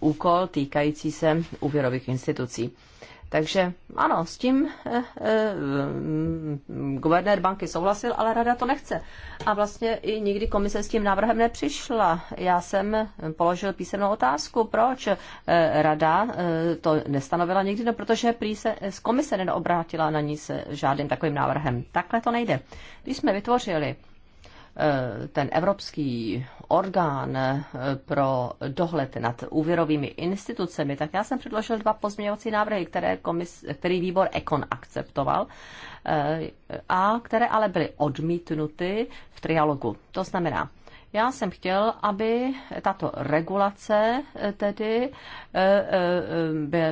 úkol týkající se úvěrových institucí. Takže ano, s tím eh, eh, guvernér banky souhlasil, ale rada to nechce. A vlastně i nikdy komise s tím návrhem nepřišla. Já jsem položil písemnou otázku, proč eh, rada eh, to nestanovila nikdy, no protože prý se z komise neobrátila na ní s žádným takovým návrhem. Takhle to nejde. Když jsme vytvořili Eh, ten evropský orgán eh, pro dohled nad úvěrovými institucemi, tak já jsem předložil dva pozměňovací návrhy, které komis, který výbor Ekon akceptoval eh, a které ale byly odmítnuty v trialogu. To znamená, já jsem chtěl, aby tato regulace tedy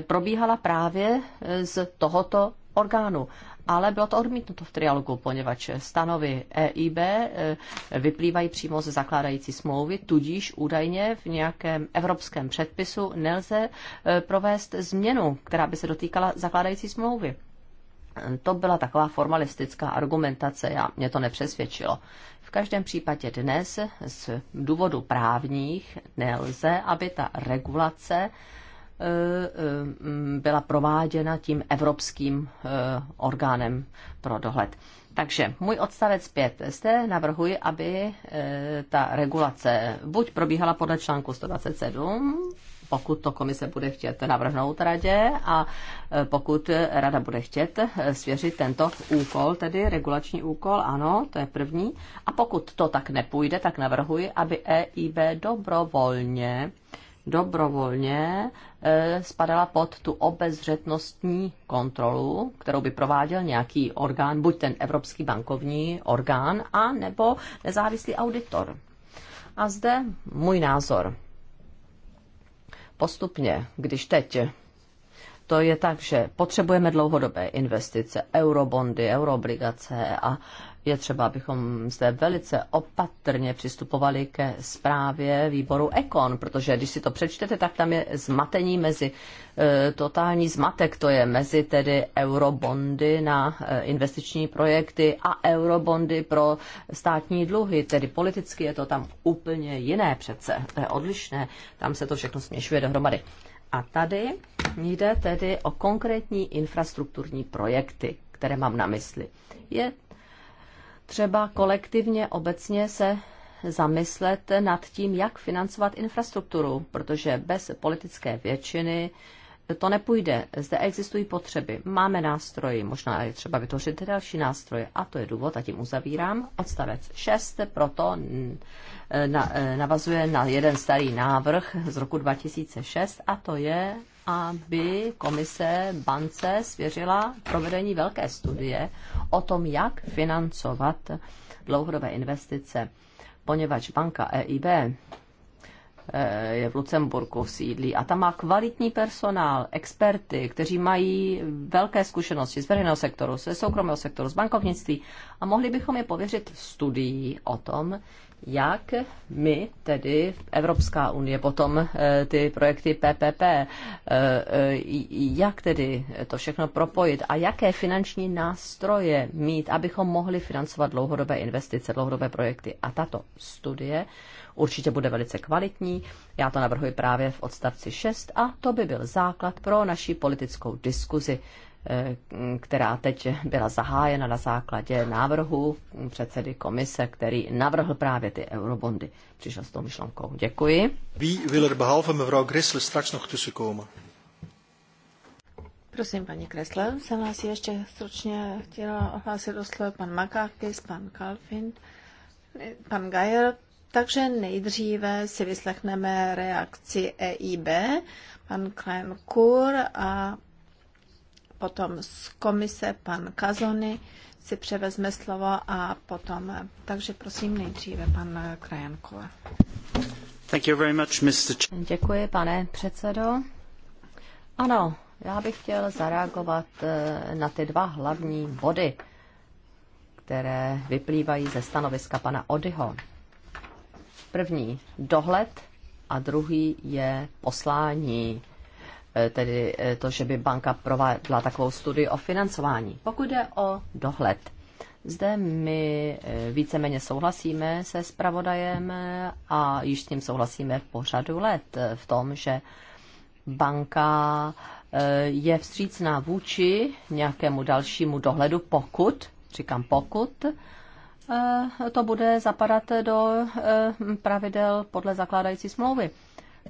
probíhala právě z tohoto orgánu ale bylo to odmítnuto v trialogu, poněvadž stanovy EIB e, vyplývají přímo ze zakládající smlouvy, tudíž údajně v nějakém evropském předpisu nelze e, provést změnu, která by se dotýkala zakládající smlouvy. To byla taková formalistická argumentace, já, mě to nepřesvědčilo. V každém případě dnes z důvodu právních nelze, aby ta regulace Eh, eh, mm, byla prováděna tím evropským eh, orgánem pro dohled. Takže můj odstavec 5. Zde navrhuji, aby ta regulace buď probíhala podle článku 127, pokud to komise bude chtět navrhnout radě a pokud rada bude chtět svěřit tento úkol, tedy regulační úkol, ano, to je první. A pokud to tak nepůjde, tak navrhuji, aby EIB dobrovolně dobrovolně E, spadala pod tu obezřetnostní kontrolu, kterou by prováděl nějaký orgán, buď ten Evropský bankovní orgán, a nebo nezávislý auditor. A zde můj názor. Postupně, když teď to je tak, že potřebujeme dlouhodobé investice, eurobondy, euroobligace a je třeba, abychom zde velice opatrně přistupovali ke zprávě výboru Ekon, protože když si to přečtete, tak tam je zmatení mezi, e, totální zmatek to je mezi tedy eurobondy na e, investiční projekty a eurobondy pro státní dluhy, tedy politicky je to tam úplně jiné přece, to je odlišné, tam se to všechno směšuje dohromady. A tady jde tedy o konkrétní infrastrukturní projekty, které mám na mysli. Je třeba kolektivně, obecně se zamyslet nad tím, jak financovat infrastrukturu, protože bez politické většiny to nepůjde. Zde existují potřeby. Máme nástroje, možná je třeba vytvořit další nástroje. A to je důvod, a tím uzavírám. Odstavec 6 proto e, e, navazuje na jeden starý návrh z roku 2006, a to je aby komise bance svěřila provedení velké studie o tom, jak financovat dlouhodobé investice, poněvadž banka EIB eh, je v Lucemburku v sídlí a tam má kvalitní personál, experty, kteří mají velké zkušenosti z veřejného sektoru, ze soukromého sektoru, z bankovnictví a mohli bychom je pověřit studií o tom, jak my, tedy Evropská unie, potom eh, ty projekty PPP, eh, eh, jak tedy to všechno propojit a jaké finanční nástroje mít, abychom mohli financovat dlouhodobé investice, dlouhodobé projekty. A tato studie určitě bude velice kvalitní. Já to navrhuji právě v odstavci 6 a to by byl základ pro naši politickou diskuzi Eh, která teď byla zahájena na základě návrhu předsedy komise, který navrhl právě ty eurobondy. Přišel s tou myšlenkou. Děkuji. Wie will er behalve mevrouw Grissle straks nog tussenkomen? Prosím, paní Kresle, jsem vás ještě stručně chtěla ohlásit o slovo pan Makakis, pan Kalfin, pan Geier. Takže nejdříve si vyslechneme reakci EIB, pan Klein Kur a potom z komise pan Kazony si převezme slovo a potom, takže prosím nejdříve pan Krajankova. Thank you very much, Mr. Děkuji, pane předsedo. Ano, já bych chtěl zareagovat eh, na ty dva hlavní body, které vyplývají ze stanoviska pana Odyho. První dohled a druhý je poslání Eh, tedy eh, to, že by banka provádla takovou studii o financování. Pokud jde o dohled, zde my eh, víceméně souhlasíme se zpravodajem a již s tím souhlasíme po řadu let v tom, že banka je vstřícná vůči nějakému dalšímu dohledu, pokud, říkám pokud, to bude zapadat do pravidel podle zakládající smlouvy.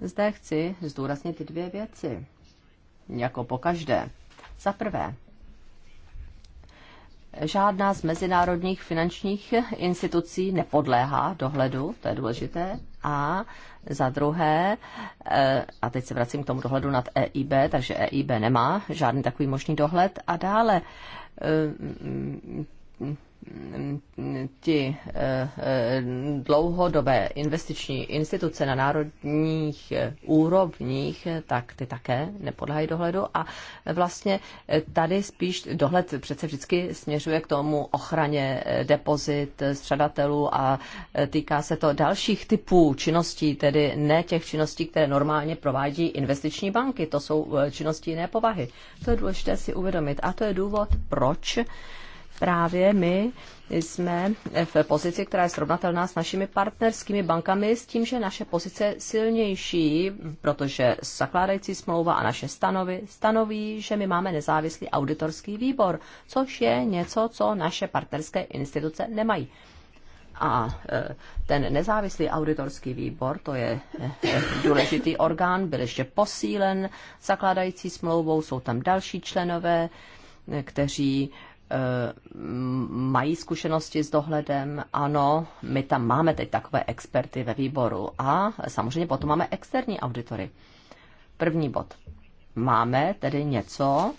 Zde chci zdůraznit ty dvě věci jako po každé. Za prvé, žádná z mezinárodních finančních institucí nepodléhá dohledu, to je důležité. A za druhé, eh, a teď se vracím k tomu dohledu nad EIB, takže EIB nemá žádný takový možný dohled. A dále, eh, ti eh, eh, dlouhodobé investiční instituce na národních eh, úrovních, tak ty také nepodlehají dohledu. A vlastně tady spíš dohled přece vždycky směřuje k tomu ochraně depozit střadatelů a týká se to dalších typů činností, tedy ne těch činností, které normálně provádí investiční banky. To jsou činnosti jiné povahy. To je důležité si uvědomit. A to je důvod, proč právě my jsme v pozici, která je srovnatelná s našimi partnerskými bankami, s tím, že naše pozice je silnější, protože zakládající smlouva a naše stanovy stanoví, že my máme nezávislý auditorský výbor, což je něco, co naše partnerské instituce nemají. A e, ten nezávislý auditorský výbor, to je e, důležitý orgán, byl ještě posílen zakládající smlouvou, jsou tam další členové, e, kteří Eh, mají zkušenosti s dohledem, ano, my tam máme teď takové experty ve výboru a samozřejmě potom máme externí auditory. První bod. Máme tedy něco,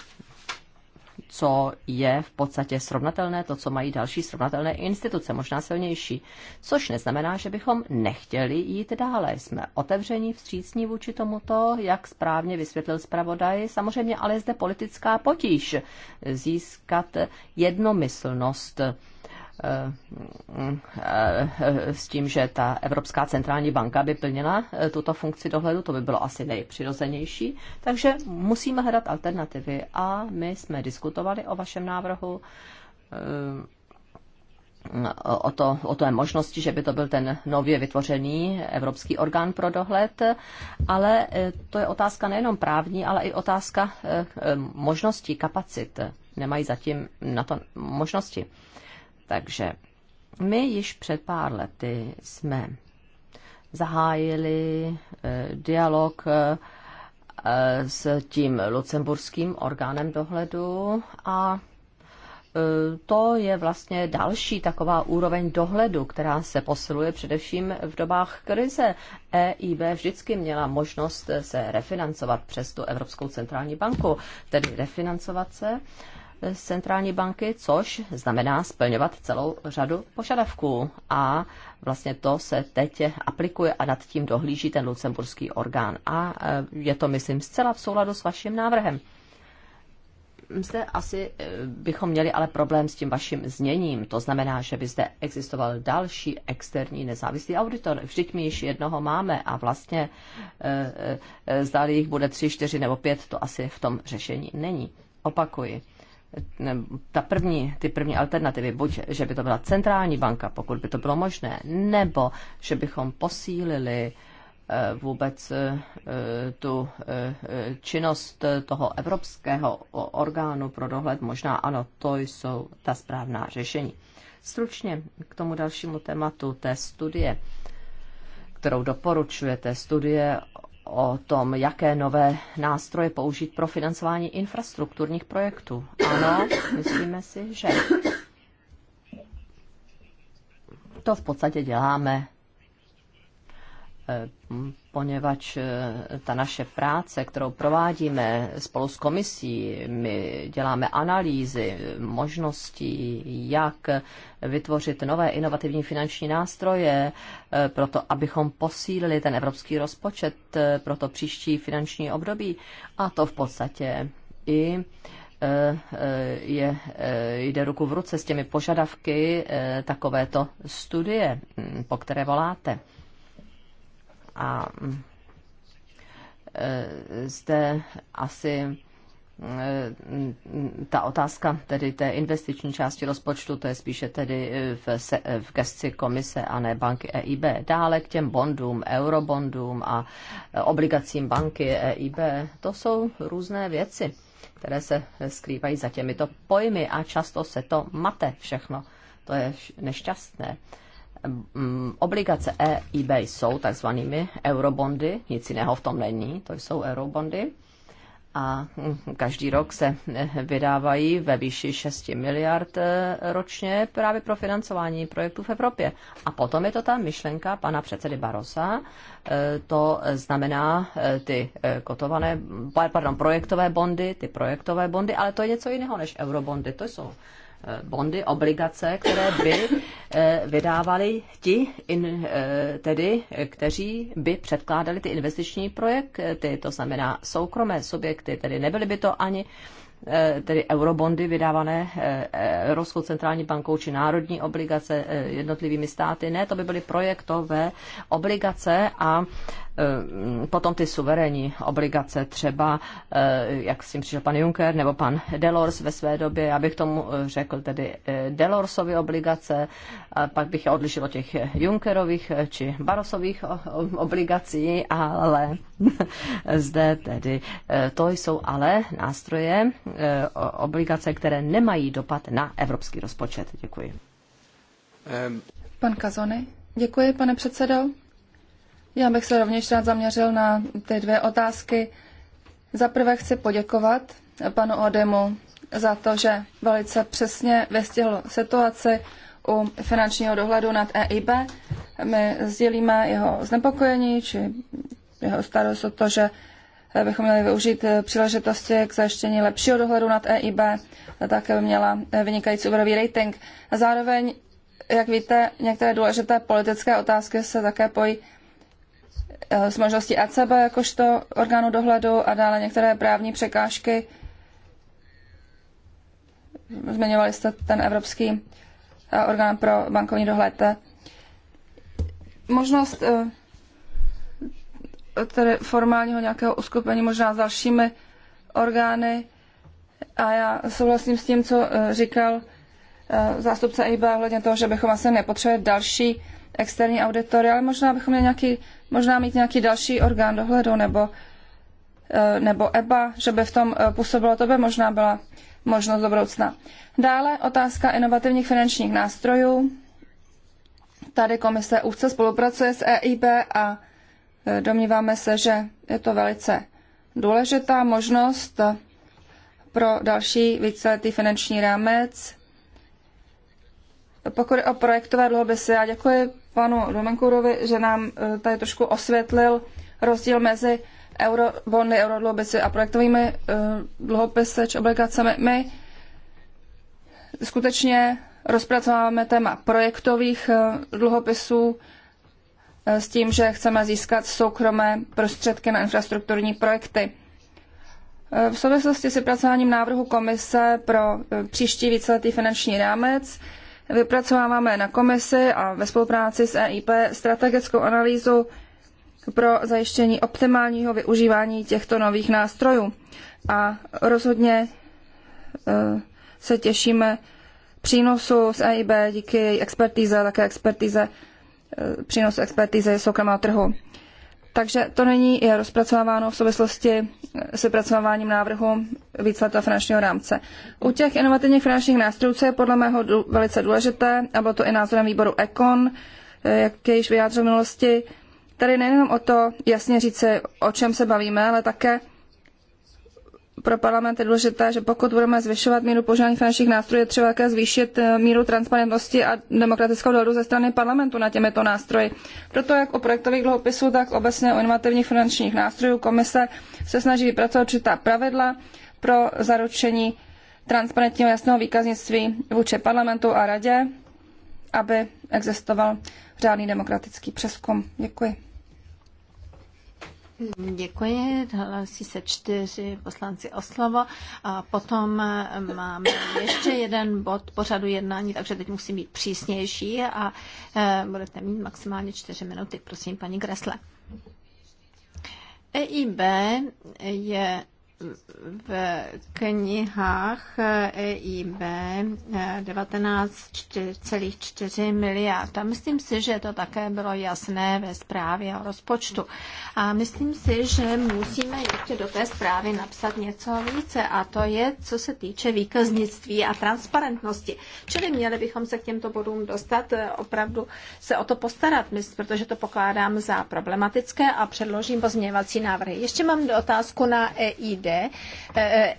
co je v podstatě srovnatelné, to, co mají další srovnatelné instituce, možná silnější. Což neznamená, že bychom nechtěli jít dále. Jsme otevření, vstřícní vůči tomuto, jak správně vysvětlil zpravodaj. Samozřejmě ale je zde politická potíž získat jednomyslnost s tím, že ta Evropská centrální banka by plnila eh, tuto funkci dohledu, to by bylo asi nejpřirozenější. Takže musíme hledat alternativy a my jsme diskutovali o vašem návrhu eh, o, to, o té možnosti, že by to byl ten nově vytvořený evropský orgán pro dohled, ale eh, to je otázka nejenom právní, ale i otázka možností, kapacit. Nemají zatím na to možnosti. Takže my již před pár lety jsme zahájili eh, dialog eh, eh, s tím lucemburským orgánem dohledu a to je vlastně další taková úroveň dohledu, která se posiluje především v dobách krize. EIB vždycky měla možnost se refinancovat přes tu Evropskou centrální banku, tedy refinancovat se z centrální banky, což znamená splňovat celou řadu požadavků. A vlastně to se teď aplikuje a nad tím dohlíží ten lucemburský orgán. A e, je to, myslím, zcela v souladu s vaším návrhem. Zde asi e, bychom měli ale problém s tím vaším zněním. To znamená, že by zde existoval další externí nezávislý auditor. Vždyť my již jednoho máme a vlastně e, zdali jich bude tři, čtyři nebo pět, to asi v tom řešení není. Opakuji ta první, ty první alternativy, buď, že by to byla centrální banka, pokud by to bylo možné, nebo že bychom posílili eh, vůbec eh, tu eh, činnost toho evropského orgánu pro dohled, možná ano, to jsou ta správná řešení. Stručně k tomu dalšímu tématu té studie, kterou doporučujete, studie o tom, jaké nové nástroje použít pro financování infrastrukturních projektů. Ano, myslíme si, že to v podstatě děláme eh, poněvadž eh, ta naše práce, kterou provádíme spolu s komisí, my děláme analýzy možností, jak vytvořit nové inovativní finanční nástroje, eh, proto abychom posílili ten evropský rozpočet eh, pro to příští finanční období. A to v podstatě i je, jde ruku v ruce s těmi požadavky takovéto studie, hm, po které voláte. A mm, e, zde asi mm, e, ta otázka tedy té investiční části rozpočtu, to je spíše tedy e, v, se, v gesci komise a ne banky EIB. Dále k těm bondům, eurobondům a obligacím banky EIB, to jsou různé věci, které se skrývají za těmito pojmy a často se to mate všechno. To je nešťastné. Mm, obligace EIB jsou takzvanými eurobondy, nic jiného v tom není, to jsou eurobondy. A mm, každý rok se eh, vydávají ve výši 6 miliard eh, ročně právě pro financování projektů v Evropě. A potom je to ta myšlenka pana předsedy Barosa, eh, to znamená ty kotované, pardon, projektové bondy, ty projektové bondy, ale to je něco jiného než eurobondy, to jsou Eh, bondy, obligace, které by eh, vydávali ti, in, eh, tedy, kteří by předkládali ty investiční projekty, to znamená soukromé subjekty, tedy nebyly by to ani Eh, tedy eurobondy vydávané eh, eh, Evropskou centrální bankou či národní obligace jednotlivými státy. Ne, to by byly projektové obligace a potom ty suverénní obligace třeba, jak s tím přišel pan Juncker nebo pan Delors ve své době, já bych tomu řekl tedy Delorsovy obligace, a pak bych je odlišil od těch Junckerových či Barosových obligací, ale [laughs] zde tedy to jsou ale nástroje, E, obligace, které nemají dopad na evropský rozpočet. Děkuji. Pan Kazony. Děkuji, pane předsedo. Já bych se rovněž rád zaměřil na ty dvě otázky. Za prvé chci poděkovat panu Odemu za to, že velice přesně vystihl situaci u finančního dohledu nad EIB. My sdělíme jeho znepokojení či jeho starost o to, že bychom měli využít eh, příležitosti k zajištění lepšího dohledu nad EIB, eh, také by měla eh, vynikající úvěrový rating. A zároveň, jak víte, některé důležité politické otázky se také pojí s možností ECB jakožto orgánu dohledu a dále některé právní překážky. Zmiňovali jste ten evropský orgán pro bankovní dohled. Možnost tedy formálního nějakého uskupení, možná s dalšími orgány. A já souhlasím s tím, co eh, říkal eh, zástupce EIB ohledně toho, že bychom asi nepotřebovali další externí auditory, ale možná bychom měli nějaký, možná mít nějaký další orgán dohledu nebo, eh, nebo EBA, že by v tom působilo, to by možná byla možnost do budoucna. Dále otázka inovativních finančních nástrojů. Tady komise úzce spolupracuje s EIB a Domníváme se, že je to velice důležitá možnost pro další víceletý finanční rámec. Pokud o projektové dluhopisy, já děkuji panu Domenkurovi, že nám eh, tady trošku osvětlil rozdíl mezi eurobondy, eurodluhopisy a projektovými eh, dluhopisy či obligacemi. My skutečně rozpracováváme téma projektových eh, dluhopisů, Eh, s tím, že chceme získat soukromé prostředky na infrastrukturní projekty. Eh, v souvislosti s vypracováním návrhu komise pro eh, příští víceletý finanční rámec vypracováváme na komisi a ve spolupráci s EIP strategickou analýzu pro zajištění optimálního využívání těchto nových nástrojů. A rozhodně se těšíme přínosu z EIB díky její expertíze, také expertize přínos expertízy soukromého trhu. Takže to není je rozpracováváno v souvislosti s vypracováním návrhu víceletého finančního rámce. U těch inovativních finančních nástrojů, co je podle mého velice důležité, a bylo to i názorem výboru ECON, eh, jak již vyjádřil v minulosti, tady nejenom o to jasně říci, o čem se bavíme, ale také pro parlament je důležité, že pokud budeme zvyšovat míru používání finančních nástrojů, je třeba také zvýšit eh, míru transparentnosti a demokratického dohledu ze strany parlamentu na těmito nástroji. Proto jak o projektových dluhopisů, tak obecně o inovativních finančních nástrojů komise se snaží vypracovat určitá pravidla pro zaručení transparentního jasného výkaznictví vůči parlamentu a radě, aby existoval řádný demokratický přeskum. Děkuji. Děkuji. Hlasí se čtyři poslanci o slovo a potom eh, máme ještě jeden bod pořadu jednání, takže teď musím být přísnější a eh, budete mít maximálně čtyři minuty. Prosím, paní Gresle. EIB je v knihách EIB 19,4 eh, miliard. A myslím si, že to také bylo jasné ve zprávě o rozpočtu. A myslím si, že musíme ještě do té zprávy napsat něco více a to je, co se týče výkaznictví a transparentnosti. Čili měli bychom se k těmto bodům dostat, eh, opravdu se o to postarat, protože to pokládám za problematické a předložím pozměňovací návrhy. Ještě mám otázku na EIB. EID,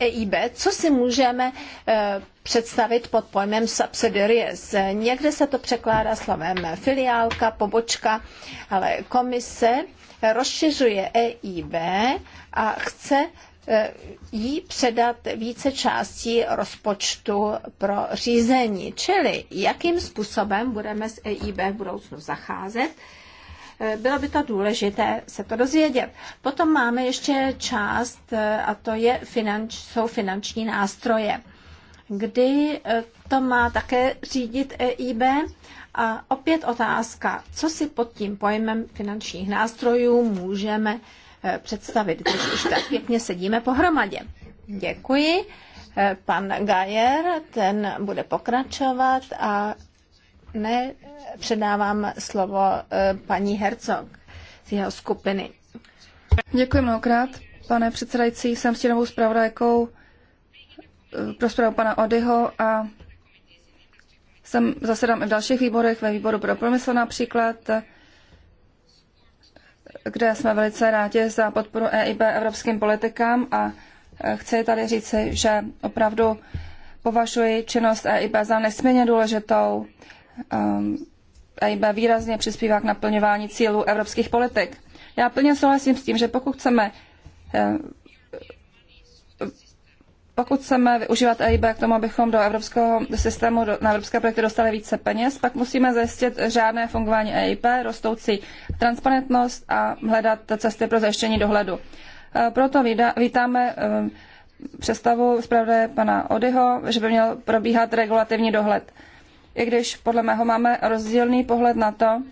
EIB, eh, e co si můžeme eh, představit pod pojmem subsidiaries. Někde se to překládá slovem filiálka, pobočka, ale komise rozšiřuje EIB a chce eh, jí předat více částí rozpočtu pro řízení, čili jakým způsobem budeme s EIB v budoucnu zacházet Eh, bylo by to důležité se to dozvědět. Potom máme ještě část, eh, a to je finanč, jsou finanční nástroje, kdy eh, to má také řídit EIB. A opět otázka, co si pod tím pojmem finančních nástrojů můžeme představit, když už tak pěkně sedíme pohromadě. Děkuji. Pan Gajer, ten bude pokračovat a ne, předávám slovo eh, paní Hercog z jeho skupiny. Děkuji mnohokrát. Pane předsedající, jsem stínovou zpravodajkou eh, pro zprávu pana Odyho a jsem, zasedám i v dalších výborech, ve výboru pro promysl například, eh, kde jsme velice rádi za podporu EIB evropským politikám a chci tady říci, že opravdu považuji činnost EIB za nesmírně důležitou. Um, iba výrazně přispívá k naplňování cílů evropských politik. Já plně souhlasím s tím, že pokud chceme eh, pokud chceme využívat EIB k tomu, abychom do evropského systému, do, na evropské projekty dostali více peněz, pak musíme zajistit řádné fungování EIB, rostoucí transparentnost a hledat cesty pro zajištění dohledu. Eh, proto vítáme eh, představu zpravodaje pana Odyho, že by měl probíhat regulativní dohled i když podle mého máme rozdílný pohled na to,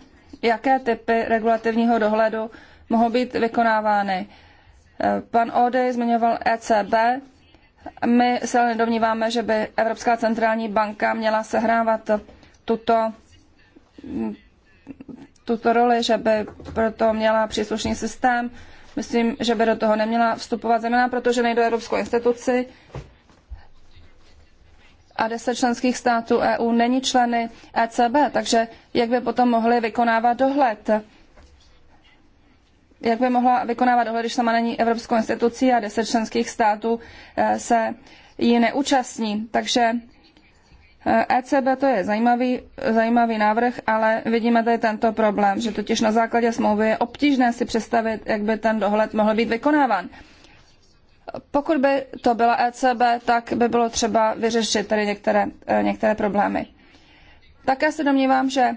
jaké typy regulativního dohledu mohou být vykonávány. Eh, pan Ode zmiňoval ECB. My se ale nedomníváme, že by Evropská centrální banka měla sehrávat tuto, mm, tuto roli, že by proto měla příslušný systém. Myslím, že by do toho neměla vstupovat, zejména protože nejde o Evropskou instituci a deset členských států EU není členy ECB, takže jak by potom mohly vykonávat dohled? Jak by mohla vykonávat dohled, když sama není Evropskou institucí a deset členských států eh, se ji neúčastní? Takže ECB eh, e to je zajímavý, zajímavý návrh, ale vidíme tady tento problém, že totiž na základě smlouvy je obtížné si představit, jak by ten dohled mohl být vykonáván. Pokud by to byla ECB, tak by bylo třeba vyřešit tady některé, eh, některé problémy. Také se domnívám, že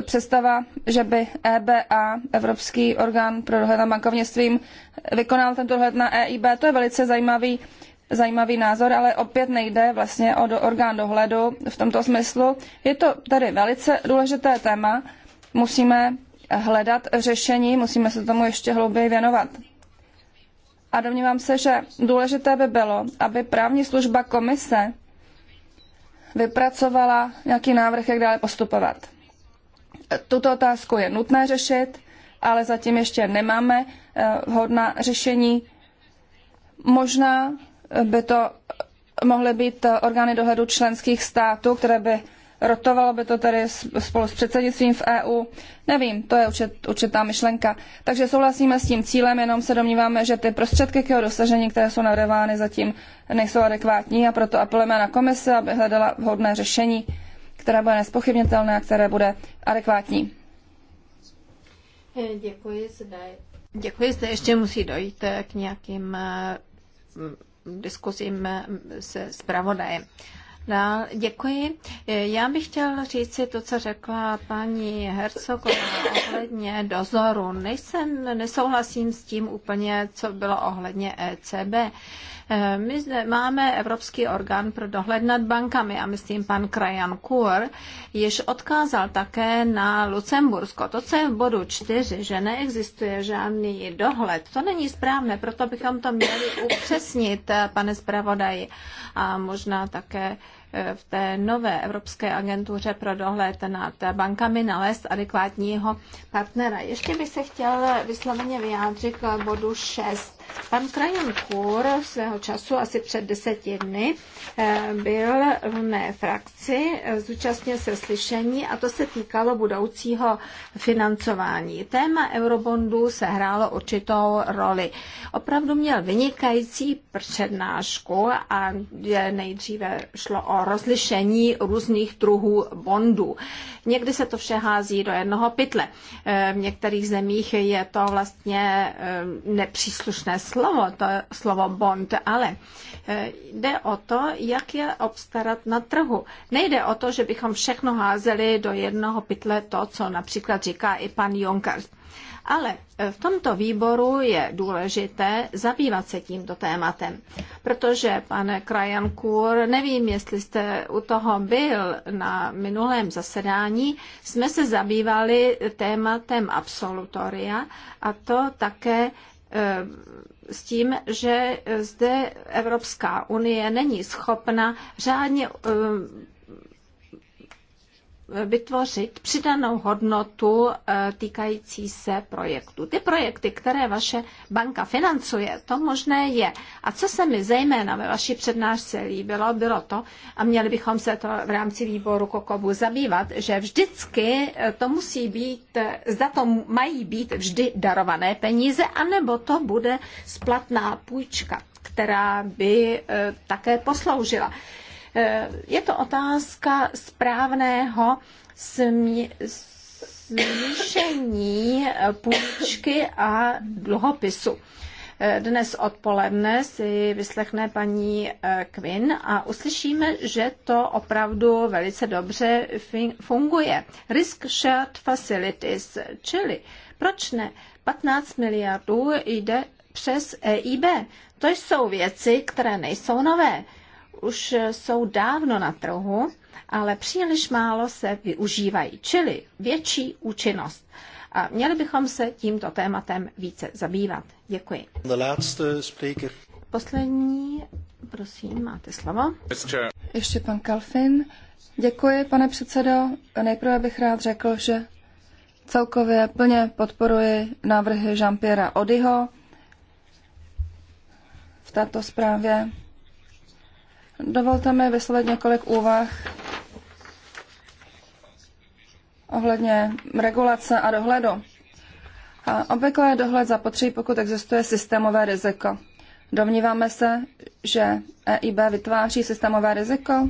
představa, že by EBA, Evropský orgán pro dohled nad bankovnictvím, vykonal tento dohled na EIB, to je velice zajímavý, zajímavý názor, ale opět nejde vlastně o do, orgán dohledu v tomto smyslu. Je to tady velice důležité téma, musíme hledat řešení, musíme se tomu ještě hlouběji věnovat a domnívám se, že důležité by bylo, aby právní služba komise vypracovala nějaký návrh, jak dále postupovat. Tuto otázku je nutné řešit, ale zatím ještě nemáme eh, vhodná řešení. Možná eh, by to eh, mohly být orgány dohledu členských států, které by rotovalo by to tedy spolu s předsednictvím v EU. Nevím, to je určit, určitá myšlenka. Takže souhlasíme s tím cílem, jenom se domníváme, že ty prostředky k jeho dosažení, které jsou navrhovány, zatím nejsou adekvátní a proto apelujeme na komisi, aby hledala vhodné řešení, které bude nespochybnitelné a které bude adekvátní. Děkuji, zde, děkuji, zde ještě musí dojít k nějakým eh, diskuzím eh, se zpravodajem. Dál, děkuji. E, já bych chtěl říci to, co řekla paní Hercogová ohledně dozoru. Nejsem, nesouhlasím s tím úplně, co bylo ohledně ECB. Eh, my zde máme Evropský orgán pro dohled nad bankami a myslím pan Krajan Kur již odkázal také na Lucembursko. To, co je v bodu čtyři, že neexistuje žádný dohled, to není správné, proto bychom to měli upřesnit, eh, pane zpravodaji, a možná také eh, v té nové Evropské agentuře pro dohled nad bankami nalézt adekvátního partnera. Ještě bych se chtěl vysloveně vyjádřit k bodu 6. Pan Krajan Kůr svého času asi před deseti dny eh, byl v mé frakci, eh, zúčastnil se slyšení a to se týkalo budoucího financování. Téma eurobondů se hrálo určitou roli. Opravdu měl vynikající přednášku a nejdříve šlo o rozlišení různých druhů bondů. Někdy se to vše hází do jednoho pytle. Eh, v některých zemích je to vlastně nepříslušné krásné slovo, to je slovo bond, ale eh, jde o to, jak je obstarat na trhu. Nejde o to, že bychom všechno házeli do jednoho pytle to, co například říká i pan Juncker. Ale eh, v tomto výboru je důležité zabývat se tímto tématem, protože, pane Krajankur, nevím, jestli jste u toho byl na minulém zasedání, jsme se zabývali tématem absolutoria a to také eh, s tím, že zde Evropská unie není schopna řádně eh, vytvořit přidanou hodnotu eh, týkající se projektu. Ty projekty, které vaše banka financuje, to možné je. A co se mi zejména ve vaší přednášce líbilo, bylo to, a měli bychom se to v rámci výboru Kokobu zabývat, že vždycky eh, to musí být, eh, zda to mají být vždy darované peníze, anebo to bude splatná půjčka která by také posloužila. Eh, je to otázka správného smíšení eh, půjčky a dluhopisu. Eh, dnes odpoledne si vyslechne paní Quinn a uslyšíme, že to opravdu velice dobře funguje. Risk Shared Facilities, čili proč ne? 15 miliardů jde přes EIB. To jsou věci, které nejsou nové už jsou dávno na trhu, ale příliš málo se využívají, čili větší účinnost. A měli bychom se tímto tématem více zabývat. Děkuji. Uh, Poslední, prosím, máte slovo. Ještě pan Kalfin. Děkuji, pane předsedo. Nejprve bych rád řekl, že celkově plně podporuji návrhy Jean-Pierre Odyho v této zprávě. Dovolte mi vyslovit několik úvah ohledně regulace a dohledu. A obvykle je dohled zapotřebí, pokud existuje systémové riziko. Domníváme se, že EIB vytváří systémové riziko.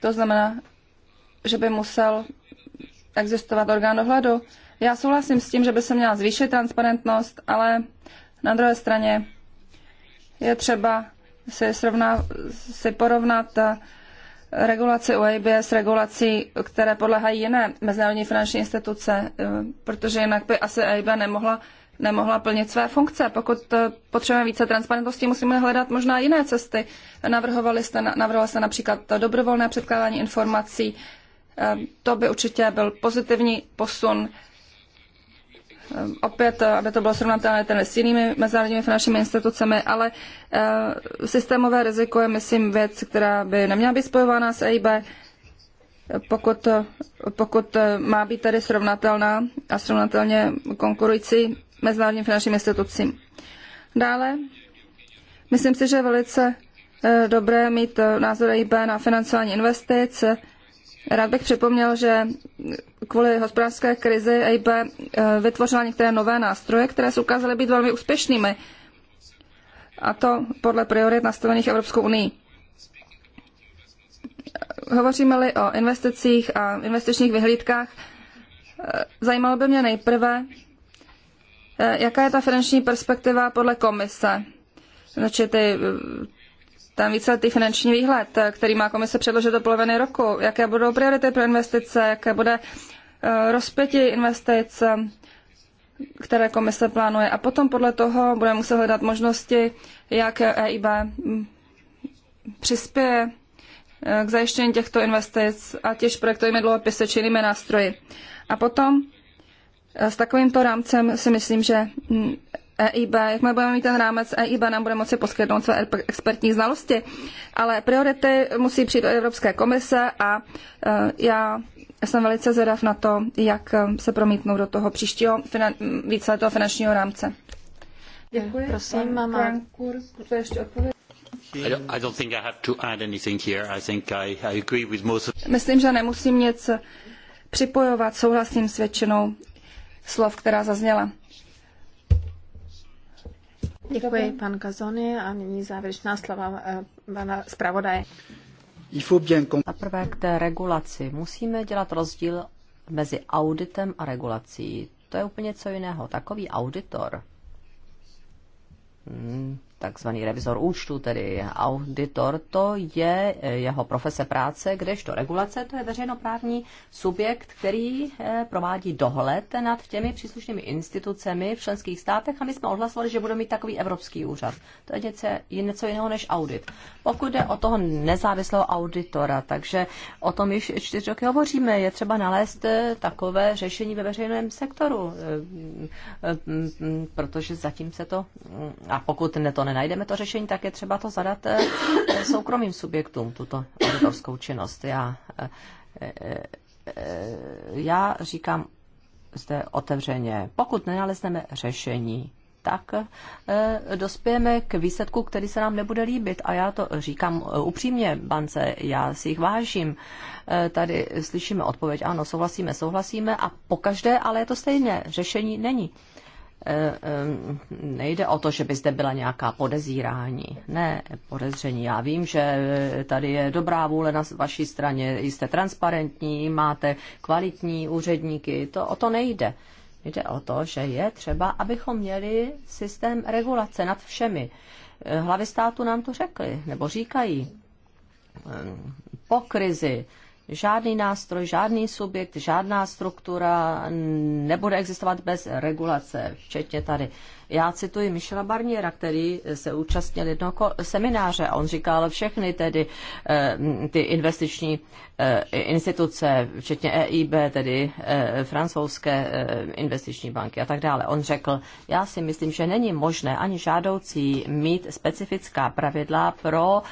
To znamená, že by musel existovat orgán dohledu. Já souhlasím s tím, že by se měla zvýšit transparentnost, ale na druhé straně je třeba se srovná, se porovnat eh, regulaci UAB s regulací, které podlehají jiné mezinárodní finanční instituce, eh, protože jinak by asi EIB nemohla, nemohla plnit své funkce. Pokud eh, potřebujeme více transparentnosti, musíme hledat možná jiné cesty. Navrhovali jste, navrhovali jste například dobrovolné předkládání informací, to by určitě byl pozitivní posun Ehm, opět, eh, aby to bylo srovnatelné ten s jinými mezinárodními finančními institucemi, ale eh, systémové riziko je, myslím, věc, která by neměla být spojována s EIB, pokud, eh, pokud má být tedy srovnatelná a srovnatelně konkurující mezinárodním finančním institucím. Dále, myslím si, že je velice dobré mít názor EIB na financování investic, Rád bych připomněl, že kvůli hospodářské krizi EIB eh, vytvořila některé nové nástroje, které se ukázaly být velmi úspěšnými, a to podle priorit nastavených Evropskou unii. Hovoříme-li o investicích a investičních vyhlídkách, eh, zajímalo by mě nejprve, eh, jaká je ta finanční perspektiva podle komise, znači ty ten víceletý finanční výhled, eh, který má komise předložit do poloviny roku, jaké budou priority pro investice, jaké bude eh, rozpětí investic, eh, které komise plánuje. A potom podle toho bude muset hledat možnosti, jak EIB mm, přispěje k zajištění těchto investic, ať již projektovými dluhopisy či jinými nástroji. A potom s takovýmto rámcem si myslím, že mm, EIB, jak my budeme mít ten rámec, EIB nám bude moci poskytnout své expertní znalosti. Ale priority musí přijít do Evropské komise a e, já jsem velice zvědav na to, jak e, se promítnou do toho příštího finan- toho finančního rámce. Děkuji. Prosím, máma. to ještě odpověď. Myslím, že nemusím nic připojovat, souhlasím s většinou slov, která zazněla. Děkuji, pan Kazony, a nyní závěrečná slova eh, pana zpravodaje. Za prvé k té regulaci. Musíme dělat rozdíl mezi auditem a regulací. To je úplně co jiného. Takový auditor, hmm, takzvaný revizor účtu, tedy auditor, to je eh, jeho profese práce, kdežto regulace to je veřejnoprávní subjekt, který eh, provádí dohled nad těmi příslušnými institucemi v členských státech a my jsme odhlasovali, že budeme mít takový evropský úřad. To je něco, je něco jiného než audit. Pokud jde o toho nezávislého auditora, takže o tom již čtyři roky hovoříme, je třeba nalézt eh, takové řešení ve veřejném sektoru, protože zatím se to, mm, a pokud ne to nenajdeme to řešení, tak je třeba to zadat eh, eh, soukromým subjektům, tuto auditorskou činnost. Já, eh, já říkám zde otevřeně, pokud nenalezneme řešení, tak dospějeme k výsledku, který se nám nebude líbit. A já to říkám upřímně, bance, já si jich vážím. Tady slyšíme odpověď, ano, souhlasíme, souhlasíme a pokaždé, ale je to stejně řešení není. Eh, eh, nejde o to, že by zde byla nějaká podezírání. Ne, podezření. Já vím, že eh, tady je dobrá vůle na vaší straně, jste transparentní, máte kvalitní úředníky, to o to nejde. Jde o to, že je třeba, abychom měli systém regulace nad všemi. Hlavy státu nám to řekli, nebo říkají. Po krizi žádný nástroj, žádný subjekt, žádná struktura nebude existovat bez regulace, včetně tady já cituji Michela Barniera, který eh, se účastnil jednoho semináře a on říkal všechny tedy eh, ty investiční eh, instituce, včetně EIB, tedy francouzské investiční banky a tak dále. On řekl, já si myslím, že není možné ani žádoucí mít specifická pravidla pro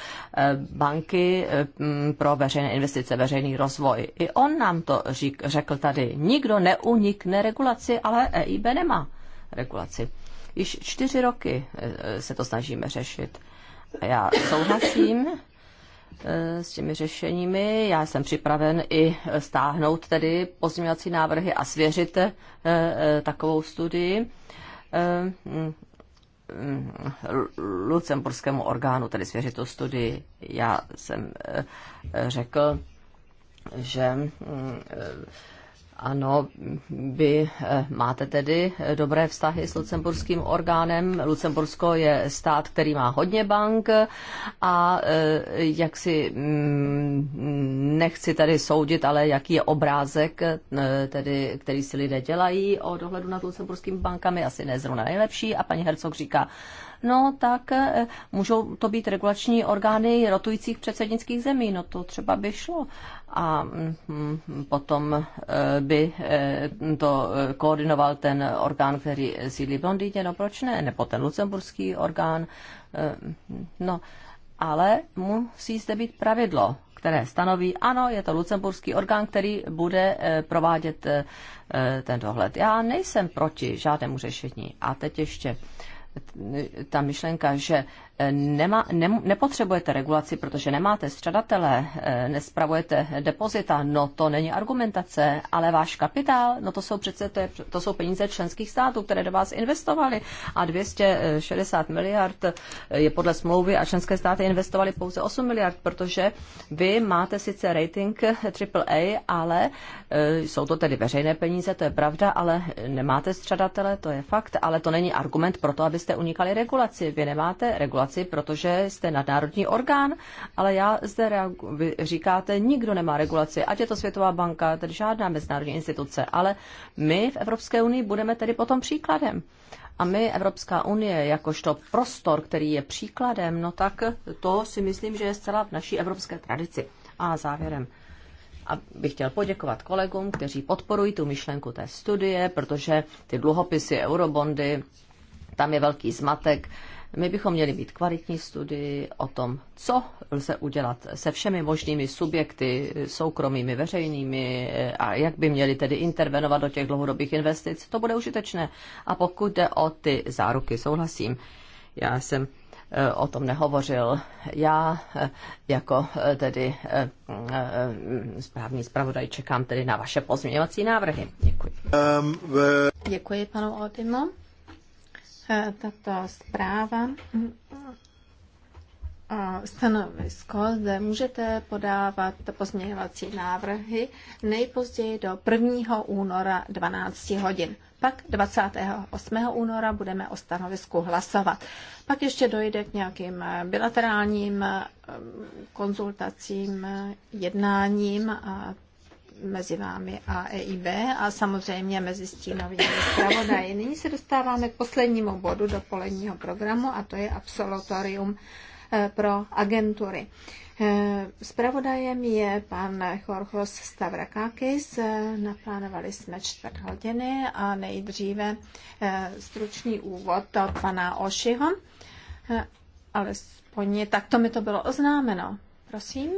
banky pro veřejné investice, veřejný rozvoj. I on nám to řík, řekl tady. Nikdo neunikne regulaci, ale EIB nemá regulaci. Již čtyři roky eh, se to snažíme řešit. Já souhlasím eh, s těmi řešeními. Já jsem připraven i stáhnout tedy pozměňovací návrhy a svěřit eh, takovou studii lucemburskému orgánu, tedy svěřit tu studii. Já jsem řekl, že mm, ano, vy eh, máte tedy eh, dobré vztahy s lucemburským orgánem. Lucembursko je stát, který má hodně bank a eh, jak si mm, nechci tady soudit, ale jaký je obrázek, tedy, který si lidé dělají o dohledu nad lucemburskými bankami, asi ne zrovna nejlepší. A paní Hercog říká, no tak eh, můžou to být regulační orgány rotujících předsednických zemí, no to třeba by šlo. A mm, potom eh, by eh, to koordinoval ten orgán, který sídlí v Londýně, no proč ne, nebo ten lucemburský orgán, no. Ale musí zde být pravidlo, které stanoví, ano, je to lucemburský orgán, který bude provádět ten dohled. Já nejsem proti žádnému řešení. A teď ještě ta myšlenka, že nema, ne, nepotřebujete regulaci, protože nemáte střadatele, eh, nespravujete depozita, no to není argumentace, ale váš kapitál, no to jsou přece to, je, to jsou peníze členských států, které do vás investovaly a 260 miliard eh, je podle smlouvy a členské státy investovaly pouze 8 miliard, protože vy máte sice rating AAA, eh, ale jsou to tedy veřejné peníze, to je pravda, ale nemáte střadatele, to je fakt, ale to není argument pro to, abyste unikali regulaci. Vy nemáte regulaci situaci, protože jste nadnárodní orgán, ale já zde reagu- vy říkáte, nikdo nemá regulaci, ať je to Světová banka, tedy žádná mezinárodní instituce, ale my v Evropské unii budeme tedy potom příkladem. A my, Evropská unie, jakožto prostor, který je příkladem, no tak to si myslím, že je zcela v naší evropské tradici. A závěrem a bych chtěl poděkovat kolegům, kteří podporují tu myšlenku té studie, protože ty dluhopisy, eurobondy, tam je velký zmatek my bychom měli mít kvalitní studii o tom, co lze udělat se všemi možnými subjekty, soukromými, veřejnými eh, a jak by měli tedy intervenovat do těch dlouhodobých investic. To bude užitečné. A pokud jde o ty záruky, souhlasím. Já jsem eh, o tom nehovořil. Já eh, jako tedy správný zpravodaj čekám tedy na vaše pozměňovací návrhy. Děkuji. Um, ve... Děkuji panu Odimo. Eh, tato zpráva eh, stanovisko, zde můžete podávat pozměňovací návrhy nejpozději do 1. února 12 hodin. Pak 28. února budeme o stanovisku hlasovat. Pak ještě dojde k nějakým bilaterálním eh, konzultacím, jednáním a mezi vámi a EIB a samozřejmě mezi stínovými zpravodaji. Nyní se dostáváme k poslednímu bodu dopoledního programu a to je absolutorium eh, pro agentury. Spravodajem eh, je pan Chorchos Stavrakakis. Eh, naplánovali jsme čtvrt hodiny a nejdříve stručný úvod od pana Ošiho. Ale takto mi to bylo oznámeno. Prosím.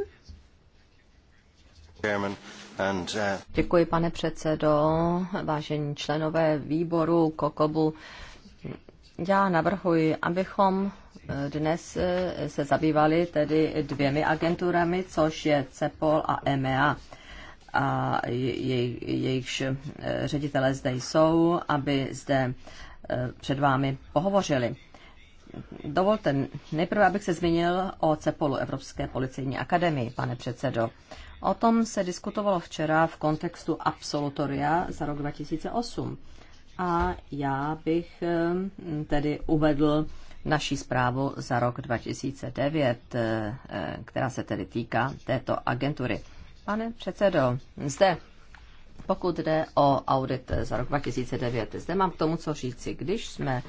Chairman. Uh, Děkuji, pane předsedo, vážení členové výboru Kokobu. Já navrhuji, abychom eh, dnes eh, se zabývali tedy dvěmi agenturami, což je CEPOL a EMEA a jej, jejichž eh, ředitele zde jsou, aby zde před vámi pohovořili. Dovolte nejprve, abych se zmínil o CEPOLu Evropské policejní akademii, pane předsedo. O tom se diskutovalo včera v kontextu absolutoria za rok 2008. A já bych eh, tedy uvedl naší zprávu za rok 2009, eh, eh, která se tedy týká této agentury. Pane předsedo, zde pokud jde o audit za rok 2009, zde mám k tomu co říci. Když jsme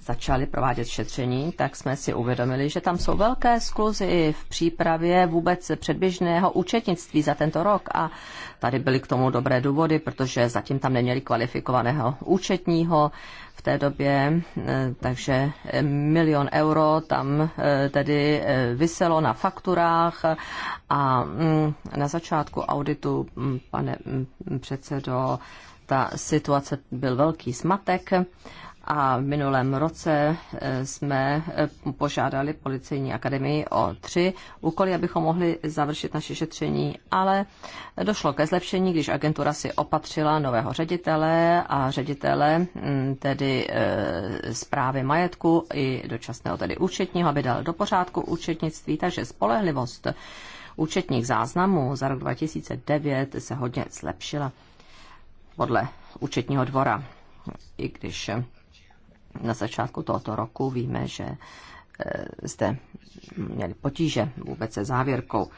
začali provádět šetření, tak jsme si uvědomili, že tam jsou velké skluzy v přípravě vůbec předběžného účetnictví za tento rok a tady byly k tomu dobré důvody, protože zatím tam neměli kvalifikovaného účetního, v té době, eh, takže eh, milion euro tam eh, tedy vyselo na fakturách a mm, na začátku auditu, mm, pane mm, předsedo, ta situace byl velký smatek a v minulém roce eh, jsme eh, požádali Policejní akademii o tři úkoly, abychom mohli završit naše šetření, ale došlo ke zlepšení, když agentura si opatřila nového ředitele a ředitele mm, tedy eh, zprávy majetku i dočasného tedy účetního, aby dal do pořádku účetnictví, takže spolehlivost účetních záznamů za rok 2009 se hodně zlepšila podle účetního dvora, i když na začátku tohoto roku. Víme, že zde eh, měli potíže vůbec se závěrkou.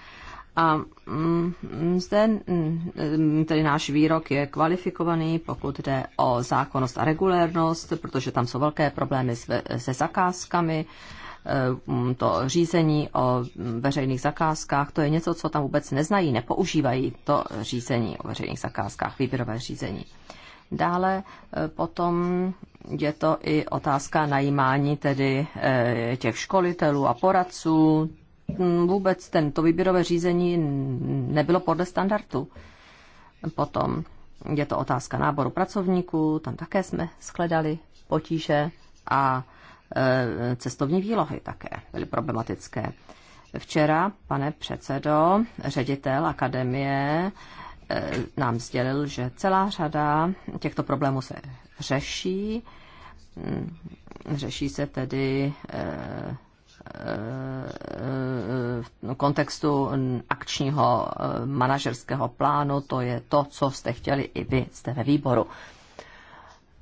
A mm, zde mm, tedy náš výrok je kvalifikovaný, pokud jde o zákonnost a regulérnost, protože tam jsou velké problémy se zakázkami, eh, mm, to řízení o veřejných zakázkách, to je něco, co tam vůbec neznají, nepoužívají to řízení o veřejných zakázkách, výběrové řízení. Dále eh, potom je to i otázka najímání tedy eh, těch školitelů a poradců. Hm, vůbec tento výběrové řízení nebylo podle standardu. Potom je to otázka náboru pracovníků, tam také jsme skledali potíže a eh, cestovní výlohy také byly problematické. Včera, pane předsedo, ředitel akademie eh, nám sdělil, že celá řada těchto problémů se řeší. Mm, řeší se tedy eh, eh, v kontextu akčního eh, manažerského plánu, to je to, co jste chtěli i vy jste ve výboru.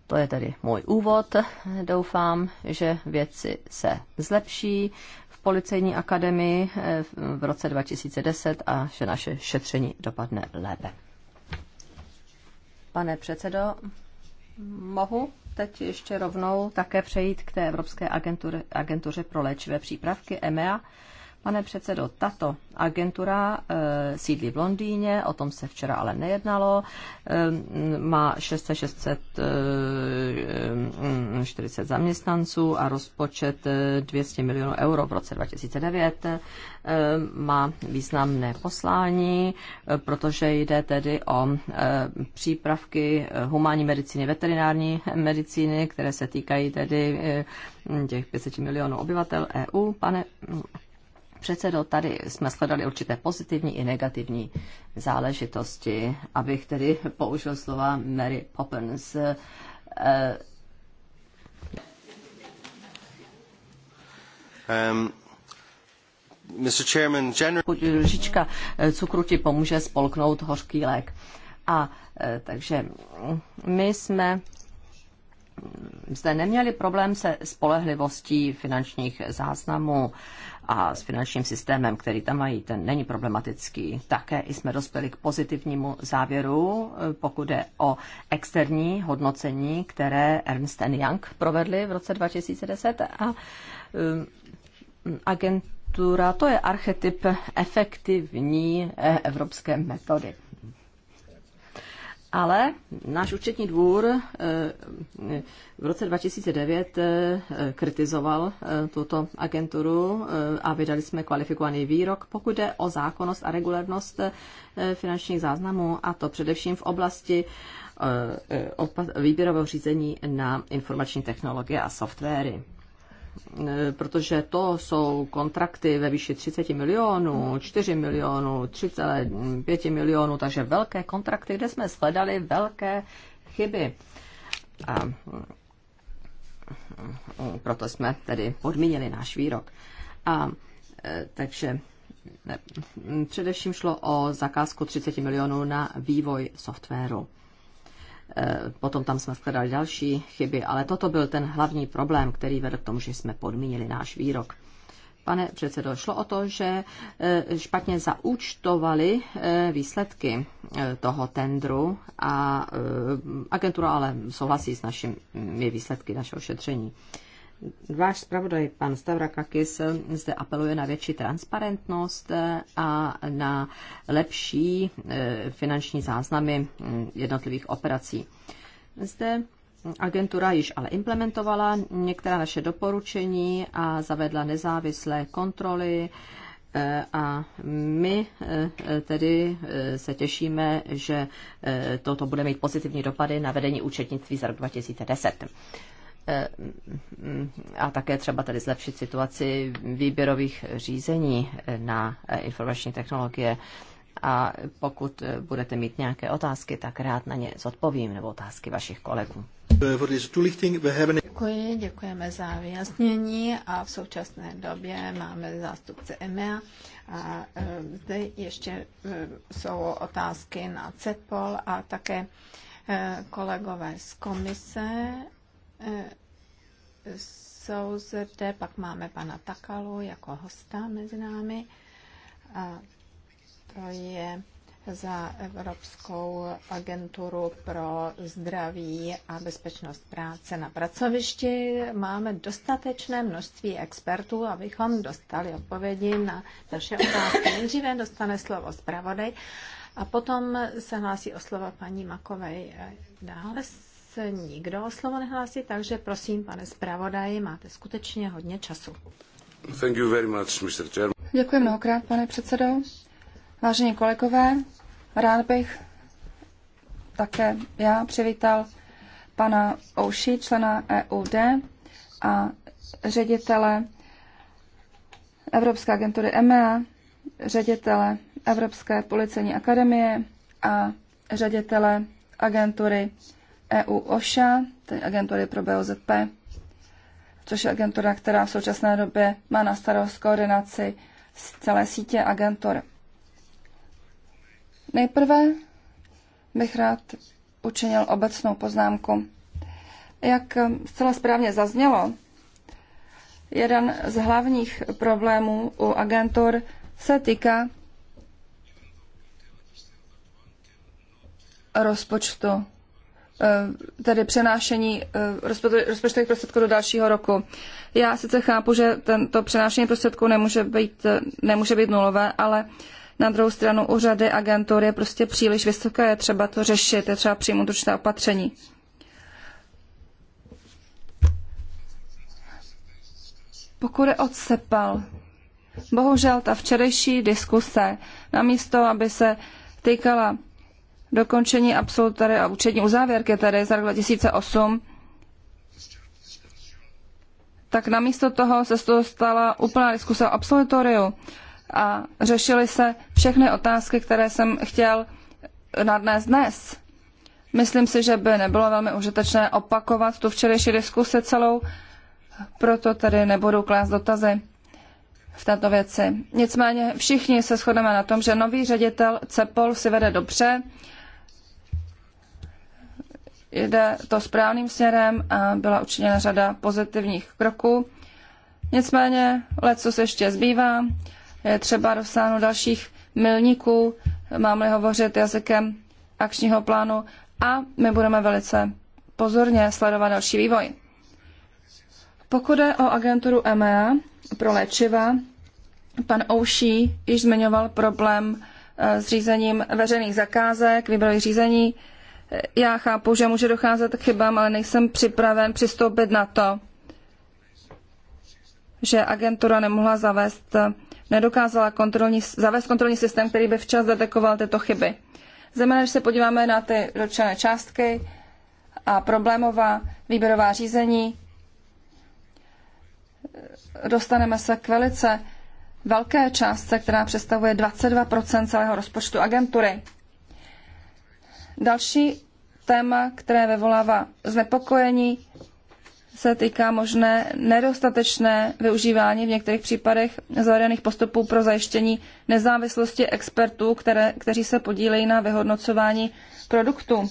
To je tedy můj úvod. Doufám, že věci se zlepší v Policejní akademii v roce 2010 a že naše šetření dopadne lépe. Pane předsedo, Mohu teď ještě rovnou také přejít k té Evropské agentuře, agentuře pro léčivé přípravky EMEA. Pane předsedo, tato agentura e, sídlí v Londýně, o tom se včera ale nejednalo, e, má 640 eh, mm, zaměstnanců a rozpočet 200 milionů euro v roce 2009. E, má významné poslání, protože jde tedy o přípravky humánní medicíny, veterinární medicíny, které se týkají tedy těch 500 milionů obyvatel EU. Pane předsedo, tady jsme shledali určité pozitivní i negativní záležitosti, abych tedy použil slova Mary Poppins. Eh, Mr. Um, Chairman, Žička eh, cukru ti pomůže spolknout hořký lék. A eh, takže mm, my jsme mm, zde neměli problém se spolehlivostí finančních záznamů a s finančním systémem, který tam mají, ten není problematický. Také jsme dospěli k pozitivnímu závěru, eh, pokud je o externí hodnocení, které Ernst Young provedli v roce 2010 a eh, agentura, to je archetyp efektivní eh, evropské metody. Ale náš účetní dvůr eh, v roce 2009 eh, kritizoval eh, tuto agenturu a vydali jsme kvalifikovaný výrok, pokud jde o zákonnost a regulárnost finančních záznamů, a to především v oblasti výběrového řízení na informační technologie a softwary. Eh, protože to jsou kontrakty ve výši 30 milionů, 4 milionů, 3,5 milionů, takže velké kontrakty, kde jsme shledali velké chyby. A eh, proto jsme tedy podmínili náš výrok. A eh, takže ne, především šlo o zakázku 30 milionů na vývoj softwaru. Eh, potom tam jsme vkladali další chyby, ale toto byl ten hlavní problém, který vedl k tomu, že jsme podmínili náš výrok. Pane předsedo, šlo o to, že eh, špatně zaúčtovali eh, výsledky toho tendru a agentura ale souhlasí s našimi výsledky našeho šetření. Váš zpravodaj, pan Stavrakakis, zde apeluje na větší transparentnost a na lepší eh, finanční záznamy mm, jednotlivých operací. Zde Agentura již ale implementovala některá naše doporučení a zavedla nezávislé kontroly eh, a my eh, tedy se těšíme, že toto bude mít pozitivní dopady na vedení účetnictví za rok 2010. Eh, a také třeba tady zlepšit situaci výběrových řízení na eh, informační technologie. A pokud eh, budete mít nějaké otázky, tak rád na ně zodpovím, nebo otázky vašich kolegů. Děkuji, děkujeme za vyjasnění a v současné době máme zástupce EMEA a zde ještě jsou otázky na CEPOL a také kolegové z komise jsou zde, pak máme pana Takalu jako hosta mezi námi. A to je za Evropskou agenturu pro zdraví a bezpečnost práce na pracovišti. Máme dostatečné množství expertů, abychom dostali odpovědi na naše otázky. Nejdříve dostane slovo zpravodaj a potom se hlásí o slovo paní Makovej. Dále se nikdo o slovo nehlásí, takže prosím, pane zpravodaji, máte skutečně hodně času. Thank you very much, Mr. Chairman. Děkuji mnohokrát, pane předsedo. Vážení kolegové, rád bych také já přivítal pana Ouši, člena EUD a ředitele Evropské agentury EMEA, ředitele Evropské policejní akademie a ředitele agentury EU OŠA, tedy agentury pro BOZP, což je agentura, která v současné době má na starost koordinaci celé sítě agentur. Nejprve bych rád učinil obecnou poznámku. Jak zcela správně zaznělo, jeden z hlavních problémů u agentur se týká rozpočtu Eh, tedy přenášení eh, rozpočtových prostředků do dalšího roku. Já sice chápu, že tento přenášení prostředků nemůže být, eh, nemůže být nulové, ale na druhou stranu úřady agentur je prostě příliš vysoké, je třeba to řešit, je třeba přijmout určité opatření. Pokud je od SEPAL, bohužel ta včerejší diskuse, namísto, aby se týkala dokončení absolutory a účetní uzávěrky tedy za rok 2008, tak namísto toho se z toho stala úplná diskuse o absolutoriu a řešily se všechny otázky, které jsem chtěl na dnes. Myslím si, že by nebylo velmi užitečné opakovat tu včerejší diskusi celou, proto tady nebudu klást dotazy v této věci. Nicméně všichni se shodneme na tom, že nový ředitel CEPOL si vede dobře, jde to správným směrem a byla učiněna řada pozitivních kroků. Nicméně lecos ještě zbývá, je třeba dosáhnout dalších milníků, mám-li hovořit jazykem akčního plánu a my budeme velice pozorně sledovat další vývoj. Pokud je o agenturu EMEA pro léčiva, pan Ouší již zmiňoval problém eh, s řízením veřejných zakázek, výběrových řízení, já chápu, že může docházet k chybám, ale nejsem připraven přistoupit na to, že agentura nemohla zavést, nedokázala kontrolní, zavést kontrolní systém, který by včas detekoval tyto chyby. Zejména, když se podíváme na ty dotčené částky a problémová výběrová řízení, dostaneme se k velice velké částce, která představuje 22 celého rozpočtu agentury. Další téma, které vyvolává znepokojení, se týká možné nedostatečné využívání v některých případech zavedených postupů pro zajištění nezávislosti expertů, které, kteří se podílejí na vyhodnocování produktů,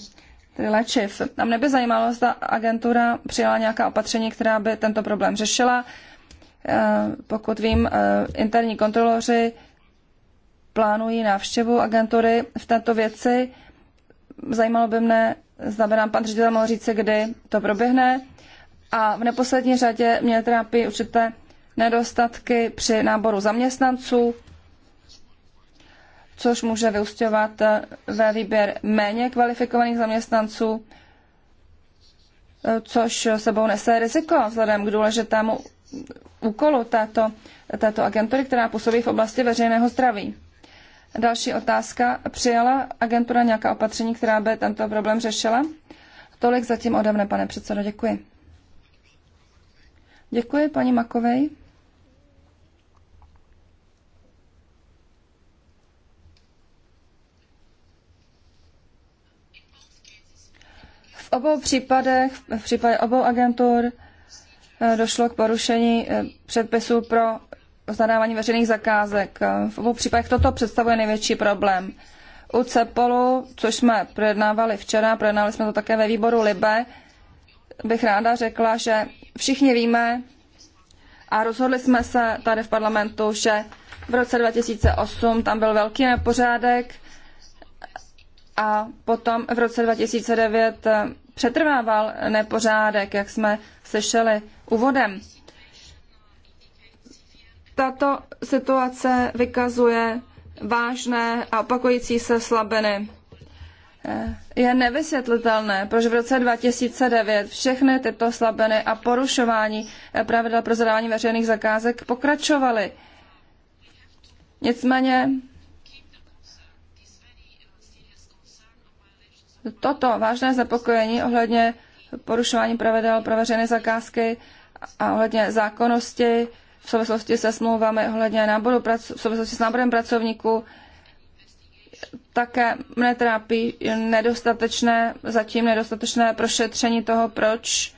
tedy léčiv. Tam neby zajímalo, zda agentura přijala nějaká opatření, která by tento problém řešila. Eh, pokud vím, eh, interní kontroloři plánují návštěvu agentury v této věci zajímalo by mne, znamená pan ředitel mohl říct, kdy to proběhne. A v neposlední řadě mě trápí určité nedostatky při náboru zaměstnanců, což může vyústěvat eh, ve výběr méně kvalifikovaných zaměstnanců, eh, což sebou nese riziko vzhledem k důležitému úkolu této, této agentury, která působí v oblasti veřejného zdraví. Další otázka. Přijala agentura nějaká opatření, která by tento problém řešila? Tolik zatím ode mne, pane předsedo. Děkuji. Děkuji paní Makovej. V obou případech, v případě obou agentur, eh, došlo k porušení eh, předpisů pro zadávání veřejných zakázek. V obou případech toto představuje největší problém. U CEPOLu, což jsme projednávali včera, projednávali jsme to také ve výboru LIBE, bych ráda řekla, že všichni víme a rozhodli jsme se tady v parlamentu, že v roce 2008 tam byl velký nepořádek a potom v roce 2009 přetrvával nepořádek, jak jsme slyšeli úvodem. Tato situace vykazuje vážné a opakující se slabiny. Je nevysvětlitelné, proč v roce 2009 všechny tyto slabiny a porušování pravidel pro zadávání veřejných zakázek pokračovaly. Nicméně toto vážné zapokojení ohledně porušování pravidel pro veřejné zakázky a ohledně zákonnosti v souvislosti se smlouvami ohledně náboru, v souvislosti s náborem pracovníků. Také mne trápí nedostatečné, zatím nedostatečné prošetření toho, proč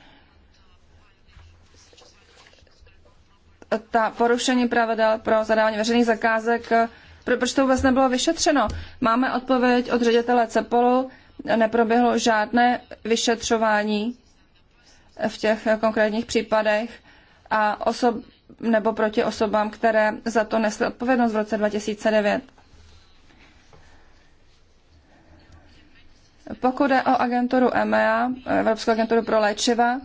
ta porušení pravidel pro zadávání veřejných zakázek, pro, proč to vůbec nebylo vyšetřeno. Máme odpověď od ředitele Cepolu, neproběhlo žádné vyšetřování v těch konkrétních případech a osob, nebo proti osobám, které za to nesly odpovědnost v roce 2009. Pokud je o agenturu EMEA, Evropskou agenturu pro léčiva,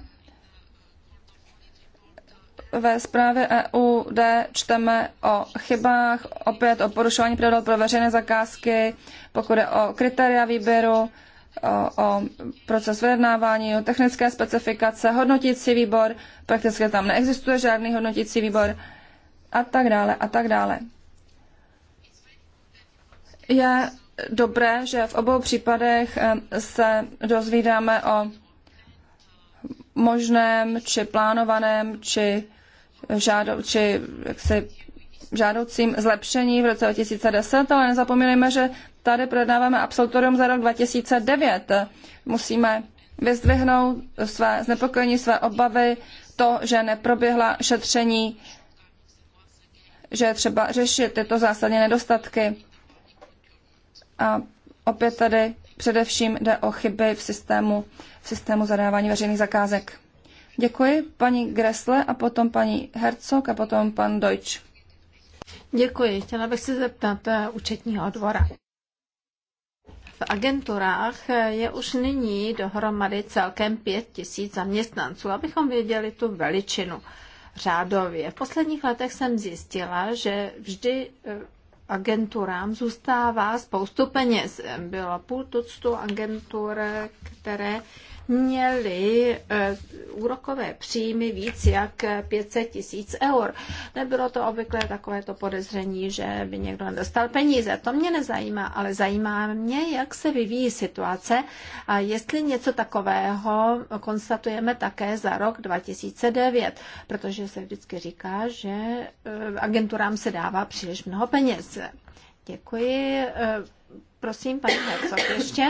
ve zprávě EUD čteme o chybách, opět o porušování pravidel pro veřejné zakázky, pokud je o kritéria výběru, o, o proces vyjednávání, o technické specifikace, hodnotící výbor, prakticky tam neexistuje žádný hodnotící výbor a tak dále a tak dále. Je dobré, že v obou případech se dozvídáme o možném či plánovaném či, žádou, či jaksi žádoucím zlepšení v roce 2010, ale nezapomínejme, že tady projednáváme absolutorium za rok 2009. Musíme vyzdvihnout své znepokojení, své obavy, to, že neproběhla šetření, že je třeba řešit tyto zásadní nedostatky. A opět tady především jde o chyby v systému, v systému zadávání veřejných zakázek. Děkuji paní Gresle a potom paní Herzog a potom pan Deutsch. Děkuji. Chtěla bych se zeptat eh, účetního dvora. V agenturách eh, je už nyní dohromady celkem 5 tisíc zaměstnanců, abychom věděli tu veličinu řádově. V posledních letech jsem zjistila, že vždy eh, agenturám zůstává spoustu peněz. Bylo půl tuctu agentur, které měli eh, úrokové příjmy víc jak 500 tisíc eur. Nebylo to obvykle takovéto podezření, že by někdo nedostal peníze. To mě nezajímá, ale zajímá mě, jak se vyvíjí situace a jestli něco takového konstatujeme také za rok 2009, protože se vždycky říká, že eh, agenturám se dává příliš mnoho peněz. Děkuji. Eh, prosím, paní Hercog, ještě.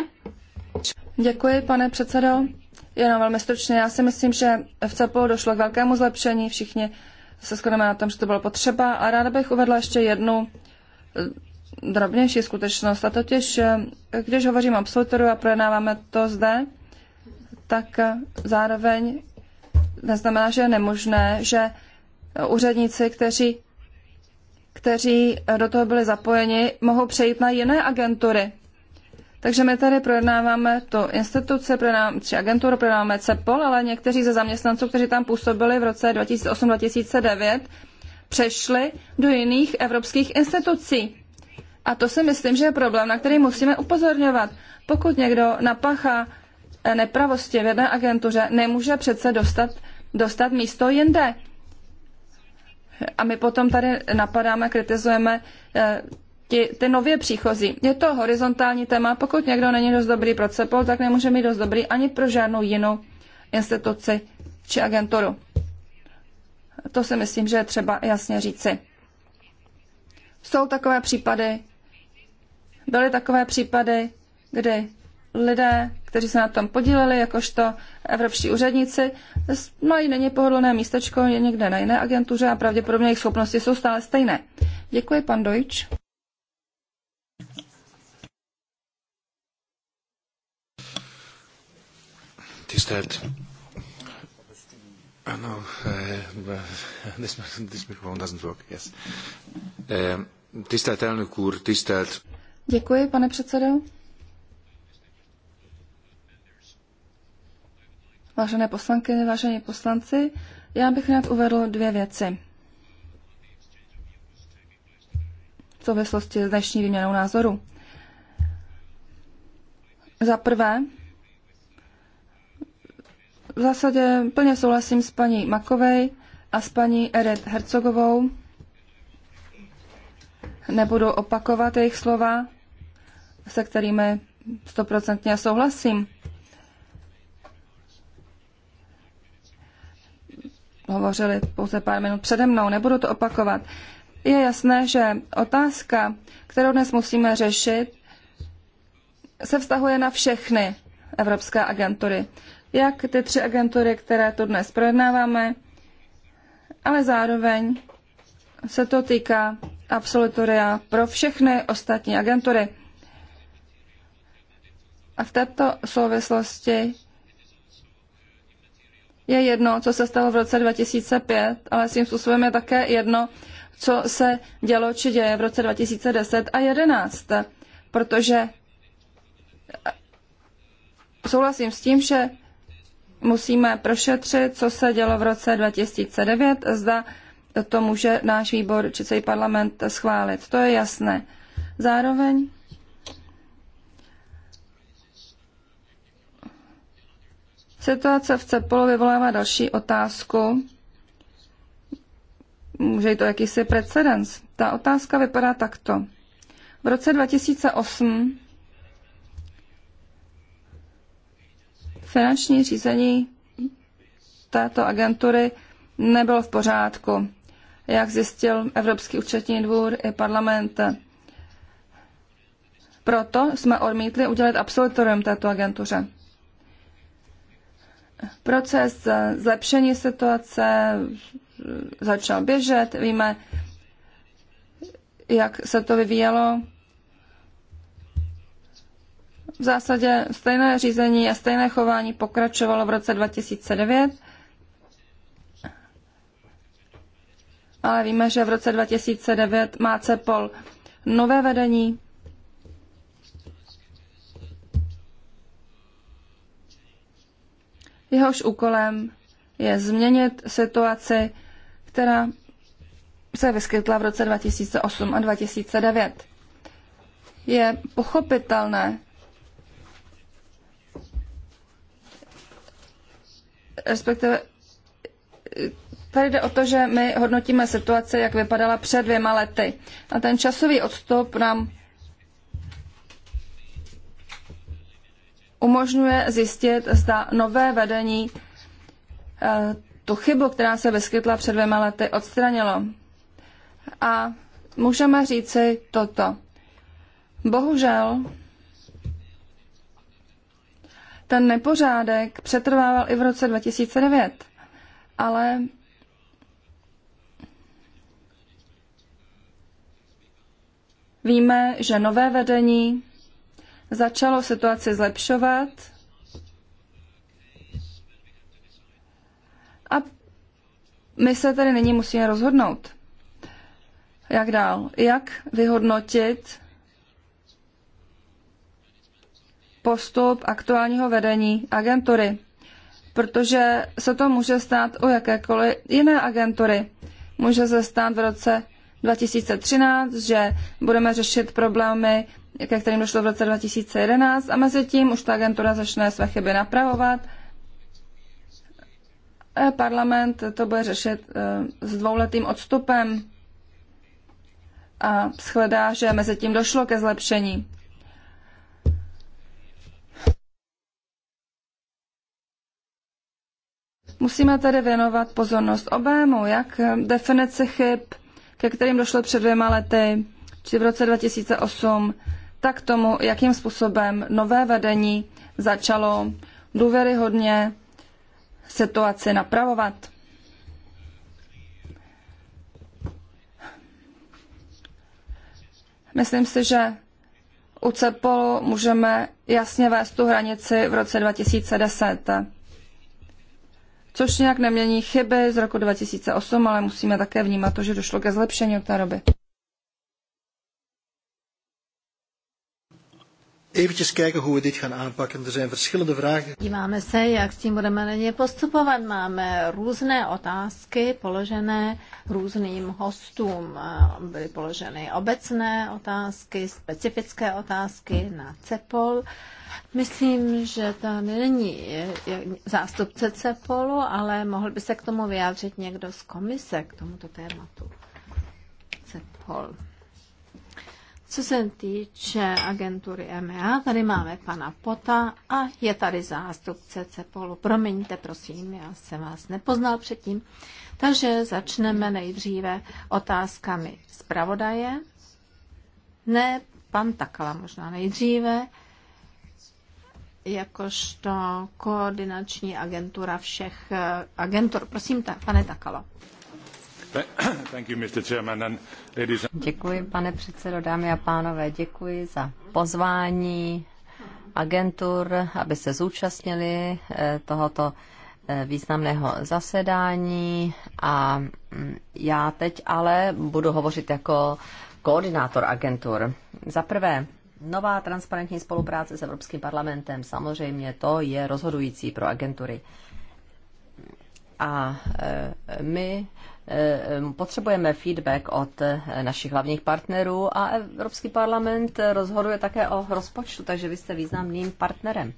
Děkuji, pane předsedo. Jenom velmi stručně, já si myslím, že v CEPu došlo k velkému zlepšení, všichni se shodneme na tom, že to bylo potřeba a ráda bych uvedla ještě jednu eh, drobnější skutečnost a totiž, eh, když hovořím o absolutoru a projednáváme to zde, tak eh, zároveň neznamená, že je nemožné, že úředníci, kteří, kteří do toho byli zapojeni, mohou přejít na jiné agentury. Takže my tady projednáváme to instituce, projednáváme, či agenturu, projednáváme CEPOL, ale někteří ze zaměstnanců, kteří tam působili v roce 2008-2009, přešli do jiných evropských institucí. A to si myslím, že je problém, na který musíme upozorňovat. Pokud někdo napacha eh, nepravosti v jedné agentuře, nemůže přece dostat, dostat místo jinde. A my potom tady napadáme, kritizujeme eh, ti, ty nově příchozí. Je to horizontální téma, pokud někdo není dost dobrý pro CEPOL, tak nemůže být dost dobrý ani pro žádnou jinou instituci či agenturu. To si myslím, že je třeba jasně říci. Jsou takové případy, byly takové případy, kdy lidé, kteří se na tom podíleli, jakožto evropští úředníci, mají není pohodlné místečko je někde na jiné agentuře a pravděpodobně jejich schopnosti jsou stále stejné. Děkuji, pan Dojč. Tisztelt No, uh, this, this microphone yes. Eh, tisztelt elnök úr, tisztelt... Děkuji, pane předsedo. Vážené poslankyně, vážení poslanci, já bych rád uvedl dvě věci. V souvislosti s dnešní výměnou názoru. Za prvé, v zásadě plně souhlasím s paní Makovej a s paní Eret Hercogovou. Nebudu opakovat jejich slova, se kterými stoprocentně souhlasím. Hovořili pouze pár minut přede mnou, nebudu to opakovat. Je jasné, že otázka, kterou dnes musíme řešit, se vztahuje na všechny evropské agentury jak ty tři agentury, které to dnes projednáváme, ale zároveň se to týká absolutoria pro všechny ostatní agentury. A v této souvislosti je jedno, co se stalo v roce 2005, ale svým způsobem je také jedno, co se dělo či děje v roce 2010 a 2011, protože souhlasím s tím, že musíme prošetřit, co se dělo v roce 2009, zda to může náš výbor či celý parlament schválit. To je jasné. Zároveň Situace v Cepolu vyvolává další otázku. Může to jakýsi precedens. Ta otázka vypadá takto. V roce 2008 Finanční řízení této agentury nebylo v pořádku, jak zjistil Evropský účetní dvůr i parlament. Proto jsme odmítli udělat absolutorium této agentuře. Proces zlepšení situace začal běžet. Víme, jak se to vyvíjelo v zásadě stejné řízení a stejné chování pokračovalo v roce 2009, ale víme, že v roce 2009 má CEPOL nové vedení, Jehož úkolem je změnit situaci, která se vyskytla v roce 2008 a 2009. Je pochopitelné, respektive tady jde o to, že my hodnotíme situaci, jak vypadala před dvěma lety. A ten časový odstup nám umožňuje zjistit, zda nové vedení eh, tu chybu, která se vyskytla před dvěma lety, odstranilo. A můžeme říci toto. Bohužel ten nepořádek přetrvával i v roce 2009, ale víme, že nové vedení začalo situaci zlepšovat a my se tedy nyní musíme rozhodnout, jak dál, jak vyhodnotit postup aktuálního vedení agentury, protože se to může stát u jakékoliv jiné agentury. Může se stát v roce 2013, že budeme řešit problémy, ke kterým došlo v roce 2011 a mezi tím už ta agentura začne své chyby napravovat. E, parlament to bude řešit e, s dvouletým odstupem a shledá, že mezi tím došlo ke zlepšení. Musíme tedy věnovat pozornost obému, jak definici chyb, ke kterým došlo před dvěma lety, či v roce 2008, tak tomu, jakým způsobem nové vedení začalo důvěryhodně situaci napravovat. Myslím si, že u CEPOLu můžeme jasně vést tu hranici v roce 2010 což nějak nemění chyby z roku 2008, ale musíme také vnímat to, že došlo ke zlepšení od té doby. Eventjes kijken hoe we dit gaan aanpakken. Er zijn verschillende vragen. Díváme se, jak s tím budeme na ně postupovat. Máme různé otázky položené různým hostům. Byly položeny obecné otázky, specifické otázky na CEPOL. Myslím, že to není eh, zástupce CEPOLu, ale mohl by se k tomu vyjádřit někdo z komise k tomuto tématu. CEPOL. Co se týče agentury MEA, tady máme pana Pota a je tady zástupce CEPOLu. Promiňte, prosím, já jsem vás nepoznal předtím. Takže začneme nejdříve otázkami zpravodaje. Ne, pan Takala možná nejdříve jakožto koordinační agentura všech eh, agentur. Prosím, ta, pane Takalo. Děkuji, pane předsedo, dámy a pánové, děkuji za pozvání agentur, aby se zúčastnili eh, tohoto eh, významného zasedání a mm, já teď ale budu hovořit jako koordinátor agentur. Za prvé, nová transparentní spolupráce s Evropským parlamentem. Samozřejmě to je rozhodující pro agentury. A e, my e, potřebujeme feedback od e, našich hlavních partnerů a Evropský parlament rozhoduje také o rozpočtu, takže vy jste významným partnerem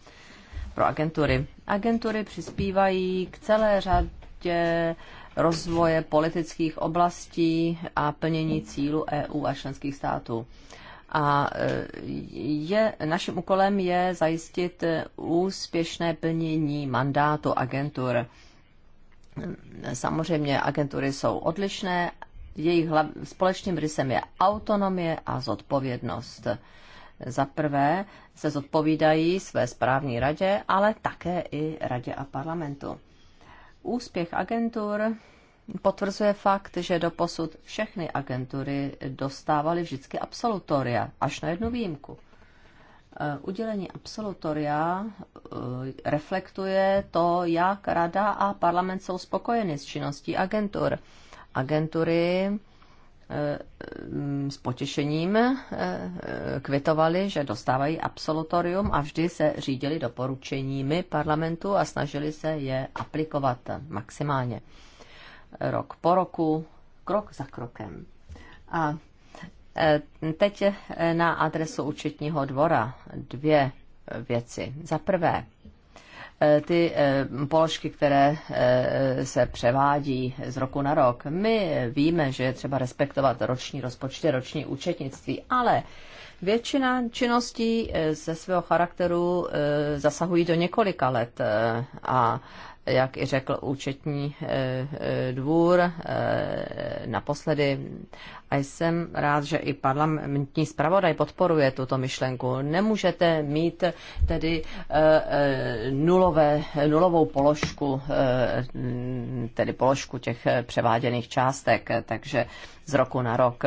pro agentury. Agentury přispívají k celé řadě rozvoje politických oblastí a plnění cílu EU a členských států. A e, je, naším úkolem je zajistit e, úspěšné plnění mandátu agentur. Samozřejmě agentury jsou odlišné, jejich hlav, společným rysem je autonomie a zodpovědnost. Za prvé se zodpovídají své správní radě, ale také i radě a parlamentu. Úspěch agentur potvrzuje fakt, že doposud všechny agentury dostávaly vždycky absolutoria, až na jednu výjimku. E, udělení absolutoria e, reflektuje to, jak rada a parlament jsou spokojeny s činností agentur. Agentury e, s potěšením kvitovali, že dostávají absolutorium a vždy se řídili doporučeními parlamentu a snažili se je aplikovat maximálně rok po roku, krok za krokem. A e, teď e, na adresu účetního dvora dvě e, věci. Za prvé, ty položky, které se převádí z roku na rok. My víme, že je třeba respektovat roční rozpočty, roční účetnictví, ale většina činností ze svého charakteru zasahují do několika let a jak i řekl účetní eh, eh, dvůr eh, naposledy. A jsem rád, že i parlamentní zpravodaj podporuje tuto myšlenku. Nemůžete mít tedy nulové, nulovou položku, tedy položku těch převáděných částek, takže z roku na rok.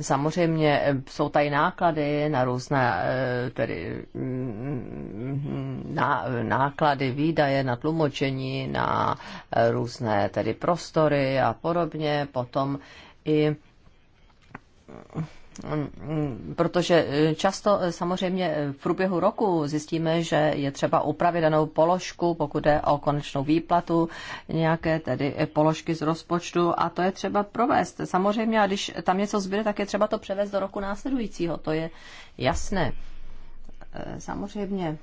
Samozřejmě eh, jsou tady náklady na různé eh, tedy, mm, na, náklady, výdaje na tlumočení, na eh, různé tedy prostory a podobně. Potom i Mm, protože eh, často eh, samozřejmě eh, v průběhu roku zjistíme, že je třeba upravit danou položku, pokud je o konečnou výplatu nějaké tedy položky z rozpočtu a to je třeba provést. Samozřejmě, a když tam něco zbyde, tak je třeba to převést do roku následujícího, to je jasné. Samozřejmě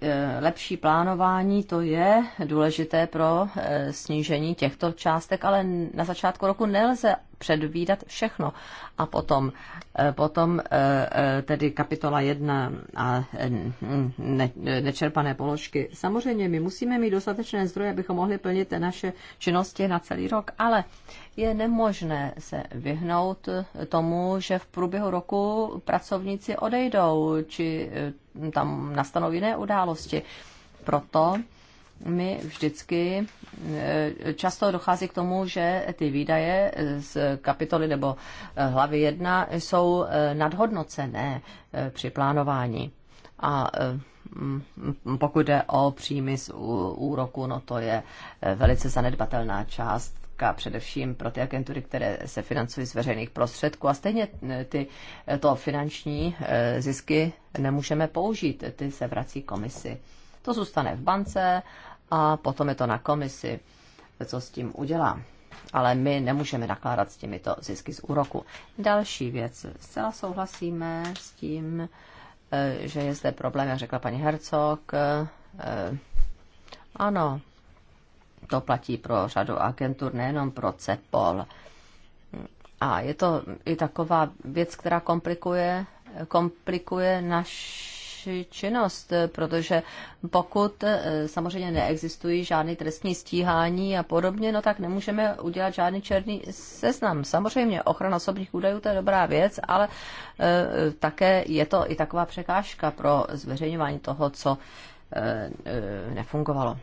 Eh, lepší plánování, to je důležité pro eh, snížení těchto částek, ale na začátku roku nelze předvídat všechno. A potom, eh, potom tedy kapitola 1 a nečerpané položky. Samozřejmě my musíme mít dostatečné zdroje, abychom mohli plnit naše činnosti na celý rok, ale je nemožné se vyhnout tomu, že v průběhu roku pracovníci odejdou, či tam nastanou jiné události. Proto my vždycky e, často dochází k tomu, že ty výdaje z kapitoly nebo e, hlavy 1 jsou e, nadhodnocené při plánování. A pokud jde o příjmy z úroku, no to je velice zanedbatelná část otázka především pro ty agentury, které se financují z veřejných prostředků. A stejně eh, ty, eh, to finanční eh, zisky nemůžeme použít, ty se vrací komisi. To zůstane v bance a potom je to na komisi, co s tím udělá. Ale my nemůžeme nakládat s těmito zisky z úroku. Další věc. Zcela souhlasíme s tím, že je zde problém, jak řekla paní Hercog. Ano, to platí pro řadu agentur, nejenom pro CEPOL. A je to i taková věc, která komplikuje, komplikuje naši činnost, protože pokud eh, samozřejmě neexistují žádné trestní stíhání a podobně, no tak nemůžeme udělat žádný černý seznam. Samozřejmě ochrana osobních údajů to je dobrá věc, ale eh, také je to i taková překážka pro zveřejňování toho, co eh, nefungovalo.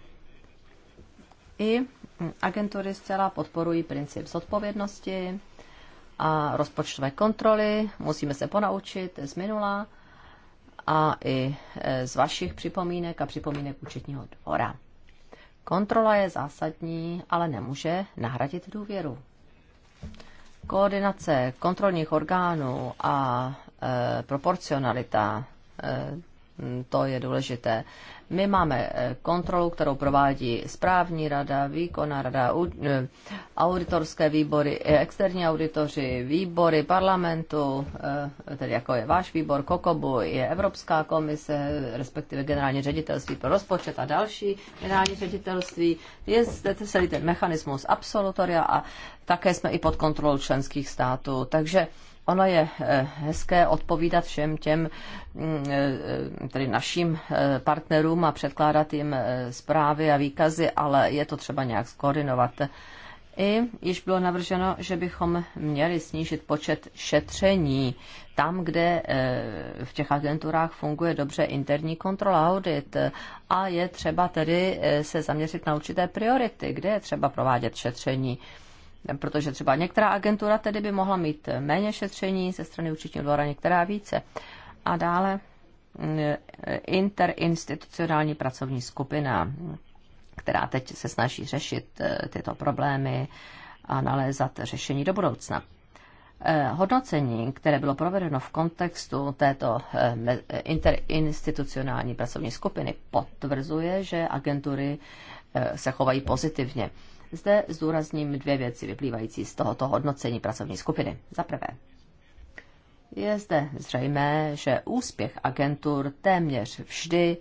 I agentury zcela podporují princip zodpovědnosti a rozpočtové kontroly. Musíme se ponaučit z minula a i e, z vašich připomínek a připomínek účetního dvora. Kontrola je zásadní, ale nemůže nahradit důvěru. Koordinace kontrolních orgánů a e, proporcionalita, e, Mm, to je důležité. My máme eh, kontrolu, kterou provádí správní rada, výkonná rada, eh, auditorské výbory, eh, externí auditoři, výbory parlamentu, tedy jako je váš výbor, Kokobu, je Evropská komise, respektive generální ředitelství pro rozpočet a další generální ředitelství. Je zde celý ten mechanismus absolutoria a také jsme i pod kontrolou členských států. Takže ono je eh, hezké odpovídat všem těm mm, eh, tedy našim eh, partnerům a předkládat jim zprávy a výkazy, ale je to třeba nějak skoordinovat. I již bylo navrženo, že bychom měli snížit počet šetření tam, kde v těch agenturách funguje dobře interní kontrola audit a je třeba tedy se zaměřit na určité priority, kde je třeba provádět šetření protože třeba některá agentura tedy by mohla mít méně šetření ze strany účetního dvora, některá více. A dále mm, interinstitucionální pracovní skupina, která teď se snaží řešit e, tyto problémy a nalézat řešení do budoucna. E, hodnocení, které bylo provedeno v kontextu této e, interinstitucionální pracovní skupiny, potvrzuje, že agentury se chovají pozitivně zde zdůrazním dvě věci vyplývající z tohoto hodnocení pracovní skupiny. Za prvé, je zde zřejmé, že úspěch agentur téměř vždy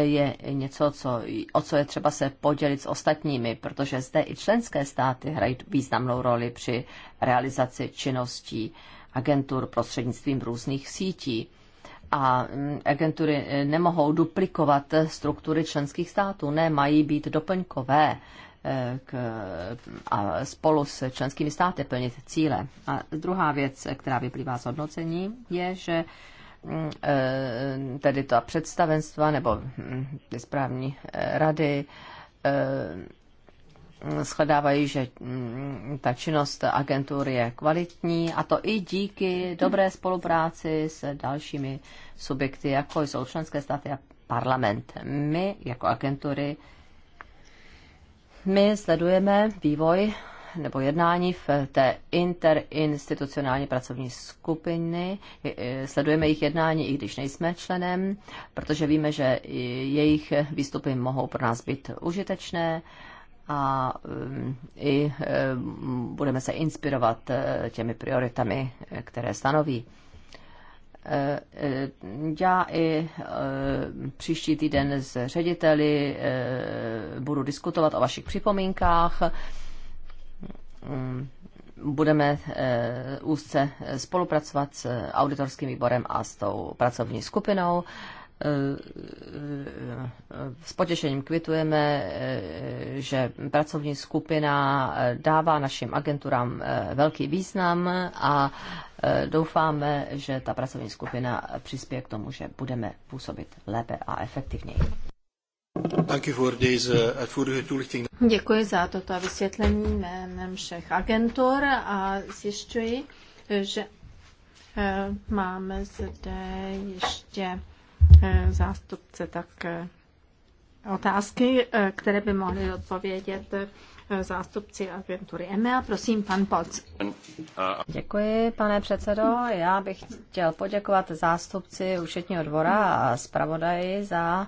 je něco, co, o co je třeba se podělit s ostatními, protože zde i členské státy hrají významnou roli při realizaci činností agentur prostřednictvím různých sítí. A mm, agentury eh, nemohou duplikovat struktury členských států, ne, mají být doplňkové k, a spolu s členskými státy plnit cíle. A druhá věc, která vyplývá z hodnocení, je, že mm, e, tedy ta představenstva nebo mm, ty správní e, rady e, shledávají, že mm, ta činnost agentur je kvalitní a to i díky dobré spolupráci s dalšími subjekty, jako jsou členské státy a parlament. My jako agentury my sledujeme vývoj nebo jednání v té interinstitucionální pracovní skupiny. E, sledujeme jejich jednání, i když nejsme členem, protože víme, že jejich výstupy mohou pro nás být užitečné a e, i e, budeme se inspirovat těmi prioritami, které stanoví. Já i e, příští týden s řediteli e, budu diskutovat o vašich připomínkách. Mm, budeme e, úzce spolupracovat s auditorským výborem a s tou pracovní skupinou Eh, s potěšením kvitujeme, eh, že pracovní skupina dává našim agenturám eh, velký význam a doufáme, že ta pracovní skupina přispěje k tomu, že budeme působit lépe a efektivněji. Děkuji za toto vysvětlení jménem všech agentur a zjišťuji, že máme zde ještě Eh, zástupce, tak eh, otázky, eh, které by mohli odpovědět zástupci agentury EMEA. Prosím, pan Poc. Děkuji, pane předsedo. Já bych chtěl poděkovat zástupci Ušetního dvora a zpravodaji za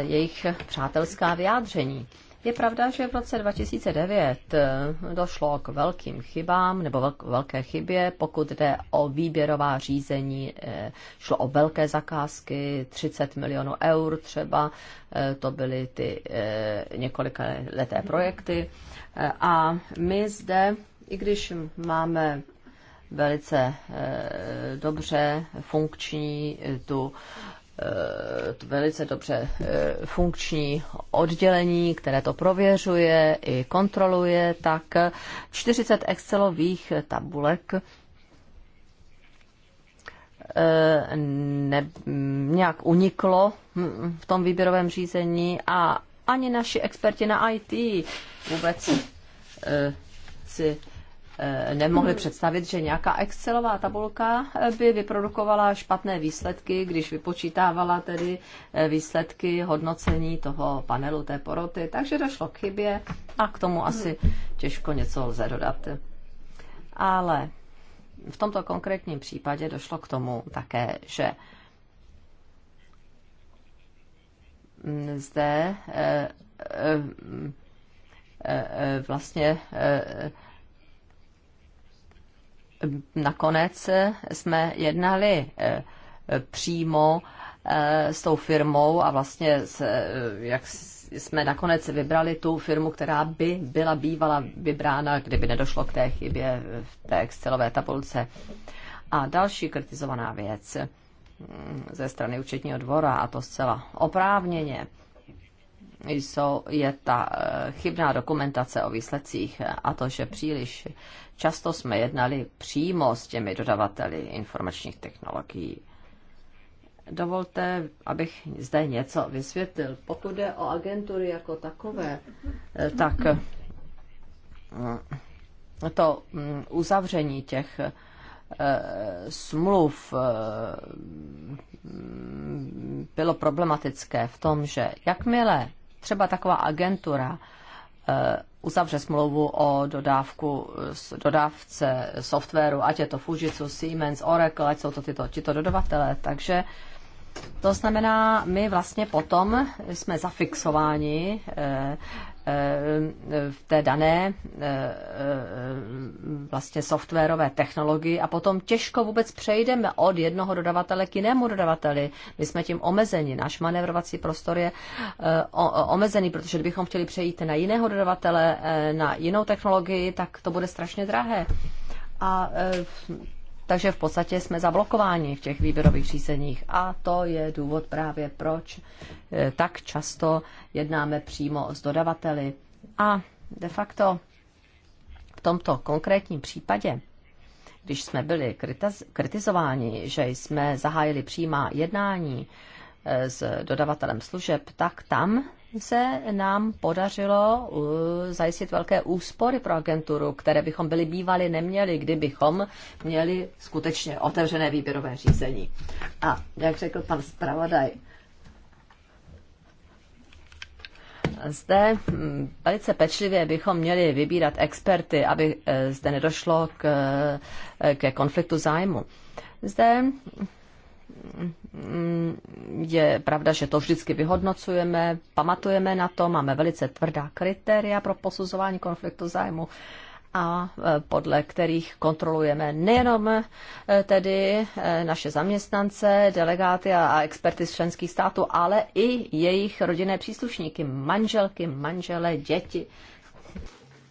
jejich přátelská vyjádření. Je pravda, že v roce 2009 eh, došlo k velkým chybám nebo velké chybě, pokud jde o výběrová řízení. Eh, šlo o velké zakázky, 30 milionů eur třeba, eh, to byly ty několika leté projekty. A my zde, i když máme velice dobře funkční tu Eh, velice dobře eh, funkční oddělení, které to prověřuje i kontroluje, tak 40 Excelových tabulek eh, ne, nějak uniklo hm, v tom výběrovém řízení a ani naši experti na IT vůbec si Eh, nemohli představit, že nějaká Excelová tabulka eh, by vyprodukovala špatné výsledky, když vypočítávala tedy eh, výsledky hodnocení toho panelu té poroty. Takže došlo k chybě a k tomu asi těžko něco lze dodat. Ale v tomto konkrétním případě došlo k tomu také, že zde vlastně nakonec jsme jednali eh, přímo eh, s tou firmou a vlastně eh, jak jsme nakonec vybrali tu firmu, která by byla bývala vybrána, kdyby nedošlo k té chybě v té Excelové tabulce. A další kritizovaná věc mm, ze strany účetního dvora, a to zcela oprávněně, jsou, je ta chybná dokumentace o výsledcích a to, že příliš Často jsme jednali přímo s těmi dodavateli informačních technologií. Dovolte, abych zde něco vysvětlil. Pokud jde o agentury jako takové, eh, tak eh, to mm, uzavření těch eh, smluv mm, bylo problematické v tom, že jakmile třeba taková agentura uzavře smlouvu o dodávku, dodávce softwaru, ať je to Fujitsu, Siemens, Oracle, ať jsou to tyto, tyto dodavatele. Takže to znamená, my vlastně potom jsme zafixováni eh, v té dané eh, eh, vlastně softwarové technologii a potom těžko vůbec přejdeme od jednoho dodavatele k jinému dodavateli. My jsme tím omezeni. Náš manevrovací prostor je eh, omezený, protože kdybychom chtěli přejít na jiného dodavatele, na jinou technologii, tak to bude strašně drahé. A takže v podstatě jsme zablokováni v těch výběrových řízeních. A to je důvod právě, proč eh, tak často jednáme přímo s dodavateli. A de facto v tomto konkrétním případě, když jsme byli kritizováni, že jsme zahájili přímá jednání eh, s dodavatelem služeb, tak tam se nám podařilo uh, zajistit velké úspory pro agenturu, které bychom byli bývali neměli, kdybychom měli skutečně otevřené výběrové řízení. A jak řekl pan zpravodaj, zde hm, velice pečlivě bychom měli vybírat experty, aby eh, zde nedošlo k, eh, ke konfliktu zájmu. Zde hm, Mm, je pravda, že to vždycky vyhodnocujeme, pamatujeme na to, máme velice tvrdá kritéria pro posuzování konfliktu zájmu a e, podle kterých kontrolujeme nejenom e, tedy e, naše zaměstnance, delegáty a experty z členských států, ale i jejich rodinné příslušníky, manželky, manžele, děti.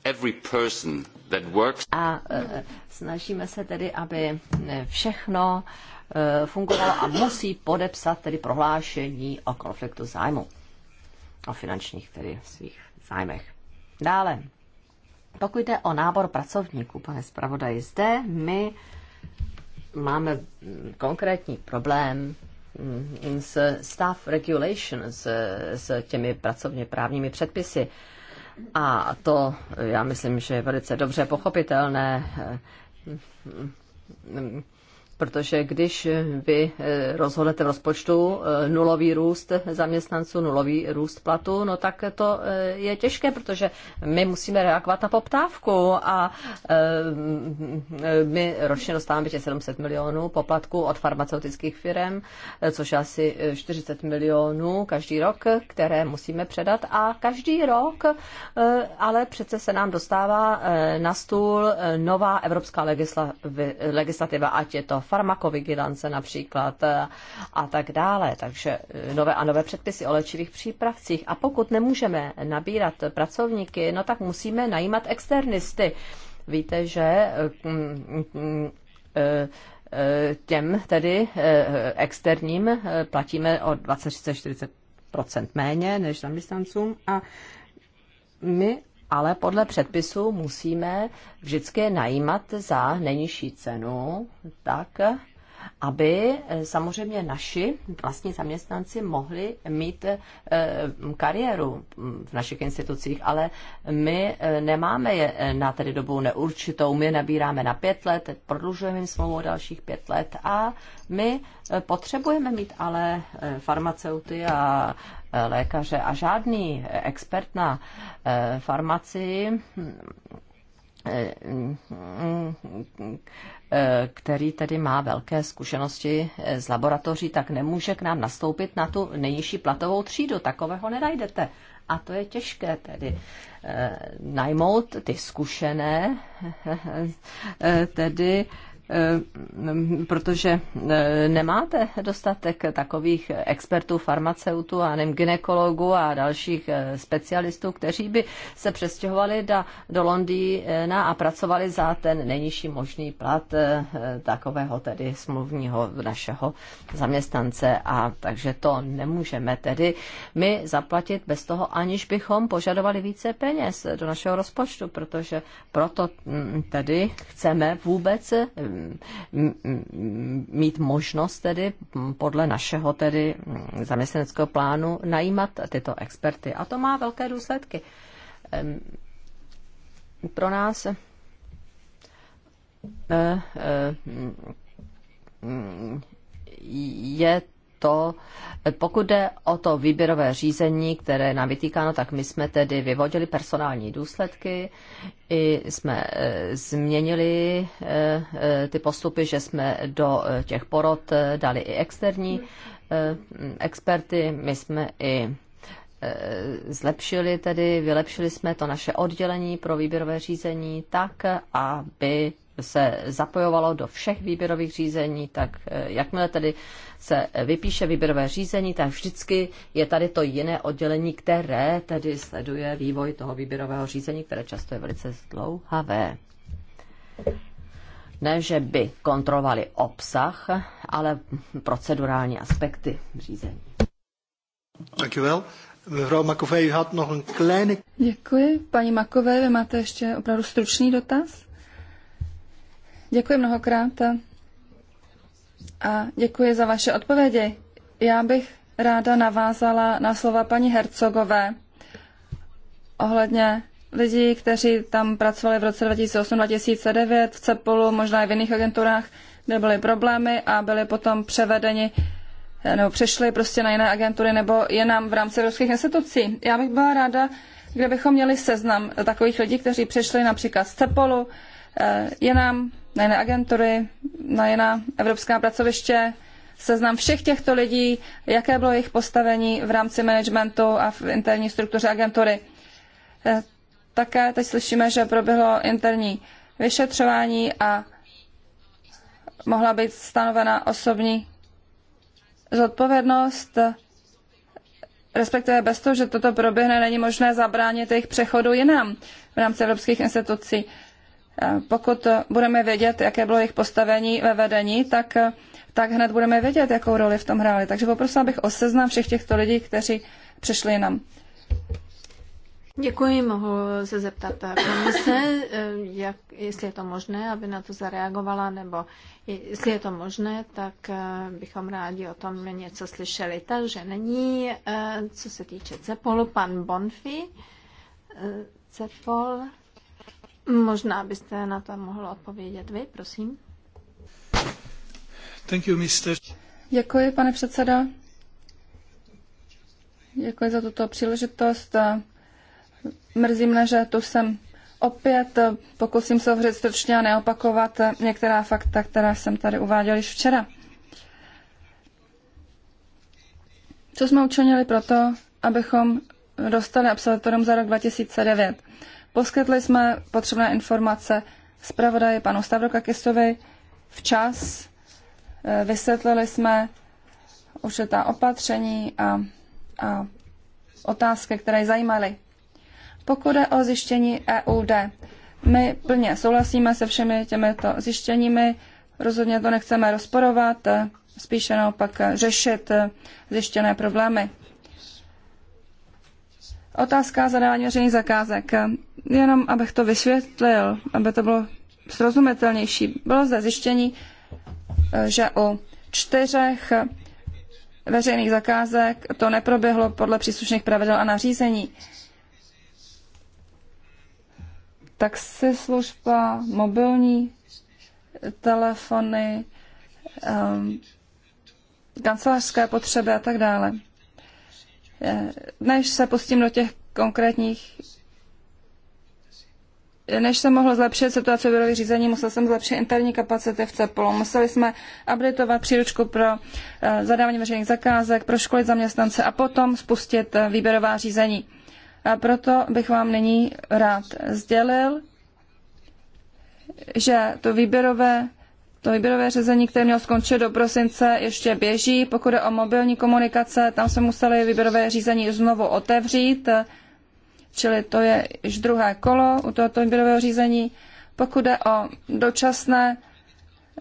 Every person that works... A snažíme se tedy, aby všechno Eh, fungovalo a musí podepsat tedy prohlášení o konfliktu zájmu. O finančních tedy svých zájmech. Dále, pokud jde o nábor pracovníků, pane zpravodaji, zde my máme konkrétní problém mm, s staff regulation, s, s těmi pracovně právními předpisy. A to já myslím, že je velice dobře pochopitelné eh, mm, mm, Protože když vy eh, rozhodnete v rozpočtu eh, nulový růst zaměstnanců, nulový růst platu, no tak to eh, je těžké, protože my musíme reagovat na poptávku a my ročně dostáváme 700 milionů poplatků od farmaceutických firm, což je asi 40 milionů každý rok, které musíme předat a každý rok ale přece se nám dostává na stůl nová evropská legislativa, ať je to farmakovigilance například eh, a tak dále. Takže eh, nové a nové předpisy o léčivých přípravcích. A pokud nemůžeme nabírat pracovníky, no tak musíme najímat externisty. Víte, že eh, mm, těm tedy externím platíme o 20, 40 méně než zaměstnancům a my ale podle předpisu musíme vždycky najímat za nejnižší cenu, tak aby eh, samozřejmě naši vlastní zaměstnanci mohli mít eh, kariéru v našich institucích, ale my eh, nemáme je na tedy dobu neurčitou, my nabíráme na pět let, prodlužujeme jim smlouvu o dalších pět let a my potřebujeme mít ale farmaceuty a lékaře a žádný expert na farmacii hm, který tedy má velké zkušenosti eh, z laboratoří, tak nemůže k nám nastoupit na tu nejnižší platovou třídu. Takového nenajdete. A to je těžké tedy eh, najmout ty zkušené, [laughs] eh, tedy Eh, protože eh, nemáte dostatek takových expertů, farmaceutů a nevím, ginekologů a dalších eh, specialistů, kteří by se přestěhovali do, do Londýna a pracovali za ten nejnižší možný plat takového tedy smluvního našeho zaměstnance a takže to nemůžeme tedy my zaplatit bez toho, aniž bychom požadovali více peněz do našeho rozpočtu, protože proto mm, tedy chceme vůbec mít možnost tedy podle našeho tedy zaměstnaneckého plánu najímat tyto experty. A to má velké důsledky. Pro nás eh, eh, je to, pokud jde o to výběrové řízení, které nám vytýkáno, tak my jsme tedy vyvodili personální důsledky, i jsme eh, změnili eh, eh, ty postupy, že jsme do těch porod dali i externí experty, my jsme i zlepšili tedy, vylepšili jsme to naše oddělení pro výběrové řízení tak, aby se zapojovalo do všech výběrových řízení, tak eh, jakmile tedy se vypíše výběrové řízení, tak vždycky je tady to jiné oddělení, které tedy sleduje vývoj toho výběrového řízení, které často je velice zdlouhavé. Ne, že by kontrolovali obsah, ale procedurální aspekty řízení. Dankjewel. Mevrouw Makové, u had nog een kleine... Děkuji. Paní Makové, vy máte ještě opravdu stručný dotaz? Děkuji mnohokrát a děkuji za vaše odpovědi. Já bych ráda navázala na slova paní Hercogové ohledně lidí, kteří tam pracovali v roce 2008-2009 v CEPOLu, možná i v jiných agenturách, kde byly problémy a byli potom převedeni nebo přišli prostě na jiné agentury nebo nám v rámci evropských institucí. Já bych byla ráda, kdybychom měli seznam takových lidí, kteří přešli například z CEPOLu, Eh, jinam, na jiné agentury, na jiná evropská pracoviště, seznam všech těchto lidí, jaké bylo jejich postavení v rámci managementu a v interní struktuře agentury. Eh, také teď slyšíme, že proběhlo interní vyšetřování a mohla být stanovena osobní zodpovědnost, respektive bez toho, že toto proběhne, není možné zabránit jejich přechodu jinam v rámci evropských institucí. Eh, pokud budeme vědět, jaké bylo jejich postavení ve vedení, tak, eh, tak hned budeme vědět, jakou roli v tom hráli. Takže poprosila bych o seznam všech těchto lidí, kteří přišli nám. Děkuji, mohu se zeptat eh, komise, jak, jestli je to možné, aby na to zareagovala, nebo jestli je to možné, tak bychom rádi o tom něco slyšeli. Takže není, co se týče Cepolu, pan Bonfi, Cepol, Možná byste na to mohl odpovědět vy, prosím. Thank you, Mr. Děkuji, pane předseda. Děkuji za tuto příležitost. Mrzí mne, že tu jsem opět. Pokusím se hovořit stručně a neopakovat některá fakta, která jsem tady uváděl již včera. Co jsme učinili proto, abychom dostali absolutorium za rok 2009? Poskytli jsme potřebné informace zpravodaji panu Stavrokakisovi včas. Eh, vysvětlili jsme určitá opatření a, a otázky, které zajímaly. Pokud je o zjištění EUD, my plně souhlasíme se všemi těmito zjištěními, rozhodně to nechceme rozporovat, eh, spíše naopak řešit eh, zjištěné problémy. Otázka zadávání veřejných zakázek. Jenom abych to vysvětlil, aby to bylo srozumitelnější. Bylo zde zjištění, že u čtyřech veřejných zakázek to neproběhlo podle příslušných pravidel a nařízení. služba mobilní telefony, um, kancelářské potřeby a tak dále. Eh, než se pustím do těch konkrétních eh, než se mohl zlepšit situace výrobě řízení, musel jsem zlepšit interní kapacity v CEPOLu. Museli jsme updatovat příručku pro eh, zadávání veřejných zakázek, pro školy zaměstnance a potom spustit výběrová řízení. A proto bych vám nyní rád sdělil, že to výběrové to výběrové řízení, které mělo skončit do prosince, ještě běží. Pokud je o mobilní komunikace, tam se museli výběrové řízení znovu otevřít, čili to je již druhé kolo u tohoto výběrového řízení. Pokud je o dočasné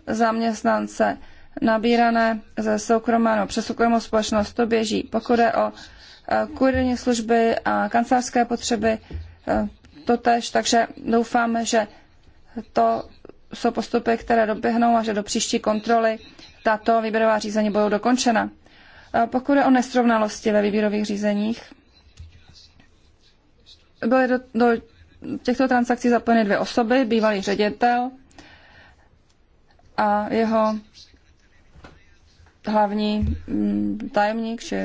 zaměstnance nabírané ze soukromé nebo přes soukromou společnost, to běží. Pokud je o eh, kurierní služby a kancelářské potřeby, eh, to tež, takže doufáme, že to jsou postupy, které doběhnou a že do příští kontroly tato výběrová řízení budou dokončena. Pokud je o nesrovnalosti ve výběrových řízeních, byly do, do těchto transakcí zapojeny dvě osoby, bývalý ředitel a jeho hlavní mm, tajemník či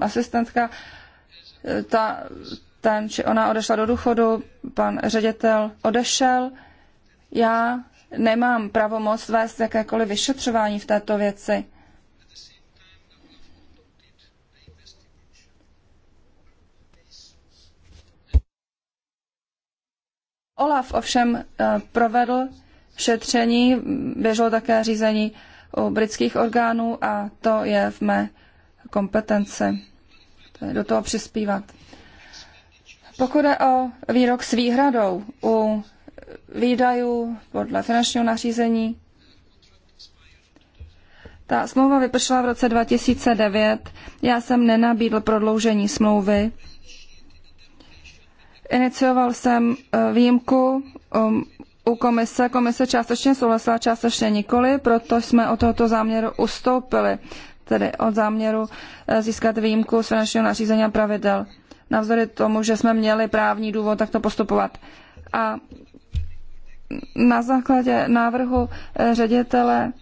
asistentka. Ta, ten či ona odešla do důchodu, pan ředitel odešel, já nemám pravomoc vést jakékoliv vyšetřování v této věci. Olaf ovšem eh, provedl šetření, běželo také řízení u britských orgánů a to je v mé kompetenci. do toho přispívat. Pokud je o výrok s výhradou u výdajů podle finančního nařízení. Ta smlouva vypršela v roce 2009. Já jsem nenabídl prodloužení smlouvy. Inicioval jsem eh, výjimku um, u komise. Komise částečně souhlasila, částečně nikoli, proto jsme od tohoto záměru ustoupili, tedy od záměru eh, získat výjimku z finančního nařízení a pravidel. Navzory tomu, že jsme měli právní důvod takto postupovat. A na základě návrhu eh, ředitele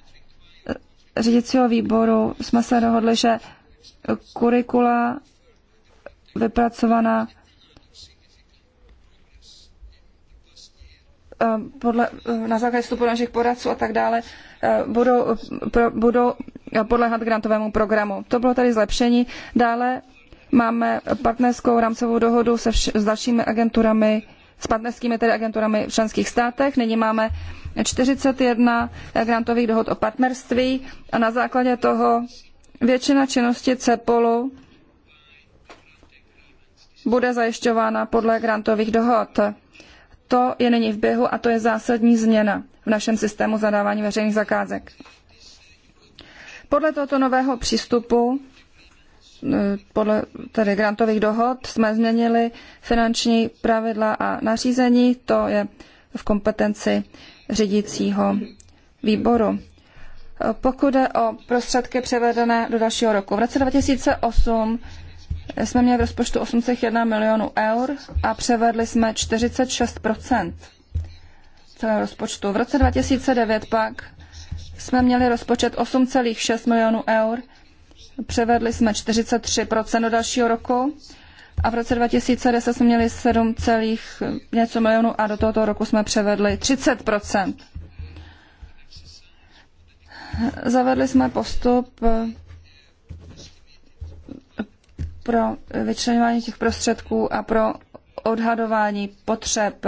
eh, řídicího výboru jsme se dohodli, že kurikula vypracovaná eh, podle, na základě vstupu našich poradců a tak dále budou, pro, budou podléhat grantovému programu. To bylo tady zlepšení. Dále máme partnerskou rámcovou dohodu se vš- s dalšími agenturami s partnerskými tedy agenturami v členských státech. Nyní máme 41 grantových dohod o partnerství a na základě toho většina činnosti CEPOLu bude zajišťována podle grantových dohod. To je nyní v běhu a to je zásadní změna v našem systému zadávání veřejných zakázek. Podle tohoto nového přístupu Eh, podle tedy grantových dohod jsme změnili finanční pravidla a nařízení, to je v kompetenci řídícího výboru. Eh, pokud jde o prostředky převedené do dalšího roku, v roce 2008 jsme měli v rozpočtu 801 milionů eur a převedli jsme 46 celého rozpočtu. V roce 2009 pak jsme měli rozpočet 8,6 milionů eur Převedli jsme 43% do dalšího roku a v roce 2010 jsme měli 7, něco milionů a do tohoto roku jsme převedli 30%. Zavedli jsme postup eh, pro vyčlenování těch prostředků a pro odhadování potřeb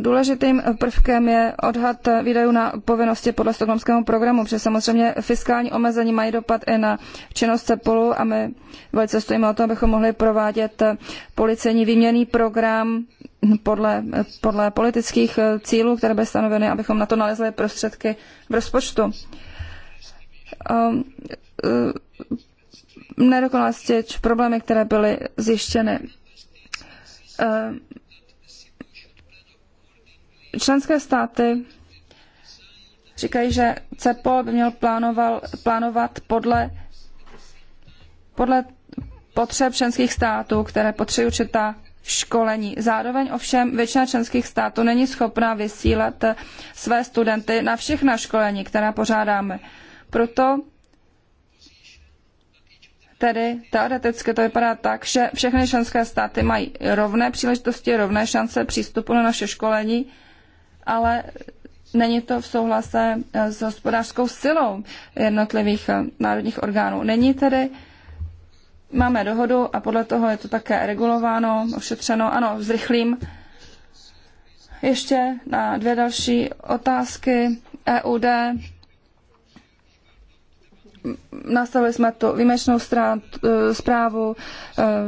Důležitým prvkem je odhad výdajů na povinnosti podle stokholmského programu, protože samozřejmě fiskální omezení mají dopad i na činnost CEPOLu a my velice stojíme o to, abychom mohli provádět policejní výměný program podle, podle politických cílů, které byly stanoveny, abychom na to nalezli prostředky v rozpočtu. Ehm, ehm, nedokonalosti či problémy, které byly zjištěny. Ehm, Členské státy říkají, že CEPOL by měl plánoval, plánovat podle, podle potřeb členských států, které potřebují určitá školení. Zároveň ovšem většina členských států není schopná vysílat eh, své studenty na všechna školení, která pořádáme. Proto tedy teoreticky to vypadá tak, že všechny členské státy mají rovné příležitosti, rovné šance přístupu na naše školení, ale není to v souhlase eh, s hospodářskou silou jednotlivých eh, národních orgánů. Není tedy máme dohodu a podle toho je to také regulováno, ošetřeno. Ano, zrychlím. Ještě na dvě další otázky. EUD. Nastavili jsme tu výjimečnou eh, zprávu,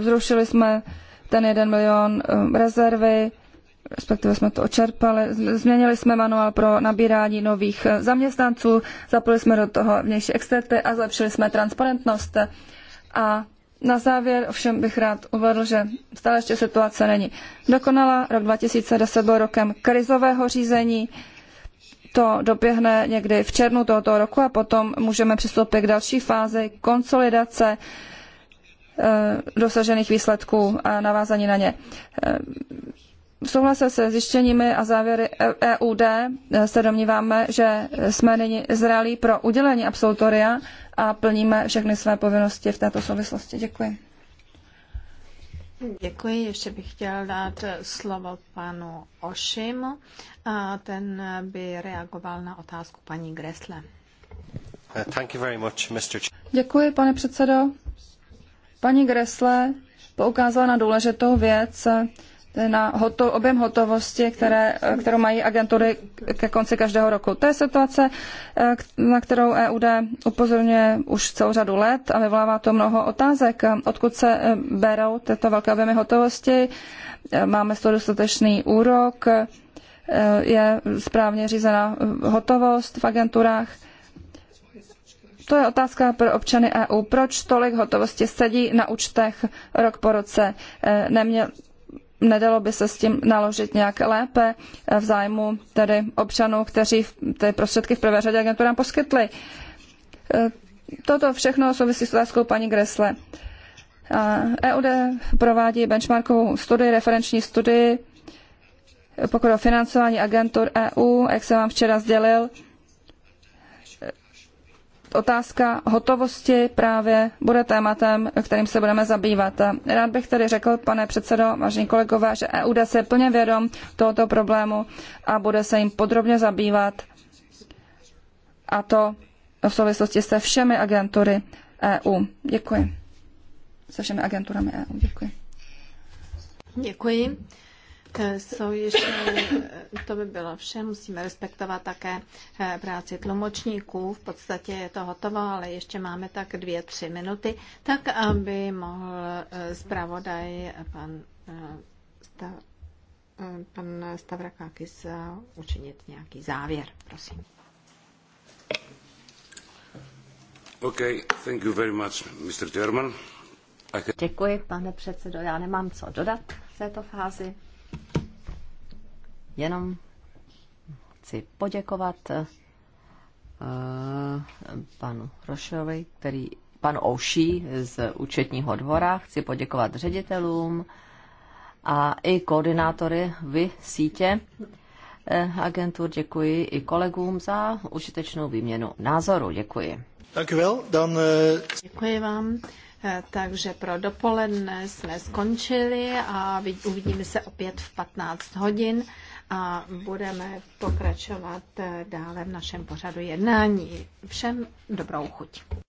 zrušili jsme ten jeden milion rezervy, respektive jsme to očerpali, změnili jsme manuál pro nabírání nových zaměstnanců, zapojili jsme do toho vnější experty a zlepšili jsme transparentnost. A na závěr ovšem bych rád uvedl, že stále ještě situace není dokonalá. Rok 2010 byl rokem krizového řízení. To doběhne někdy v červnu tohoto roku a potom můžeme přistoupit k další fázi konsolidace eh, dosažených výsledků a navázaní na ně. Eh, v souhlase se zjištěními a závěry EUD se domníváme, že jsme nyní zralí pro udělení absolutoria a plníme všechny své povinnosti v této souvislosti. Děkuji. Děkuji, ještě bych chtěl dát slovo panu Ošimu. A ten by reagoval na otázku paní Gresle. Uh, thank you very much, Mr. Děkuji, pane předsedo. Paní Gresle poukázala na důležitou věc, na hoto, objem hotovosti, které, eh, kterou mají agentury ke konci každého roku. To je situace, eh, na kterou EUD upozorňuje už celou řadu let a vyvolává to mnoho otázek. Odkud se eh, berou tyto velké objemy hotovosti? Máme z toho dostatečný úrok? Je správně řízena hotovost v agenturách? To je otázka pro občany EU. Proč tolik hotovosti sedí na účtech rok po roce? Neměl, nedalo by se s tím naložit nějak lépe v zájmu tedy občanů, kteří ty prostředky v prvé řadě agenturám poskytli. E, toto všechno souvisí s otázkou paní Gresle. EUD provádí benchmarkovou studii, referenční studii, pokud o financování agentur EU, jak jsem vám včera sdělil, otázka hotovosti právě bude tématem, kterým se budeme zabývat. Rád bych tedy řekl, pane předsedo, vážení kolegové, že EUD se plně vědom tohoto problému a bude se jim podrobně zabývat a to v souvislosti se všemi agentury EU. Děkuji. Se všemi agenturami EU. Děkuji. Děkuji. Eh, jsou ještě, eh, to by bylo vše, musíme respektovat také eh, práci tlumočníků, v podstatě je to hotovo, ale ještě máme tak dvě, tři minuty, tak aby mohl zpravodaj pan, stav, pan Stavrakakis učinit nějaký závěr, prosím. Okay, thank you very much, Mr. Can... Děkuji, pane předsedo. Já nemám co dodat v této fázi Jenom chci poděkovat eh, panu Rošovi, který pan Ouší z účetního dvora. Chci poděkovat ředitelům a i koordinátory vy sítě eh, agentur. Děkuji i kolegům za užitečnou výměnu názoru. Děkuji. Eh, Děkuji vám. Eh, takže pro dopoledne jsme skončili a uvidíme se opět v 15 hodin a budeme pokračovat eh, dále v našem pořadu jednání. Všem dobrou chuť.